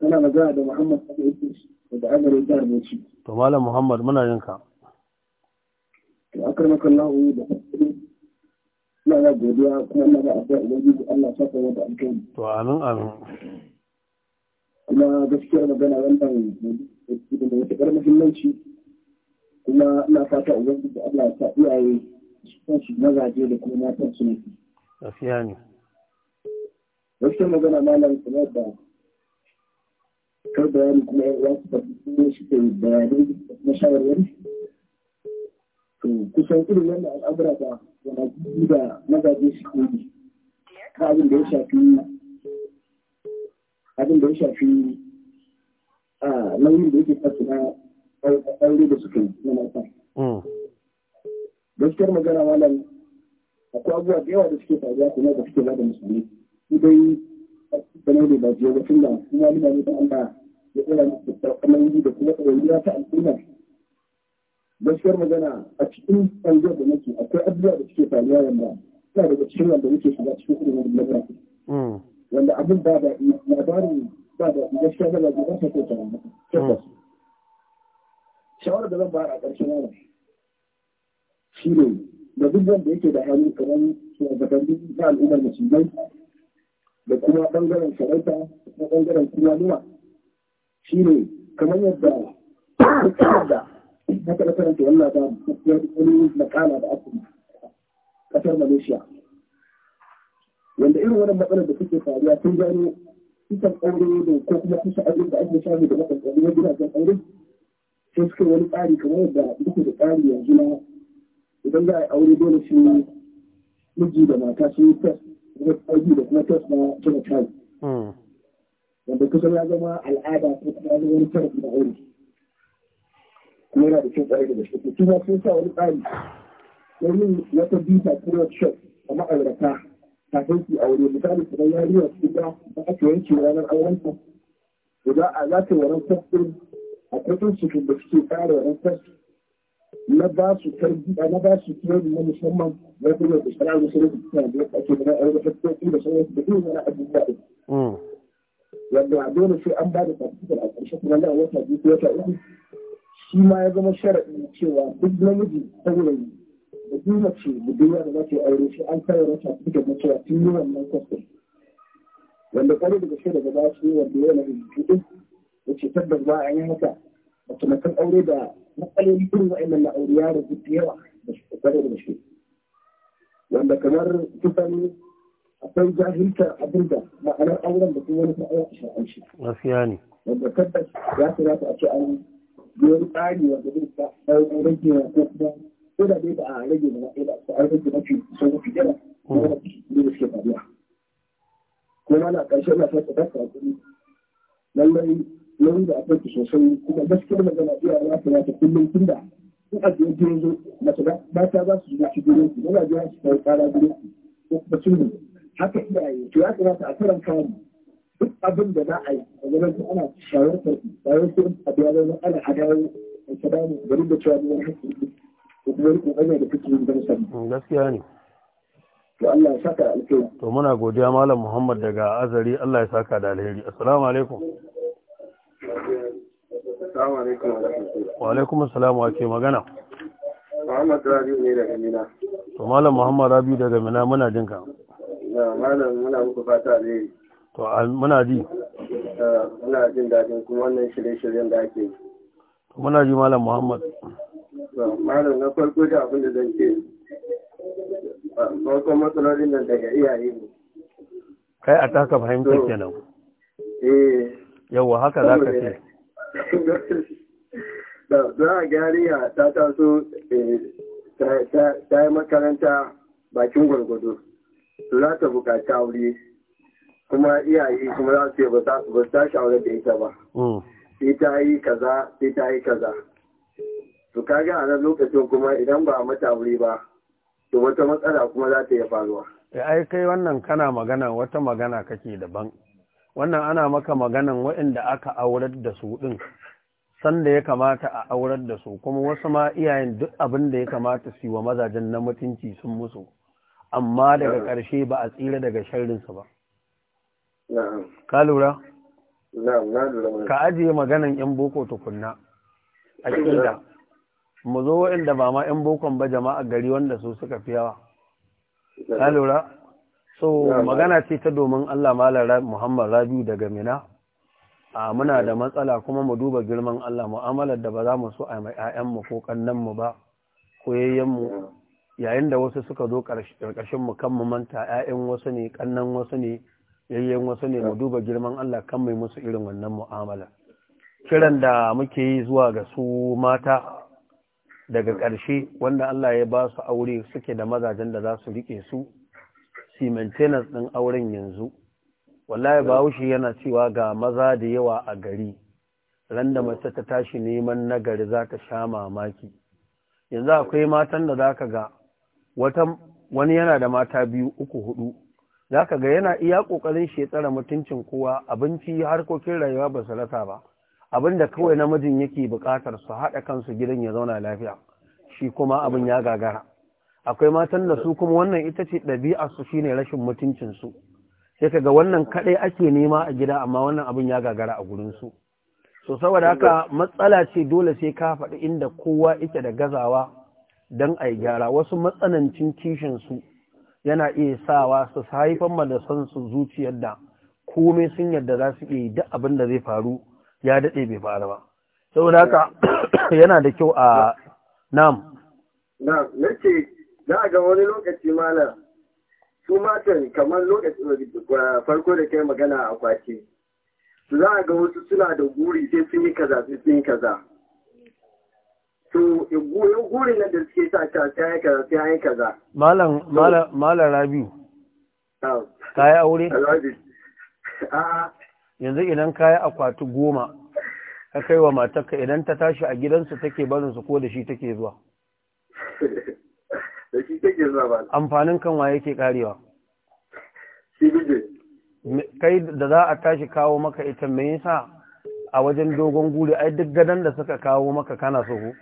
Muna magana da Muhammad Idris da Amare Jihar Bauchi. To Malam Muhammad muna yin ka. To akramaka lahu da ina godiya kuma ina ga addu'a ubangiji Allah saka wa da alkhairi. To amin amin. kuma gaskiyar magana wannan da mai matuƙar muhimmanci kuma ina fata ubangiji Allah ya sa iyaye su shi mazaje da kuma matan su ne gaskiya ne gaskiyar magana malam kuma da kar bayani kuma yan uwa su tafi su ke bayanai na shawarwari to kusan irin wannan al'amura da yana da mazaje su ne ka abin da ya shafi abin da ya shafi a nauyin da yake fasu na aure da suka yi na mata. Hmm. Gaskiyar magana malam akwai abubuwa da yawa da suke faruwa kuma da suke bada musulmi. Ni dai sanar da bajiya da tun da kuma nuna ne da Allah ya tsira musu da yi da kuma ya ta al'umma. Gaskiyar magana a cikin ɓangar da nake akwai abubuwa da suke faruwa wanda Ina daga cikin wanda muke shiga cikin irin wanda na wanda abin ba da labarin ba da gaskiya da labarin ta ko ta shawarar da zan bayar a ƙarshen wani shi ne da duk wanda yake da hannu kamar shugabanni na al'ummar musulmai da kuma ɓangaren sarauta da kuma ɓangaren kuma shi ne kamar yadda da na karanta wannan da kuma wani da aka ƙasar malaysia wanda irin wannan matsalar da suke faruwa sun gano kusan aure da ko kuma kusan abin da ake samu da makon aure na gidajen aure sai suka wani tsari kamar yadda duka da tsari yanzu na idan za a yi aure dole shi miji da mata sun yi test kuma aure da kuma test na gina tsari hmm. wanda kusan ya zama al'ada ko kuma ya zama wani tara na aure kuma yana da kyau tsari da gaske kuma sun sa wani tsari wani wata bita ko wata a ma'aurata kafin su aure misali kamar yariya su da da aka yanke ranar aurenta to za a za ta yi wannan tafsir a kafin su da suke tsara wannan tafsir na ba su tarbiyya na ba su tarbiyya na musamman na kuma da shara da shara da da ake da aure da da sauransu da duk wani abubuwa din hmm. wanda dole sai an ba da tafsir a ƙarshen kuma da wata biyu ko wata uku shi ma ya zama sharaɗi cewa duk namiji ta saurayi duk ce budurwa da za yi aure sai an kawo rasa su da mutuwa sun yi wannan kwastin wanda kwarai da gaske daga bashi su wanda yana da din da ce tabbas ba a yi haka wata matan aure da matsaloli irin wa'annan na aure ya rabu da yawa da kwarai da gaske wanda kamar kusan akwai jahilta abin da ma'anar auren da kuma wani sa'awa a sha'anci. Gaskiya ne. Wanda tabbas ya kamata a ce an yi wani tsari wanda zai ta ɗaurin rage ko kuma ko da dai ba a rage ba ba su an rage mafi sun mafi yawa ko da suke faruwa kuma na ƙarshe na fata da kakuri lallai yau da akwai ki sosai kuma gaskiyar magana iya ya kamata kullum tunda in a biyar jirin zo mace da mata za su zuwa cikin ku yana jiya su kai kara gurin ku ko kuma sun haka iyaye to ya kamata a karan kawo duk abin da za a yi a zaman ana shawartar bayan sun a biya zama ana adawo a sadamu garin da cewa ne wani hakki ko kuma da kake yin mm, gaskiya ne to Allah ya saka alheri to muna godiya malam Muhammad daga Azari Allah ya saka da alheri assalamu alaikum assalamu alaikum wa Wa alaikum assalam wa ke magana Muhammad Rabi'u ne daga Mina to malam Muhammad Rabi'u daga Mina muna jin ka. na malam muna muku fata alheri to muna ji muna jin daɗin kuma wannan shirye-shiryen da ake yi muna ji malam Muhammad malam na farko da abin da zan ce farkon matsalolin nan daga iyaye ne kai a taka fahimtar kenan eh yawa haka za ka ce za a gari a ta taso eh, ta yi makaranta bakin gwargwado za ta bukaci aure kuma iyaye kuma za su ce ba su tashi aure da ita ba mm. sai yi kaza sai ta yi kaza to kage a nan lokacin kuma idan ba a mata wuri ba to wata matsala kuma za ta iya faruwa eh, ai kai wannan kana magana wata magana kake daban wannan ana maka maganan waɗanda aka aurar da su din sanda ya kamata a aurar da su kuma wasu ma iyayen duk abin da ya kamata su yi wa mazajen na mutunci sun musu amma daga ƙarshe ba a tsira daga su ba ka lura ka ajiye maganan yan boko tukunna a da. mu zo waɗanda ba ma 'yan bokon ba jama'a gari wanda su suka fi yawa ka lura so magana ce ta domin Allah malar Muhammad Rabiu daga Mina a muna da matsala kuma mu duba girman Allah mu'amalar da ba za mu so a mai ya'yanmu ko ƙannanmu ba ko yayin da wasu suka zo ƙarƙashin mu kan mu manta ya'yan wasu ne ƙannan wasu ne yayyen wasu ne mu duba girman Allah kan mai musu irin wannan mu'amala kiran da muke yi zuwa ga su mata daga ƙarshe wanda Allah ya ba su aure suke da mazajen da za su riƙe su si maintenance ɗin auren yanzu wallahi bahaushe yana cewa ga maza da yawa a gari ran da mace ta tashi neman nagari za ta sha mamaki yanzu akwai matan da za ka ga wani yana da mata biyu uku hudu za ka ga yana iya ƙoƙarin shi ya tsara mutuncin kowa abinci harkokin rayuwa ba su rasa ba Abin da kawai namijin yake buƙatar su haɗa kansu gidan ya zauna lafiya shi kuma abin ya gagara akwai matan da su kuma wannan ita ce ɗabi'ar su shine rashin mutuncin su sai kaga wannan kaɗai ake nema a gida amma wannan abin ya gagara a gurin su so saboda haka matsala ce dole sai ka faɗi inda kowa yake da gazawa don a gyara wasu matsanancin kishin su yana iya sawa su haifan ma da zuciyar da komai sun yadda za su iya duk abin da zai faru ya daɗe bai fara ba saboda haka yana da kyau a nam na ce za a ga wani lokaci mana su matan kamar lokacin farko da kai magana a kwace su za a ga wasu suna da guri sai sun yi kaza sai sun yi kaza to yin guri na da suke sa ta sai yi kaza sai yi kaza malam malam malam rabi ka yi aure a yanzu idan kayi akwati goma ka kai wa matarka idan ta tashi a gidansu take barinsu su ko da shi take zuwa amfanin kanwa yake karewa kai da za a tashi kawo maka ita mai yasa a wajen dogon guri ai duk gadon da suka kawo maka kana so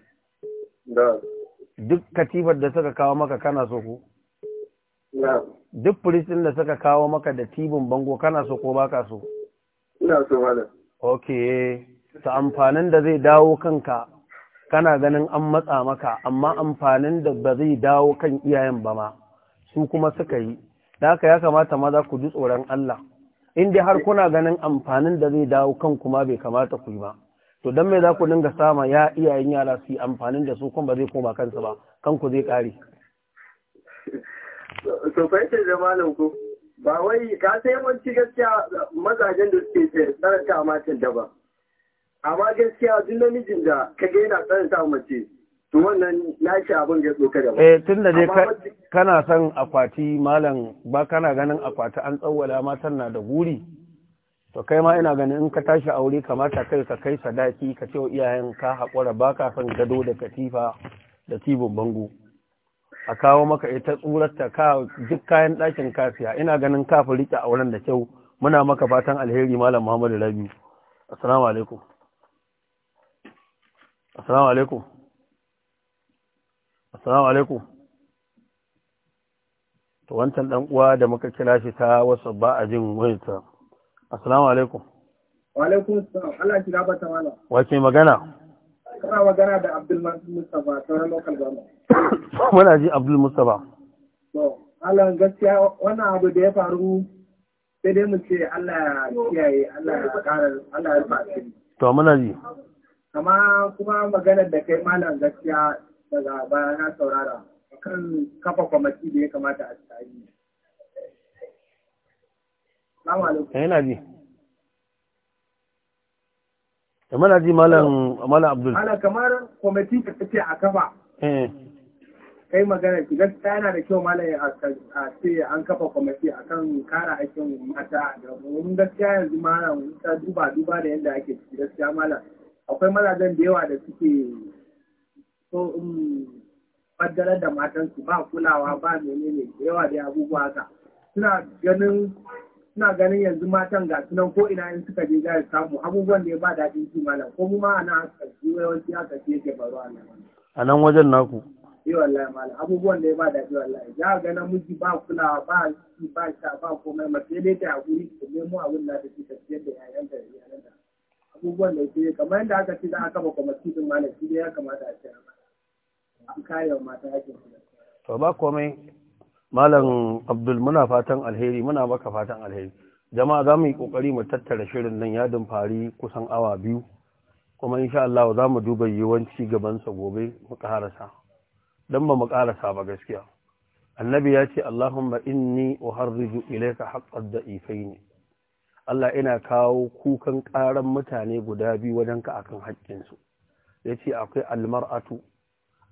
duk katifar da suka kawo maka kana so duk firistin da suka kawo maka da tibin bango kana so ko baka so ina so malam okay ta amfanin da zai dawo kanka kana ganin an matsa maka amma amfanin da ba zai dawo kan iyayen ba ma su kuma suka yi da haka ya kamata maza ku ji tsoron Allah in har kuna ganin amfanin da zai dawo kan kuma bai kamata ku yi ba to dan me za ku dinga sama ya iyayen yara su yi amfanin da su kuma ba zai koma kansa ba kanku zai kare so fa da ba wai ka sai wanci gaskiya mazajen da suke tsananta macin da ba amma gaskiya duk namijin da ka ga yana tsananta mace to wannan na shi abin ya tsoka da eh tun da dai kana son akwati malam ba kana ganin akwati an tsawwala matan na da guri to kai ma ina ganin in ka tashi aure kamata kai ka kai sadaki ka ce wa iyayen ka haƙura ba ka son gado da katifa da tibin bango a kawo maka ita tsurarta ka duk kayan ɗakin kafiya ina ganin kafa riƙe auren da kyau muna maka fatan alheri malam muhammadu rabi assalamu alaikum assalamu alaikum assalamu alaikum to wancan dan uwa da muka kira shi ta wasu ba a jin wayarsa assalamu alaikum wa alaikum assalam Allah ki gabata malam wace magana Kana magana da Abdul Mustafa sauran local government. Muna ji Abdul Mustafa. To, Allah gaskiya wannan abu da ya faru sai dai mu ce Allah ya kiyaye, Allah ya kara, Allah ya rufa asiri. To, muna ji. Amma kuma maganar da kai malam gaskiya daga baya na saurara kan kafa kwamati da ya kamata a tsari. Salamu alaikum. Yana eh, ji. da eh, mana ji malam malam abdul ana kamar kwamitin da take a kafa eh. kai magana ki gaskiya yana da kyau malam ya ce an kafa kwamiti akan kara aikin mata da mun gaskiya yanzu malam ta duba duba da yadda ake ciki gaskiya malam akwai mazajen da yawa da suke so in um, faddalar da matansu ba kulawa ba menene da yawa da abubuwa haka suna ganin ina ganin yanzu matan ga sunan ko ina in suka je za samu abubuwan da ya ba daɗin su malam ko mu ma ana haka shi yawanci haka shi yake a nan a nan wajen naku Yi eh, wallahi malam abubuwan da ya ba daɗi wallahi za ga namiji ba kulawa ba shi ba sha ba komai sai dai ta hakuri ta nemo abin da ta fiye da yayan da iyalan abubuwan da fiye kamar yadda aka ce za a kafa kwamiti din malam shi ne ya kamata a ce a kayan mata yakin. to ba komai malam abdul muna fatan alheri muna maka fatan alheri jama'a za mu yi kokari mu tattara shirin nan yadin fari kusan awa biyu kuma insha Allah za mu duba yawanci gabansa gobe mu karasa don ba mu karasa ba gaskiya annabi ya ce Allahumma inni uharriju ilayka ifai da'ifaini Allah ina kawo kukan ƙaran mutane guda biyu wajen ka akan haƙƙinsu ya ce akwai almar'atu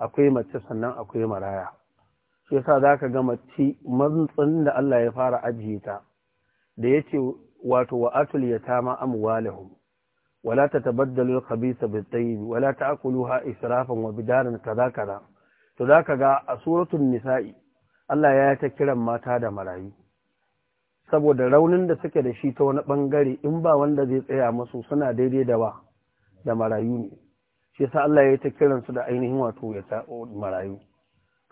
akwai mace sannan akwai maraya shi yasa za ka gama ci mazutsin da Allah ya fara ajiye ta da ya ce wato wa atul ya tama amwalahum wala ta tabaddalu khabisa bi tayyib wala ta'kuluha israfan wa bidaran kadakara to za ka ga a suratul nisa'i Allah ya ta kiran mata da marayu saboda raunin da suke da shi ta wani bangare in ba wanda zai tsaya musu suna daidai da wa da marayu ne shi yasa Allah ya ta kiransu da ainihin wato ya ta marayu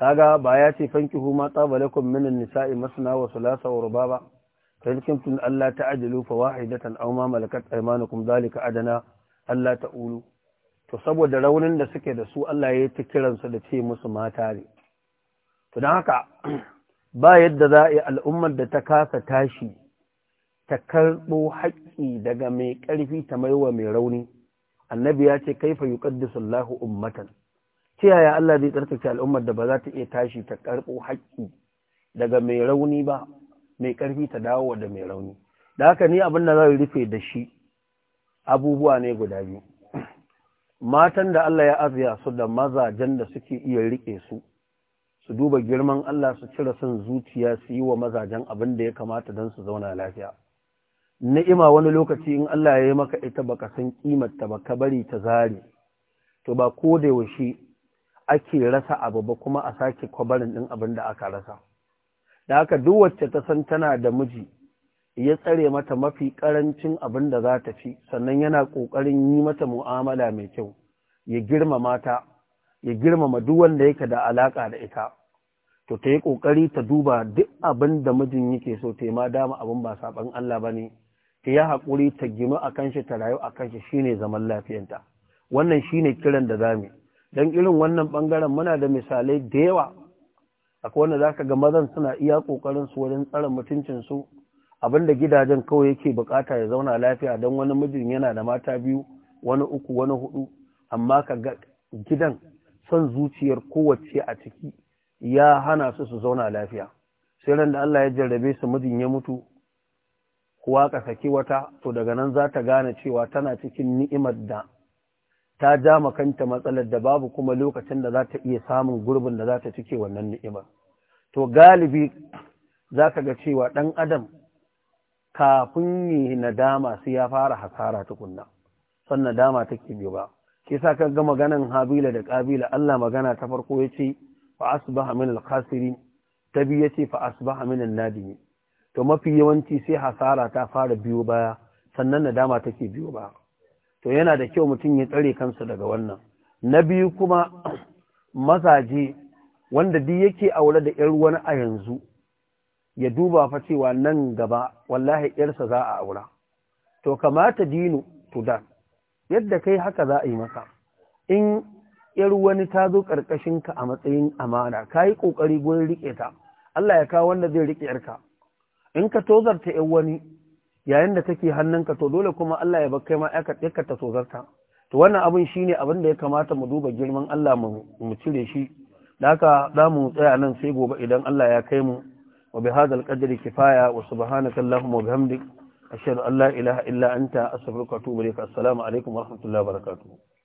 kaga ba ya ce fankihu ma tsabalakum minan nisa'i masna wa sulasa wa ruba ba fa yakin tun Allah ta'jilu fa wahidatan aw ma malakat aymanukum zalika adana Allah ta ulu. to saboda raunin da suke da su Allah ya ta kiran da ce musu mata ne to dan haka ba yadda za a yi al'ummar da ta kasa tashi ta karɓo haƙƙi daga mai ƙarfi ta maiwa mai rauni annabi ya ce kaifa yuqaddisu Allahu ummatan ta yaya Allah zai tsarkake al'ummar da ba za ta iya tashi ta karɓo haƙƙi daga mai rauni ba mai ƙarfi ta dawo da mai rauni da haka ni abin da za rufe da shi abubuwa ne guda biyu matan da Allah ya aziya su da mazajen da suke iya riƙe su su duba girman Allah su cire son zuciya su yi wa mazajen abin da ya kamata don su zauna lafiya ni'ima wani lokaci in Allah ya yi maka ita baka san kimar ta baka bari ta zare to ba ko da yaushe ake rasa abu ba kuma a sake kwabarin ɗin abin da aka rasa. Da haka duk wacce ta san tana da miji ya tsare mata mafi ƙarancin abin da za ta ci, sannan yana ƙoƙarin yi mata mu'amala mai kyau, ya girmama ta, ya girmama duk wanda yake da alaka da ita. To ta yi ƙoƙari ta duba duk abin da mijin yake so ta yi ma dama abin ba saɓan Allah ba ne, ta yi haƙuri ta gima a kan ta rayu a kanshi shine zaman lafiyanta. Wannan shine kiran da za mu don irin wannan bangaren muna da misalai da yawa akwai wanda za ka ga mazan suna iya kokarin su wajen tsara mutuncinsu abinda gidajen kawai yake bukata ya zauna lafiya don wani mijin yana da mata biyu wani uku wani hudu amma ka ga gidan son zuciyar kowace a ciki ya hana su su zauna lafiya sai ran da Allah ya jarrabe su mijin ya mutu kuwa ka saki wata to daga nan za ta gane cewa tana cikin ni'imar da ta ja kanta matsalar da babu kuma lokacin da za ta iya samun gurbin da za ta cike wannan ni'imar to galibi za ka ga cewa ɗan adam kafin yi nadama sai ya fara hasara tukunna son nadama take biyu ba Ke sa ka ga maganan habila da ƙabila Allah magana ta farko ya ce min ta biyu ya ce nadimi to mafi yawanci sai hasara ta fara biyo baya sannan nadama take biyo baya to yana da kyau mutum ya tsare kansa daga wannan na biyu kuma mazaje wanda duk yake aure da ‘yar wani a yanzu ya duba fa cewa nan gaba wallahi ‘yarsa za a aura to kamata dinu da yadda kai haka za a yi maka in ‘yar wani ta zo ƙarƙashinka a matsayin amana ka yi ƙoƙari gurin riƙe ta Allah ya kawo wanda zai riƙe ‘yarka in ka tozarta ‘yan wani yayin da take hannunka to dole kuma Allah ya bar kai ma aka ta tozarta to wannan abin shine abin da ya kamata mu duba girman Allah mu cire shi da za mu tsaya nan sai gobe idan Allah ya kai mu wa bi hadal qadri kifaya wa subhanaka allahumma wa bihamdik ashhadu an la ilaha illa anta astaghfiruka wa atubu ilaik assalamu alaikum wa rahmatullahi wa barakatuh